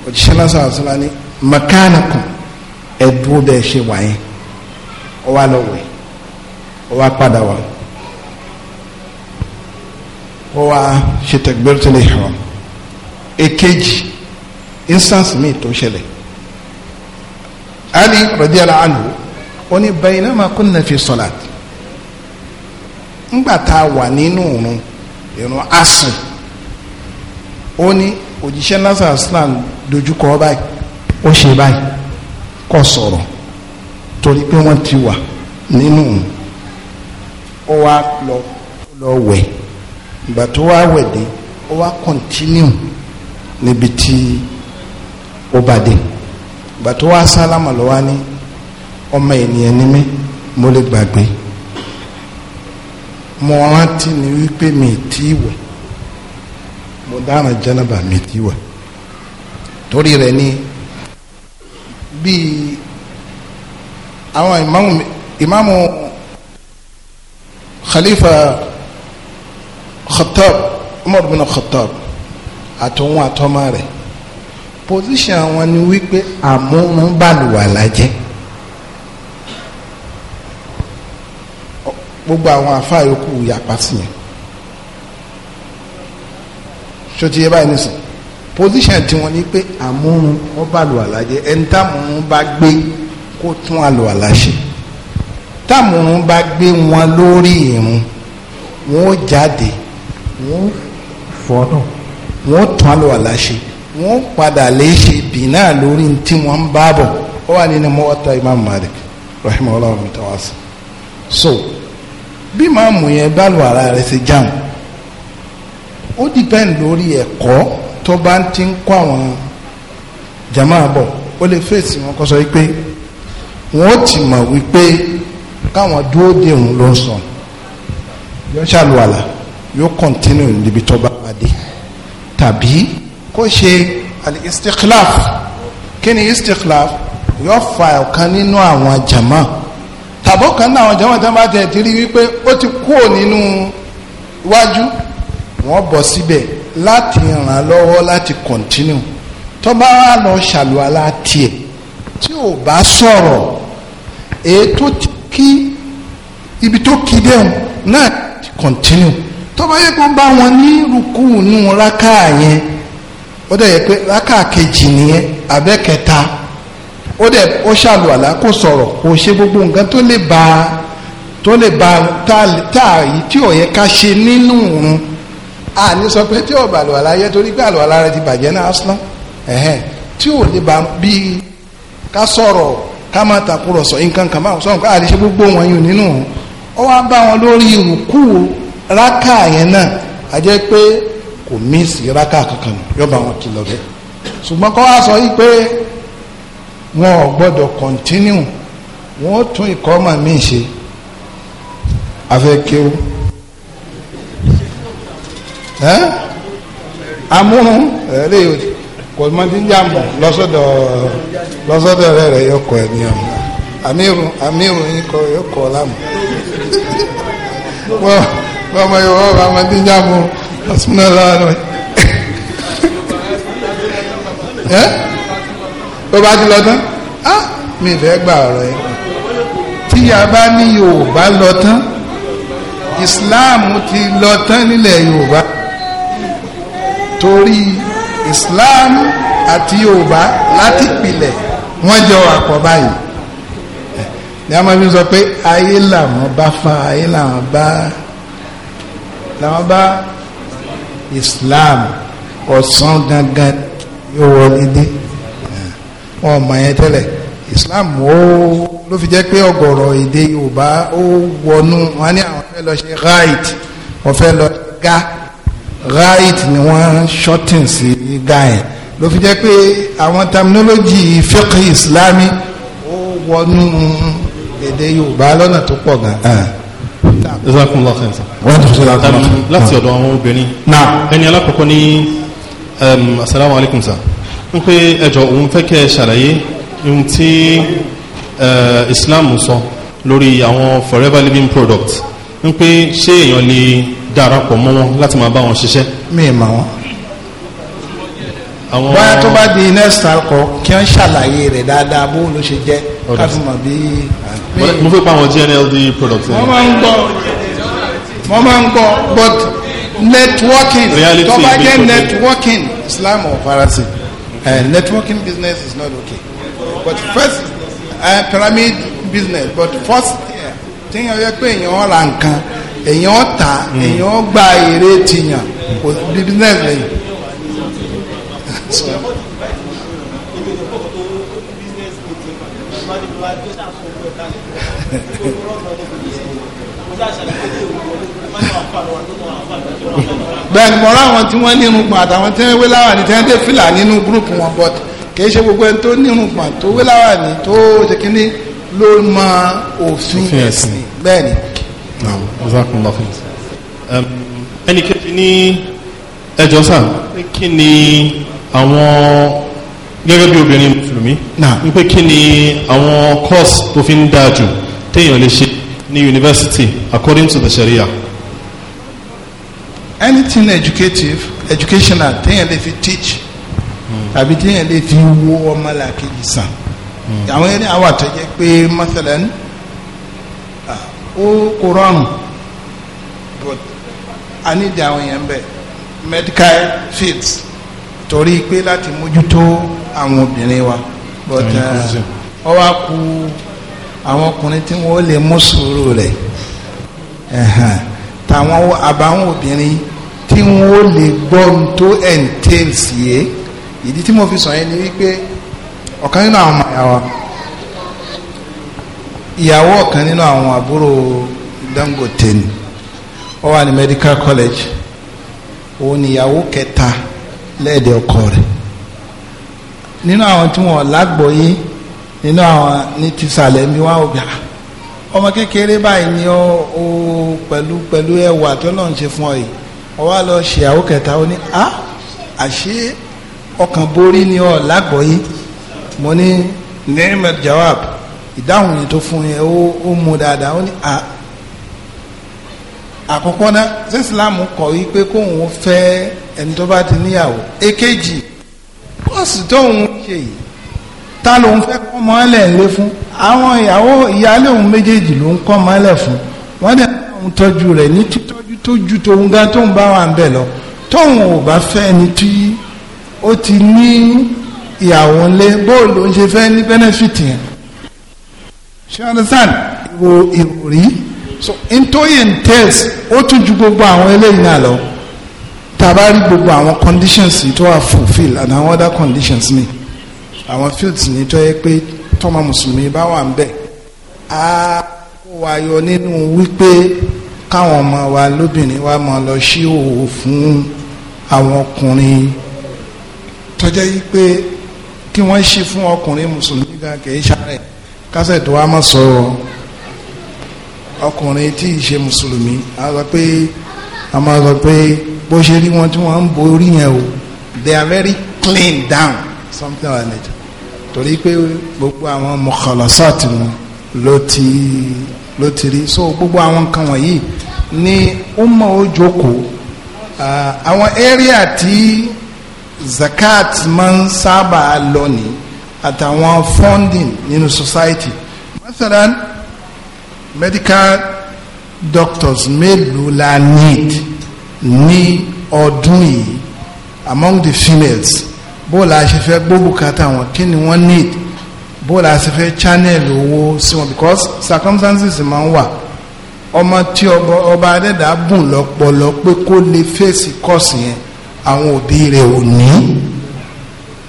òjíṣẹ́ lásán àṣàlá ní makanakum ẹ̀dúró bẹ́ẹ̀ ṣe wáyé ọ wá lọ wẹ̀ ọ wá padà wá ọ wá ṣe takbiratul ihram èkejì instance mi tó ṣẹlẹ̀ Ali radiyallahu anhu ó ní bainama kunna fi salat ńgbà tá a wà nínú òrun ìrun asr ó ní òjíṣẹ́ nasar islam dojúkọ báyìí ó ṣe báyìí kò sọ̀rọ̀ torí pé wọ́n ti wà nínú ó wá lọ lọ wẹ̀ ìgbà tó wá wẹ̀ dé ó wá kọ́ntínú níbi tí ó bá dé ìgbà tó wá sálámà lọ́wọ́ ní ọmọ ènìyàn ni mí mo lè gbàgbé mo rántí ni wípé mi tí wẹ̀ mo dára jẹ́nàbà mi tí wẹ̀ torí rẹ̀ ni bíi àwọn ìmáàmù ìmáàmù khalifa khatab umar bin khatab àtòun àtọmọ rẹ̀ position àwọn ni wípé àmúmúbàlùwà la jẹ́. gbogbo àwọn àfáà yòókù yàpá sí yẹn sotí yẹ báyìí nìsín position tí wọ́n ní pé àmúrun wọ́n bá lò àlàjẹ ẹni táàmùrún bá gbé kó tún àlò àlàṣe táàmùrún bá gbé wọn lórí irun wọn ó jáde wọn ó fọnà wọn ó tún àlò àlàṣe wọn ó padà lè ṣe bìnnà lórí tí wọ́n ń bá bọ̀ ó wà nínú mọ́wọ́tà Imam Malik rahimahullah mutawasa so bí màmú yẹn bá lu ara rẹ̀ ṣe jáàmù ó dìpẹ́ǹd lórí ẹ̀kọ́ tó bá ti ń kọ́ àwọn jàmáà bọ̀ ó lè fèsì wọn kọ́ sọ wípé wọn ó ti mọ̀ wípé káwọn dúró dé òun ló ń sọ yóò ṣàlùwàlà yóò kọ́ntínú níbi tó bá pàdé tàbí kó ṣe al-istiklaf kí ni istiklaf yóò fa ọ̀kan nínú àwọn jàmáà tàbó kan náà àwọn jẹ́wọ́n tí wọ́n bá tẹ̀ ti rí wípé ó ti kúrò nínú iwájú wọ́n bọ̀ síbẹ̀ láti ràn án lọ́wọ́ láti kọ̀ntínú tó bá wà lọ ṣàlùwàlá tiẹ̀ tí ò bá sọ̀rọ̀ ètò kí ibi tó kí dẹ́hùn náà ti kọ̀ntínú tó bá yẹ kó bá wọn ní rúkú nù rákà yẹn ó dẹ̀ yẹ pé rákà kejì nìyẹn abẹ́kẹta ó dẹ̀ ó ṣàlùwàlá kó sọ̀rọ̀ kò ṣe gbogbo nǹkan tó lè ba tó lè ba táàyí tí ò yẹ ká ṣe nínú òun a ní sọ pé tí ò bá àlùwàlá yẹ torí pé àlùwàlá rẹ ti bàjẹ́ náà asán ẹ̀hẹ́n tí ò lè ba bíi ká sọ̀rọ̀ ká máa tàkúrọ̀sọ nǹkan kan máa sọ̀rọ̀ ká lè ṣe gbogbo wọn yìí nínú òun ó wá bá wọn lórí ìrùkú rákà yẹn náà a jẹ́ pé kò mí sí rákà kankan yọba wọn kìlọ̀ bẹ́ẹ̀ ṣùgbọ́n kọ́ wá sọ yìí pé wọn ò gbọ́dọ̀ kọ̀ntínú wọn ó tún ikọ́ mà mí ṣe afẹ́kẹ́ o amúrun ẹ̀rẹ́ yóò kò mọ tí ń jà mọ̀ lọ́sọ̀dọ̀ lọ́sọ̀dọ̀ rẹ̀ rẹ̀ yóò kọ́ ẹ̀mí ọ̀mọ́ amírun amírun yín kọ́ yóò kọ́ lámù wọ́n ọmọ yìí wọ́n ọmọ tí ń jà mọ̀ lọ́sọ̀dọ̀ rẹ̀ rẹ̀ ó bá ti lọ tán á mi fẹ́ gba ọ̀rọ̀ yẹn tí a bá ní Yorùbá lọ tán Islam ti lọ tán nílẹ̀ Yorùbá torí Islam àti Yorùbá láti pilẹ̀ wọ́n jọ àpọ̀ báyìí ní a máa fi sọ pé ayé làwọn bá fa ayé làwọn bá làwọn bá Islam ọ̀sán gangan yóò wọlé dé wọn mọ̀ yẹn tẹ́lẹ̀ Islam ó ló fi jẹ́ pé ọ̀gọ̀rọ̀ èdè Yorùbá ó wọnú wọn ní àwọn fẹ́ lọ ṣe right wọn fẹ́ lọ ga right ni wọ́n shorten sí ga yẹn ló fi jẹ́ pé àwọn terminology fiqh islami ó wọnú èdè Yorùbá lọ́nà tó pọ̀ gan-an eh. jazakumullah khair sa um, láti ọ̀dọ̀ àwọn obìnrin ẹni alákọ̀ọ́kọ́ ní um, asalaamualeykum sa wípé ẹjọ́ òun fẹ́ kẹ́ ṣàlàyé ohun tí Islam sọ lórí àwọn forever living products wípé ṣé èèyàn lè darapọ̀ mọ́ wọn láti máa bá wọn ṣiṣẹ́. mi ì mọ̀ wọ́n. àwọn bóyá tó bá di next alkọ kí wọ́n ṣàlàyé rẹ̀ dáadáa bó ló ṣe jẹ́ ká bí. mo fẹ́ pa àwọn GNLD products. wọ́n máa ń gbọ́ wọ́n máa ń gbọ́ but networking tó bá jẹ́ networking Islam ọ̀ Uh, networking business is not okay. But first, uh, pyramid business. But first, téèyàn yẹ pé èèyàn ra nǹkan èèyàn ta hmm. èèyàn gba èrè tìyàn hmm. kò bí business lẹ́yìn. Thank you bẹ́ẹ̀ ni mo rá àwọn tí wọ́n ní irùngbọ̀n àtàwọn tí wọ́n wé láwàní tí wọ́n fìlà nínú gúrùpù wọn but kì í ṣe gbogbo ẹni tó ní irùngbọ̀n tó wé láwàní tó ṣe kínní ló mọ òfin ẹ̀sìn bẹ́ẹ̀ ẹnì kejì ní ẹjọ́ sáà kí ni àwọn gẹ́gẹ́ bí obìnrin mùsùlùmí wípé kí ni àwọn course tó fi ń dáa jù téèyàn lè ṣe ní yunifásitì according to the sharia anything educative educational téèyàn lè fi teach tàbí téèyàn lè fi wo ọmọlàkejì sàn àwọn eré àwọn àtẹ̀jẹ́ pé mọ́tẹ́lẹ́nu ó kò rọrùn but a ní di àwọn èèyàn bẹ́ẹ̀ medical fields torí pé láti mójútó àwọn obìnrin wa but ọ uh, wá ku àwọn ọkùnrin tí wọ́n lè mú sùúrù rẹ̀ tàwọn àbáwọn obìnrin. tí wọn ó lè gbọ́ ohun tó entails yé ìdí tí mo fi sọ yẹn ni wípé ọ̀kan nínú àwọn ìyàwó ọ̀kan nínú àwọn àbúrò Dangote ni ó wà ní medical college òun ni ìyàwó kẹta lẹ́ẹ̀dẹ̀ ọkọ rẹ̀ nínú àwọn tí àwọn ní mi wá ọmọ kékeré báyìí ni ó pẹ̀lú pẹ̀lú ẹwà tó ṣe fún ọ yìí ọwọ́ lọ ṣe àwọn kẹta ó ní a àṣé ọkàn borí ni ọ lágbọ̀ọ́yé mo ní ni'mat jawab ìdáhùn yìí tó fún yẹn ó mú dáadáa ó ní a àkọ́kọ́ náà ṣé ìsìláàmù kọ̀ wípé kóun fẹ́ ẹni tó bá ti níyàwó èkejì bọ́ọ̀sì tóun ṣe yìí ta ló ń fẹ́ kọ́ mọ́lẹ̀ ńlé fún àwọn ìyàwó ìyáálé òun méjèèjì ló ń kọ́ mọ́lẹ̀ fún wọ́n dẹ̀ ń tọ́jú rẹ̀ ní títọ́ tó ju tòun gan tó ń bá wà ń bẹ̀ lọ tóun ò bá fẹ́ ẹni tí ó ti ní ìyàwó ńlé bóòlù ó ṣe fẹ́ ní bẹ́nẹ́fìtì yẹn ṣé understand ìwò ìròrí so nítorí entails ó tún ju gbogbo àwọn eléyìí náà lọ tàbá rí gbogbo àwọn conditions tó wà fulfil and àwọn other conditions ni àwọn fields ni tó yẹ pé tọ́mọ mùsùlùmí bá wà ń bẹ̀ á kó wa yọ nínú wípé káwọn ọmọ wa lóbìnrin wa máa lọ sí òwò fún àwọn ọkùnrin tọ́jẹ́ yìí pé kí wọ́n ṣe fún ọkùnrin mùsùlùmí gan kì í ṣàrẹ̀ tó wá máa sọ ọkùnrin tí ì ṣe mùsùlùmí a sọ pé a máa sọ pé bó ṣe rí wọn tí wọ́n ń borí yẹn o they are very clean down something like that torí pé gbogbo àwọn mọ̀kànlọ́sọ̀tì wọn ló ti ló ti rí so gbogbo àwọn nǹkan wọ̀nyí ni ó mọ̀ ó jókòó àwọn area tí zakat máa ń sábà lọ ní àtàwọn funding nínú society masalan medical doctors mélòó la need ní ọdún yìí among the females bó la ṣe fẹ́ gbóbùkátà wọn kí ni wọ́n need bó la ṣe fẹ́ channel owó sí wọn because circumstances máa ń wà ọmọ tí ọba adẹ́dá bùn lọ́pọlọ pé kó lè fèsì kọ́ọ̀sì yẹn àwọn òbí rẹ̀ ò ní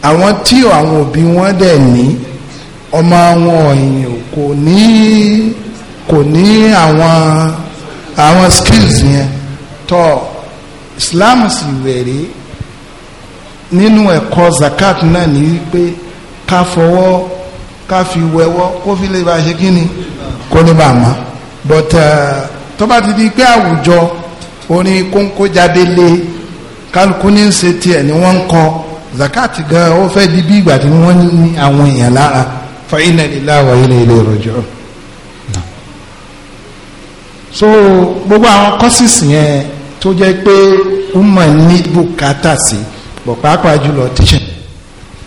àwọn tí àwọn òbí wọn dẹ̀ ní ọmọ àwọn ọ̀yìn kò ní kò ní àwọn àwọn skills yẹn tó Islam sì wẹ̀rẹ̀ nínú ẹ̀kọ́ zakat náà ní wípé ká fọwọ́ ká fi wẹwọ́ kó fi lè bá ṣe kí ni kó lè bá mọ́ but uh, tó ti di pé àwùjọ orin kónkó jáde lé kálukú ní ṣe tiẹ̀ ni wọ́n ń kọ zakati gan ó fẹ́ di bí ìgbà tí wọ́n ní àwọn èèyàn lára fa inna lillahi wa inna ilayhi so gbogbo àwọn courses yẹn tó jẹ́ pé woman ní bùkátà sí bọ̀ pàápàá jùlọ teaching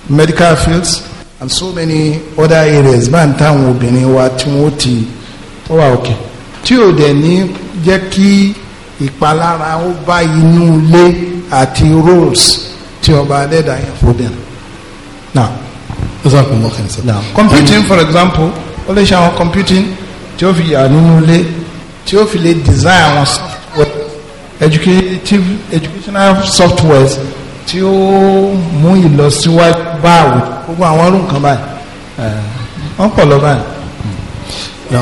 medical fields and so many other areas bá ń táwọn obìnrin wa tí wọ́n ti tó wà òkè tí ò dẹ̀ ní jẹ́ kí ìpalára ó bá inú ilé àti roles tí ọba adẹ́dà yẹn fòbìnrin. now now computing for example ó lè ṣe àwọn computing tí ó fi yà nínú ilé tí ó fi lè design àwọn software educative educational softwares tí ó mú ìlọsíwájú bá àwẹ̀ gbogbo àwọn ọdún kan báyìí wọ́n pọ̀ lọ báyìí.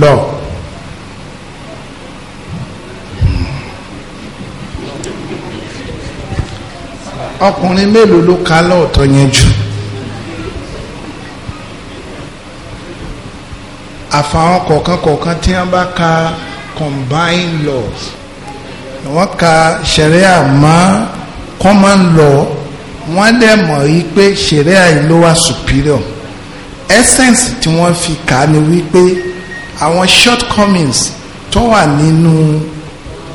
lọ. ọkùnrin mélòó ló ka lọ́ọ̀tọ̀ yẹn jù. àfàwọn kọ̀ọ̀kan kọ̀ọ̀kan tí wọ́n bá ka combined laws wọ́n ka ṣẹ̀ríà mọ́ common law wọ́n dẹ̀ mọ̀ yí pé ṣẹ̀ríà yìí ló wà superior essence tí wọ́n fi kà ni wípé àwọn shortcomings tó wà nínú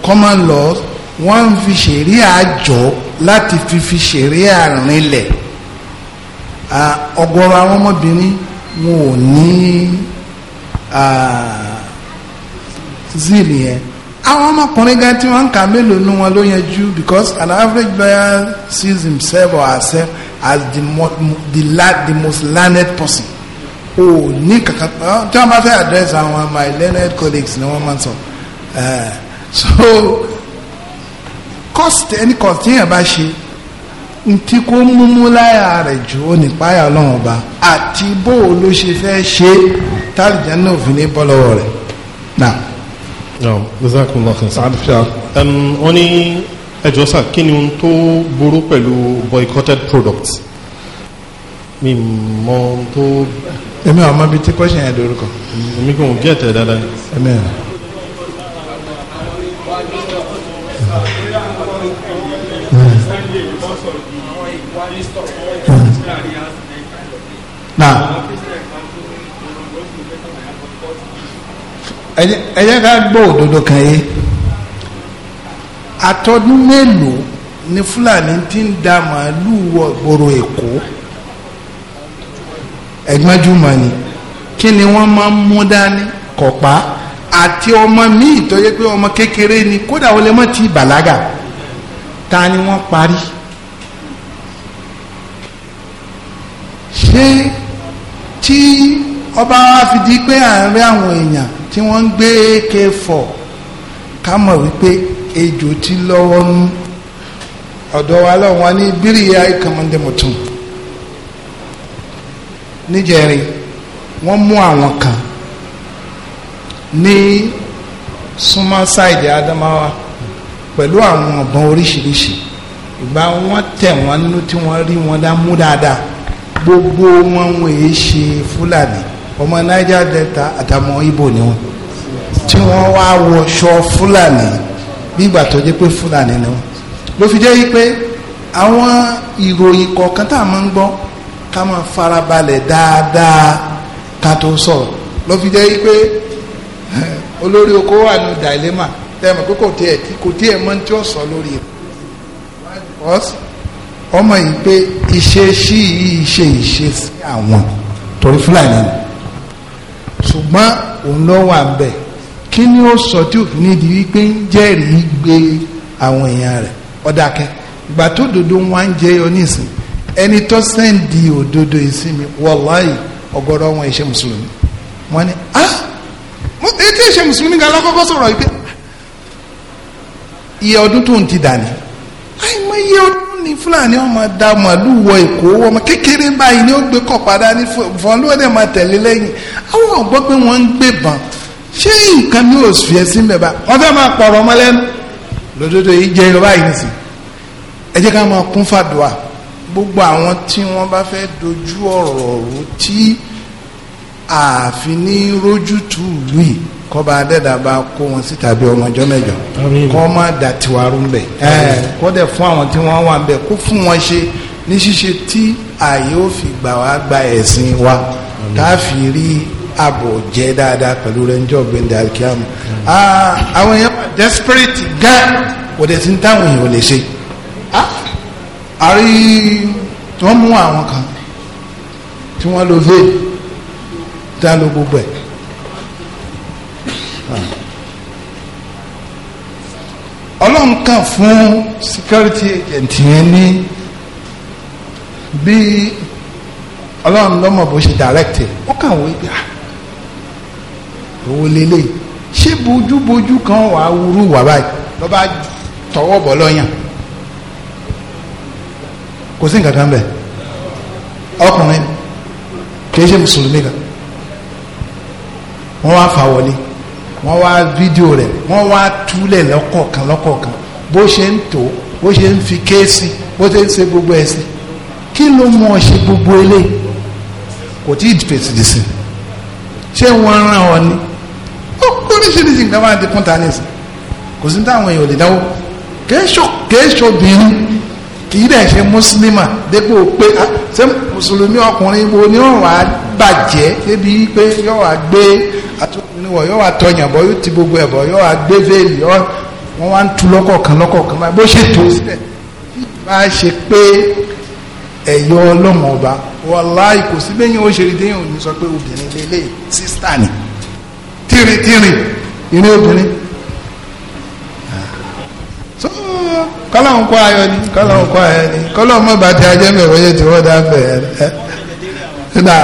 common laws wọ́n ń fi ṣẹ̀ríà jọ láti fi fi ṣẹ̀ríà rinlẹ̀ ọ̀gọ̀rọ̀ àwọn ọmọbìnrin wọn ò ní zeal yẹn àwọn ọmọkùnrin gan tí wọ́n ń kà mélòó nu wọn ló yanjú because an average lawyer sees himself or herself as the, mo the, la the most learned person o ní kankan tí wọ́n bá fẹ́ address àwọn my learned colleagues ni wọ́n máa ń sọ eh, so cost any cost yẹn bá ṣe ntí kó múmú láyà rẹ̀ jù ó nípa ayà ọlọ́run ọba àti bó o ló ṣe fẹ́ ṣe táàlì jẹ́nà òfin ní bọ́ lọ́wọ́ rẹ̀ náà. ọ̀ jazakumullahu khairan sa'ad fiyar wọ́n ní ẹjọ́ sà kí ni ohun tó burú pẹ̀lú boycotted products mi mọ ohun tó. èmi àwọn ọmọ bíi tí kọ́ṣẹ́ yẹn dorúkọ. èmi kò gé ẹ̀tẹ̀ dáadáa ni. èmi ẹ̀. Hmm. náà. ẹyẹ jẹ́ ká gbọ́ òdodo kan yé àtọdún mélòó ni fúlàní ti ń da màálù wọ gbòòrò èkó ẹgbẹ́júmọ̀ni kí ni wọ́n máa ń mú dání kọ̀pá àti ọmọ míì tó pé ọmọ kékeré ni kódà lè ti bàlágà ta ni wọ́n parí ṣé tí ọba wa fi di pé tí wọ́n ń gbé AK4 ká mọ̀ wípé ejò ti lọ́wọ́ nú ọ̀dọ̀ wa lọ́wọ́ ní bíríyà ìkànnìdẹ́mọ̀tún níjẹ̀rin wọ́n mú àwọn kan ní súnmọ́ sáìdì Adamawa pẹ̀lú àwọn ọ̀bọ̀n oríṣiríṣi ìgbà wọ́n tẹ̀ wọ́n nínú tí wọ́n rí wọn dá mú dáadáa gbogbo wọn wọn ṣe Fúlàní ọmọ niger delta àtàwọn ibo ni wọn tí wọ́n wá wọṣọ fúlàní bí tó jẹ́ pé fúlàní ni wọn ló fi jẹ́ pé àwọn ìròyìn kọ̀ọ̀kan tá a máa ń gbọ́ ká máa farabalẹ̀ dáadáa ká tó sọ̀rọ̀ ló fi jẹ́ pé olórí oko wà ní dilemma tẹ́lẹ̀ pé kò tiẹ̀ kò tiẹ̀ mọ́ tí ó sọ lórí rẹ̀ ọmọ yìí pé ìṣesí yìí ṣe ìṣesí àwọn torí fúlàní ni ṣùgbọ́n òun ló wà ń bẹ̀ kí ni ó sọ tí òfin ní di wípé ń jẹ́rìí gbé àwọn èèyàn rẹ̀ ọ̀dàkẹ́ ìgbà tó dodo ń wá ń jẹyọ nísìn ẹni tó sẹ́ǹdì òdodo ìsinmi wọláì ọ̀gọ̀rọ̀ wọn ìṣe mùsùlùmí wọn ni ah etí ìṣe mùsùlùmí gan lọ́kọ́kọ́ sọ̀rọ̀ yìí pé iye ọdún tó ń ti dà ní àìmọ̀ ọdún ní fúlàní ọmọ da màlúù wọ èkó ọmọ kékeré báyìí ni ó gbé kọ padà ní fọn ló dẹ máa tẹ̀lé lẹ́yìn àwọn ọgbọ pé wọ́n ń gbé bàn ṣé nǹkan ní oṣù yẹn sí mẹba wọ́n fẹ́ẹ́ máa pọrọ ọmọ lẹ́nu lódodo yìí jẹ yorùbá yìí nìsín ẹ jẹ́ ká máa kún fàdùà gbogbo àwọn tí wọ́n bá fẹ́ dojú ọ̀rọ̀ ọ̀rọ̀ tí ààfin ní rójútùú lùi kọba adẹ́dàbà kó wọn sí tàbí ọmọjọ́ mẹ́jọ kọ́ má dà tiwaru ń bẹ̀ kọ́ dẹ̀ fún àwọn tí wọ́n wà ń bẹ̀ kó fún wọn ṣe ní ṣíṣe tí ààyè ó fi gbà wá gba ẹ̀sìn wa káfí rí àbọ̀ jẹ́ dáadáa pẹ̀lú rẹ̀ ń gbẹ̀ndẹ̀ alikiamu àwọn èèyàn wà desperate gan kò dẹ̀ ti ń táwọn èèyàn lè ṣe àrí wọ́n mú àwọn kan tí wọ́n lo veil dá lo gbogbo ẹ̀. ọlọ́run kàn fún security agent yẹn ní bí ọlọ́run lọ́mọ bó ṣe direct ó kàn wọ́n gbà owó lélẹ̀ ṣé bójúbójú kan wàá wúrú wà báyìí lọ́ba tọwọ́ bọ̀ lọ́yàn kò sí nǹkan kan bẹ̀ ọkùnrin kì í ṣe mùsùlùmí kan wọ́n wá fà wọlé wọ́n wá fídíò rẹ̀ wọ́n wá túlẹ̀ lọ́kọ̀ọ̀kan lọ́kọ̀ọ̀kan bó ṣe ń tò bó ṣe ń fi kéésì bó ṣe ń ṣe gbogbo ẹ̀ sí kí ló mú ọ ṣe gbogbo eléyìí kò tí ì fèsì dì sí ṣé wọ́n rán ọ ni ó oríṣiríṣi nǹkan máa di kún ta nísìn kò sí táwọn èèyàn ò lè dáwọ́ kéésì obìnrin kì í dẹ̀ ṣe mùsùlùmá dépò pé ah, ṣé mùsùlùmí ọkùnrin wo ni ó wà á bàjẹ́ débi pé yóò wá gbé àtúnwò yóò wá tọyàn bọ́ yóò ti gbogbo ẹ̀ bọ́ yóò wá gbé veil wọ́n wá ń tu lọ́kọ̀ọ̀kan lọ́kọ̀ọ̀kan báyìí bó ṣe tó sílẹ̀ bá a ṣe pé ẹ̀yọ́ ọlọ́mọ ọba wàláì kò sí bẹ́yìn ó ṣe rí déyìn òní sọ pé obìnrin lélẹ̀ sísítà ni tìrìtìrì ìrìn obìnrin kọ́lọ́hún kọ́ ayọ̀ ni kọ́lọ́hún kọ́ ayọ̀ ni kọ́lọ́hún mọ̀ bàtí ajẹ́ mẹ́wọ́ yẹ ti wọ́n dá bẹ̀rẹ̀ ẹ̀ ẹ̀ náà.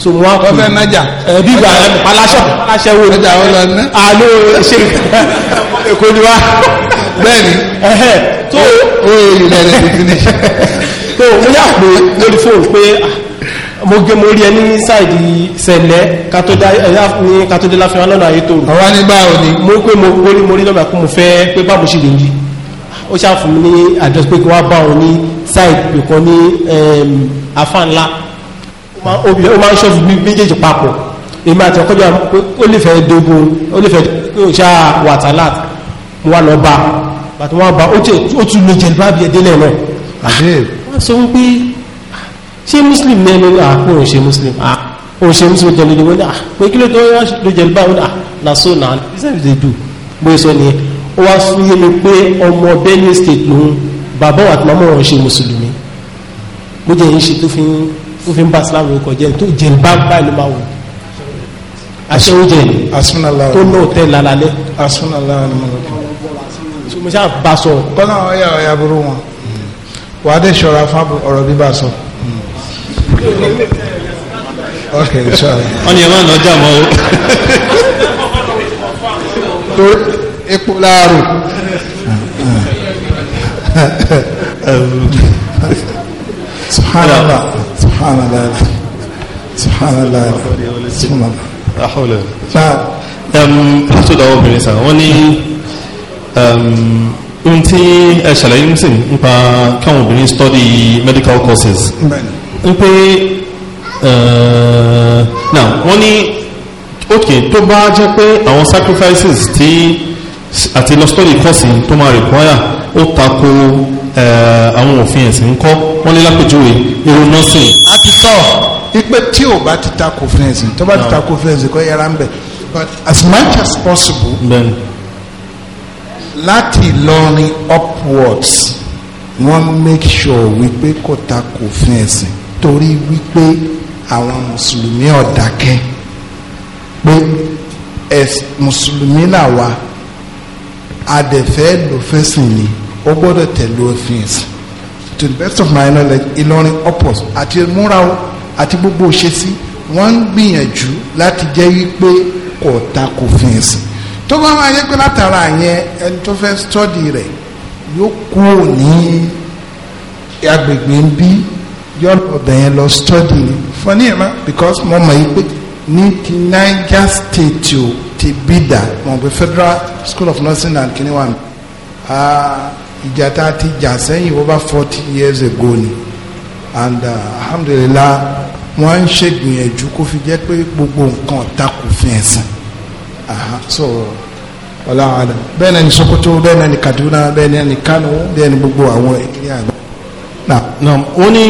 so mo wá kú. ọfẹ nájà. ẹ bí gba aláṣọ aláṣẹ wo ni. ọjà wọn lọ ní. alo ṣe èkó ni wa. bẹ́ẹ̀ni. tó o yẹ ilẹ̀ rẹ̀ tuntun ni. tó o yà pé lórí fóònù pé ah, mo gé mo rí ẹ ní sáìdì sẹlẹ kátólá ní kátólá fi hàn lọ́nà ayé tó. àwa ní ni. mo pé mo mo rí mo rí lọ́nà kó mo fẹ́ pé báwo ṣe lè yí ó ṣàfùn ní àjọṣepé kí wọ́n bá òun ní sáìdì kan ní afá ńlá ó máa ń ṣọ́ fi méjèèjì papọ̀ èmi àti ọkọ̀ jẹ́ ó lè fẹ́ dogo ó lè fẹ́ ṣá wàtálà mo wá lọ bá bàtí wọ́n bá ó tún lè jẹ̀lú bábi ẹ̀dẹ́lẹ̀ náà wọ́n sọ wípé o ṣe muslim o ṣe muslim jẹ̀lú ni wọ́n ní pé kí ló tó wá lè jẹ̀lú báwọn náà lásán náà islam dey do bóyá sọ ni ó wá fún yé mi pé ọmọ Benue state lòun bàbá wa àti màmá wọn ṣe mùsùlùmí bó jẹ́ yín tó fi ń ó fi ń bá islam lórúkọ jẹ́ tó jẹ́ bá bá ìlú máa wọ̀ aṣẹ́wó jẹ́ tó náà tẹ́ lálálẹ́. mo ṣáà bá sọ. kọ́nà ọ̀yà ọ̀yà burú wọn wà á dé ṣọ́ra fún subhanallah subhanallah subhanallah. fásitì um, àwọn obìnrin sàn wọ́n ní um, ohun tí ẹ ṣàlàyé ń sìn nípa káwọn obìnrin study medical courses ń pé uh, now wọ́n ní ok tó bá jẹ́ pé àwọn sacrifices tí àti lọ study course tó máa require ó tako àwọn òfin ẹ̀sìn ń kọ́ wọ́n ní lápèjúwe irun nọ́ọ̀sìn. a ti sọ ipe tí o bá ti ta fẹ́ǹsì tó bá ti ta fẹ́ǹsì kọ́ yẹra ń bẹ̀ but as much as possible ben. láti Ìlọrin upwards wọ́n make sure wípé kò ta kò fẹ́ǹsì torí wípé àwọn mùsùlùmí ọ̀dákẹ́ pé mùsùlùmí làwa adẹ̀fẹ́ lòfẹ́sìn ni ó gbọ́dọ̀ tẹ̀lé òfin ẹ̀sìn to the best of my knowledge Ìlọrin opus àti múra o àti gbogbo òṣèṣì wọ́n ń gbìyànjú láti jẹ́ wípé kò ta kò fin ẹ̀sìn tó bá máa yẹ pé látara yẹn ẹni tó fẹ́ study rẹ̀ yóò kúrò ní agbègbè ń bí yọ ọbẹ̀ yẹn lọ study fún ní ìmọ̀ because mo mọ̀ yí pé ní ti Niger State o ti bí dà mo gbé Federal School of Nursing and kiniwa Ah ìjà tá a ti jà sẹ́yìn over forty years ago ni and uh, alhamdulillah wọ́n ń ṣègbìyànjú kó fi jẹ́ pé gbogbo nǹkan takò fi ẹ̀sìn so ọ̀làwàdà bẹ́ẹ̀ náà ni Sokoto bẹ́ẹ̀ náà ni Kaduna bẹ́ẹ̀ náà ni Kano bẹ́ẹ̀ ni gbogbo àwọn ìpínlẹ̀ àgbà. na ó ní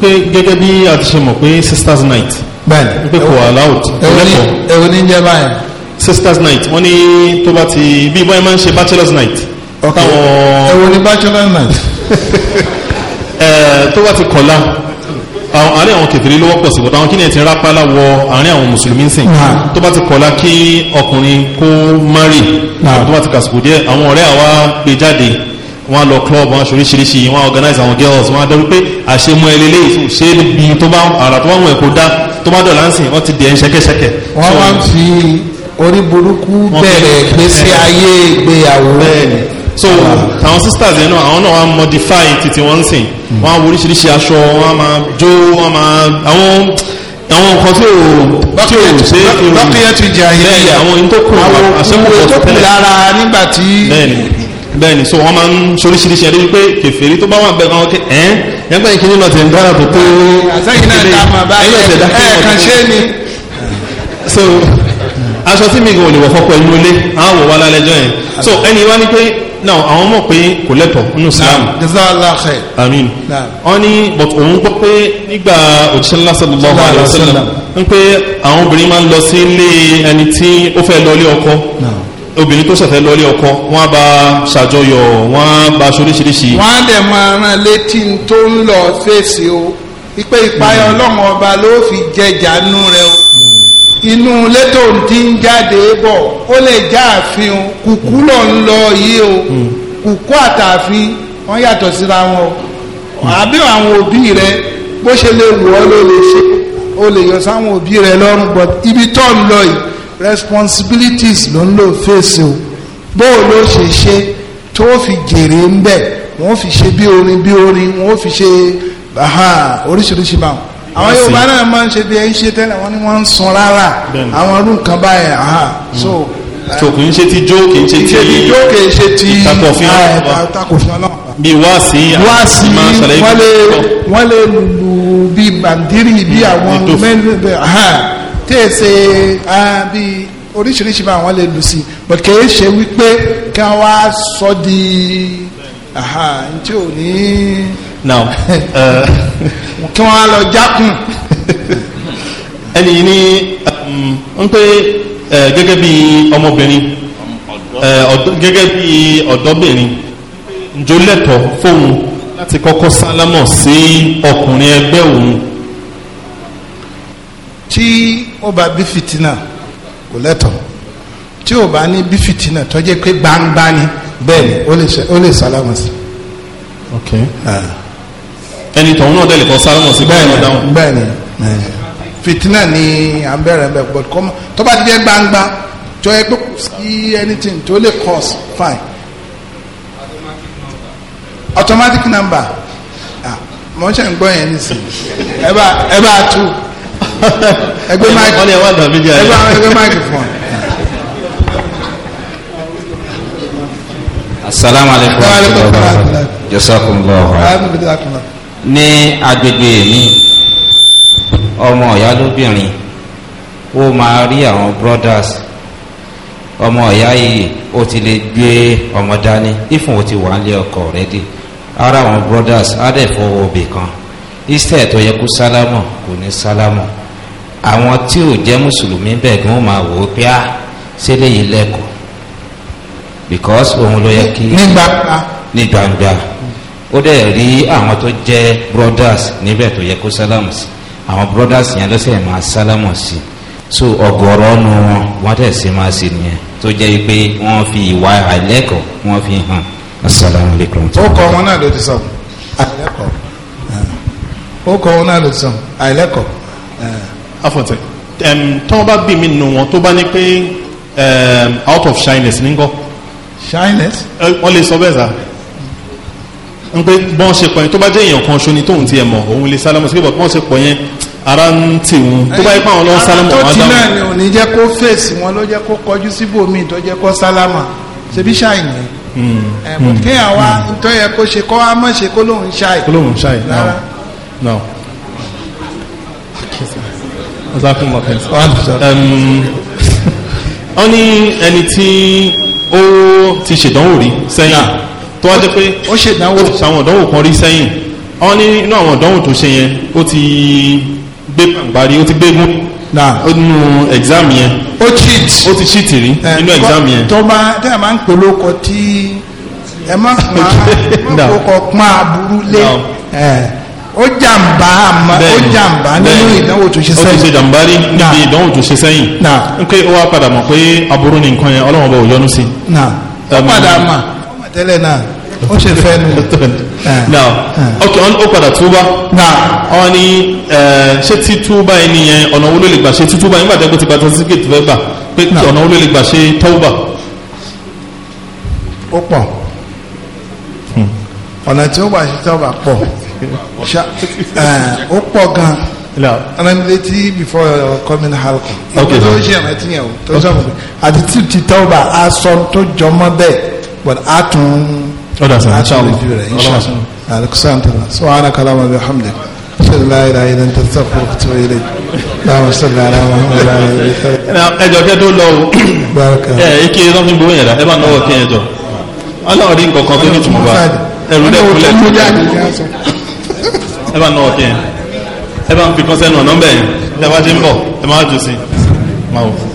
pé gẹ́gẹ́ bí a ti ṣe mọ̀ pé sisters night bẹ́ẹ̀ni pé kò allowed lẹ́kọ̀ọ́ ẹ̀wọ̀n ní jẹ́ báyìí. sisters night wọ́n ní tó bá ti bí báyìí máa ń ṣe bachelors night táwọn. ẹ wo ni bachelor night. ẹ eh, tó bá ti kọ̀la àárín àwọn kèfèrí ló wọ́pọ̀ sí bọ̀tà àwọn kí ni ẹ ti rápálá wọ àárín àwọn mùsùlùmí sìn tó bá ti kọ̀la kí ọkùnrin kó mari tó bá ti kàsìkò díẹ̀ àwọn ọ̀rẹ́ àwa gbé jáde wọ́n lọ club wọ́n ṣoríṣiríṣi wọ́n organize àwọn girls wọ́n adọ́rú pé àṣemú ẹlẹ́lẹ́ ṣe bí tó bá ara tó bá wọn ẹ̀kọ́ dá tó bá dọ̀là ń sìn wọ́n ti dẹ̀ ń ṣẹ́kẹ́ṣẹ́kẹ́. wọ́n wá ń fi orí burúkú bẹ̀rẹ̀ gbèsè ayé ìgbéyàwó so àwọn sisters yẹn náà àwọn náà wọ́n modify títí wọ́n ń sìn wọ́n á oríṣiríṣi aṣọ wọ́n á máa jó wọ́n á máa àwọn àwọn nǹkan tí ò tí ò ṣe lọ́kìyẹ́tì jẹ́ ayé bẹ́ẹ̀ àwọn ohun tó kù àṣẹ́kù tó kù lára nígbà tí bẹ́ẹ̀ni bẹ́ẹ̀ni so wọ́n máa ń ṣoríṣiríṣi ẹ̀rí wípé kẹfẹ́rí tó bá wà bẹ́ẹ̀ kan ó ké ẹ́ ẹgbẹ́ ìkíní náà ti ń dára tó tó ẹ̀yìn ọ̀tẹ̀dá kí wọ́n kàn ṣe ni. so aṣọ tí mi gan ò lè wọ̀ fọ́pọ̀ ẹ̀yìn olé àwọn wò wá lálẹ́jọ́ yẹn so ẹni wá ní pé náà àwọn mọ̀ pé kò lẹ́tọ̀ nínú islam. jazakallah khair. àmín. wọ́n ní but òun gbọ́ pé nígbà òjíṣẹ́ ńlá sallallahu alaihi wasallam ń pé àwọn obìnrin máa ń lọ sí ilé ẹni tí ó fẹ́ lọ ilé ọkọ obìnrin tó ṣẹ̀fẹ̀ lọlé ọkọ wọ́n á bá ṣàjọyọ̀ wọ́n á bá ṣoríṣiríṣi. wọ́n á dẹ̀ máa rán létí tó ń lọ fèsì o ipe ìpayọ̀ hmm. ọlọ́run inú létò tí ń jáde bọ̀ ó lè já àfihàn kùkú lọ ń lọ yìí o hmm. kùkú àtàfin wọ́n yàtọ̀ síra wọn o hmm. àbí àwọn òbí rẹ bó ṣe lè wù ọ́ ló lè ṣe o lè yọ sáwọn òbí rẹ lọ́rùn but ibi tó ń lọ yìí responsibilities ló ń lò fèsì o bó o ló ṣe ṣe tó fi jèrè ń bẹ̀ wọ́n fi ṣe bí orin bí orin wọ́n fi ṣe oríṣiríṣi báwọn àwọn yorùbá náà máa ń ṣe bí ẹ ṣe tẹ́lẹ̀ wọ́n ní wọ́n ń sun rárá àwọn ọdún kan báyẹn hmm. so tó kì í ṣe ti jó kì í ṣe ti jó kì í ṣe ti ìtakòfin ah, ọlọ́run bí wáàsí wáàsí wọ́n lè wọ́n lè lù bí bàndírì bí hmm, àwọn mẹ́lẹ̀ tẹ̀sẹ̀ bí oríṣiríṣi bá wọn lè lù sí but kì í ṣe wípé kí wọ́n wá sọ di ntí ò ní now uh, kí wọ́n á lọ jákùn ẹni ní um, ń pé uh, gẹ́gẹ́ bí ọmọbìnrin uh, gẹ́gẹ́ bí ọ̀dọ́bìnrin njó lẹ́tọ̀ fóun láti kọ́kọ́ sálámọ̀ sí ọkùnrin ẹgbẹ́ òun. tí ó bá bí fìtínà kò lẹ́tọ̀ tí ó bá ní bí fìtínà tó jẹ́ pé gbangba ni bẹ́ẹ̀ ni ó lè sálámọ̀ sí. okay. Uh ẹni tọ̀hún náà tẹ̀lé kọ́ sálámù sí bẹ́ẹ̀ ni bẹ́ẹ̀ ni fìtínà ni à ń bẹ̀rẹ̀ bẹ̀ but kọ́mọ tó bá ti jẹ́ gbangba tó yẹ pé kí anything tó lè cause fine automatic number ah mo ṣe ń gbọ́ yẹn nísìnyí ẹ bá ẹ bá tú ẹgbẹ́ microphone ẹ bá ẹgbẹ́ microphone. asalaamualeykum wa rahmatulah jazakumullah wa ní agbègbè mi ọmọ ọ̀yá lóbìnrin ó máa rí àwọn brothers ọmọ ọ̀yá yìí ó ti lè gbé ọmọ dání ifun ó ti wà nílé ọkọ already ara àwọn brothers á dẹ̀ fọwọ́ òbí kan iṣẹ́ tó yẹ kó sálámọ̀ kò ní sálámọ̀ àwọn tí ò jẹ́ mùsùlùmí bẹ́ẹ̀ gan máa wò ó pé á ah, sílé yìí lẹ́kọ̀ọ́ because òun ló yẹ kí ní gbangba ní gbangba ó dẹ̀ rí àwọn tó jẹ́ brothers níbẹ̀ tó yẹ kó sálámù sí àwọn brothers yẹn lọ́sẹ̀ máa sálámù sí so ọ̀gọ̀rọ̀ nu wọn wọ́n tẹ̀ sí máa sí nìyẹn tó jẹ́ pé wọ́n fi ìwà àìlẹ́kọ̀ọ́ wọ́n fi hàn asalaamualeykum. ó kọ wọn náà ló ti sọ àìlẹ́kọ̀ọ́ ó kọ wọn náà ló ti sọ àìlẹ́kọ̀ọ́. afọ̀tẹ̀ tọ́wọ́ bá bí mi nù wọn tó bá ní pé out of shyness ní ń kọ́. shyness. wọ́n lè sọ bẹ́ẹ̀ sá ń pé bọ́n ṣe pọ̀ yẹn tó bá jẹ́ èèyàn kan ṣo ni tóun ti ẹ̀ mọ̀ òun lè sálámù sí pé bọ́n ṣe pọ̀ yẹn ara ń tì wọn tó bá yẹ pé àwọn lọ́wọ́ sálámù wọn á dáhùn. ara tó ti náà ni ò ní jẹ́ kó fèsì wọn ló jẹ́ kó kọjú síbòmíì tó jẹ́ kó sálámù ṣebí ṣáìní hmm. ẹ̀bùn hmm. kéèyàn wá hmm. tó yẹ kó ṣe kó wá mọ̀ ṣe kó lóun ṣáì. kó lóun ṣáì náà náà. Um, wọ́n ní ẹni tí ó ti ṣèdánwò rí sẹ́yìn. tó wá jẹ́ pé ó ṣe ìdánwò sàwọn ìdánwò kan rí sẹ́yìn ọ ní inú àwọn ìdánwò tó ṣe yẹn ó ti gbé o ó ti gbé gún nínú exam yẹn ó cheat ó ti cheat rí eh, nínú exam yẹn. tó bá tẹ́ máa ń polókọ tí ẹ má fún wa kókò pọ́n aburú lé eh, ó jàǹbá àmọ́ ó jàǹbá nínú ìdánwò tó ṣe sẹ́yìn. ó ti ṣe jàǹbá rí níbi ìdánwò tó ṣe sẹ́yìn. n pé ó wá padà mọ̀ pé aburú ni nǹkan yẹn ọlọ́wọ́n bá ò yọnu sí. ó padà tẹ́lẹ̀ náà. ó ṣe fẹ́ nu. Ah. now ah. ok ó padà túbá. now wọ́n ní eh, ṣé títúbá ẹni yẹn ọ̀nà wo ló lè gbà ṣe títúbá nígbà tẹ́gbẹ́ ti gba tẹ́síkètì fẹ́ gbà pé ọ̀nà wo ló lè gbà ṣe tọ́wọ́bà. ó pọ̀ hmm. ọ̀nà tí ó wà ṣe tọ́wọ́bà pọ̀ eh, ó pọ̀ gan-an anamileti before coming halko. ok tó ṣe ìrántí yẹn o tó sọ fún mi àti tí ti tọ́wọ́ bá a sọ tó jọmọ́ bẹ́ẹ̀ but a tún ọ̀dà sàn àti àwọn ọlọ́wọ́sàn. alikusan tala subhana kalama bi hamdi sallallahu alayhi wa sallam kutu ilay láwọn sallallahu alayhi wa sallam. ẹjọ kẹ tó lọ o ẹ ike lọ́n fi gbowó yẹn la ẹ bá nọwọ́ kí ẹ jọ ọlọ́run rí nǹkan kan tó ní tùmọ̀ bá ẹrù dẹ kulẹ̀ ẹ ń fi kọ́sẹ́ nù ọ̀nà bẹ́ẹ̀ ẹ bá ti ń bọ̀ ẹ má jù sí i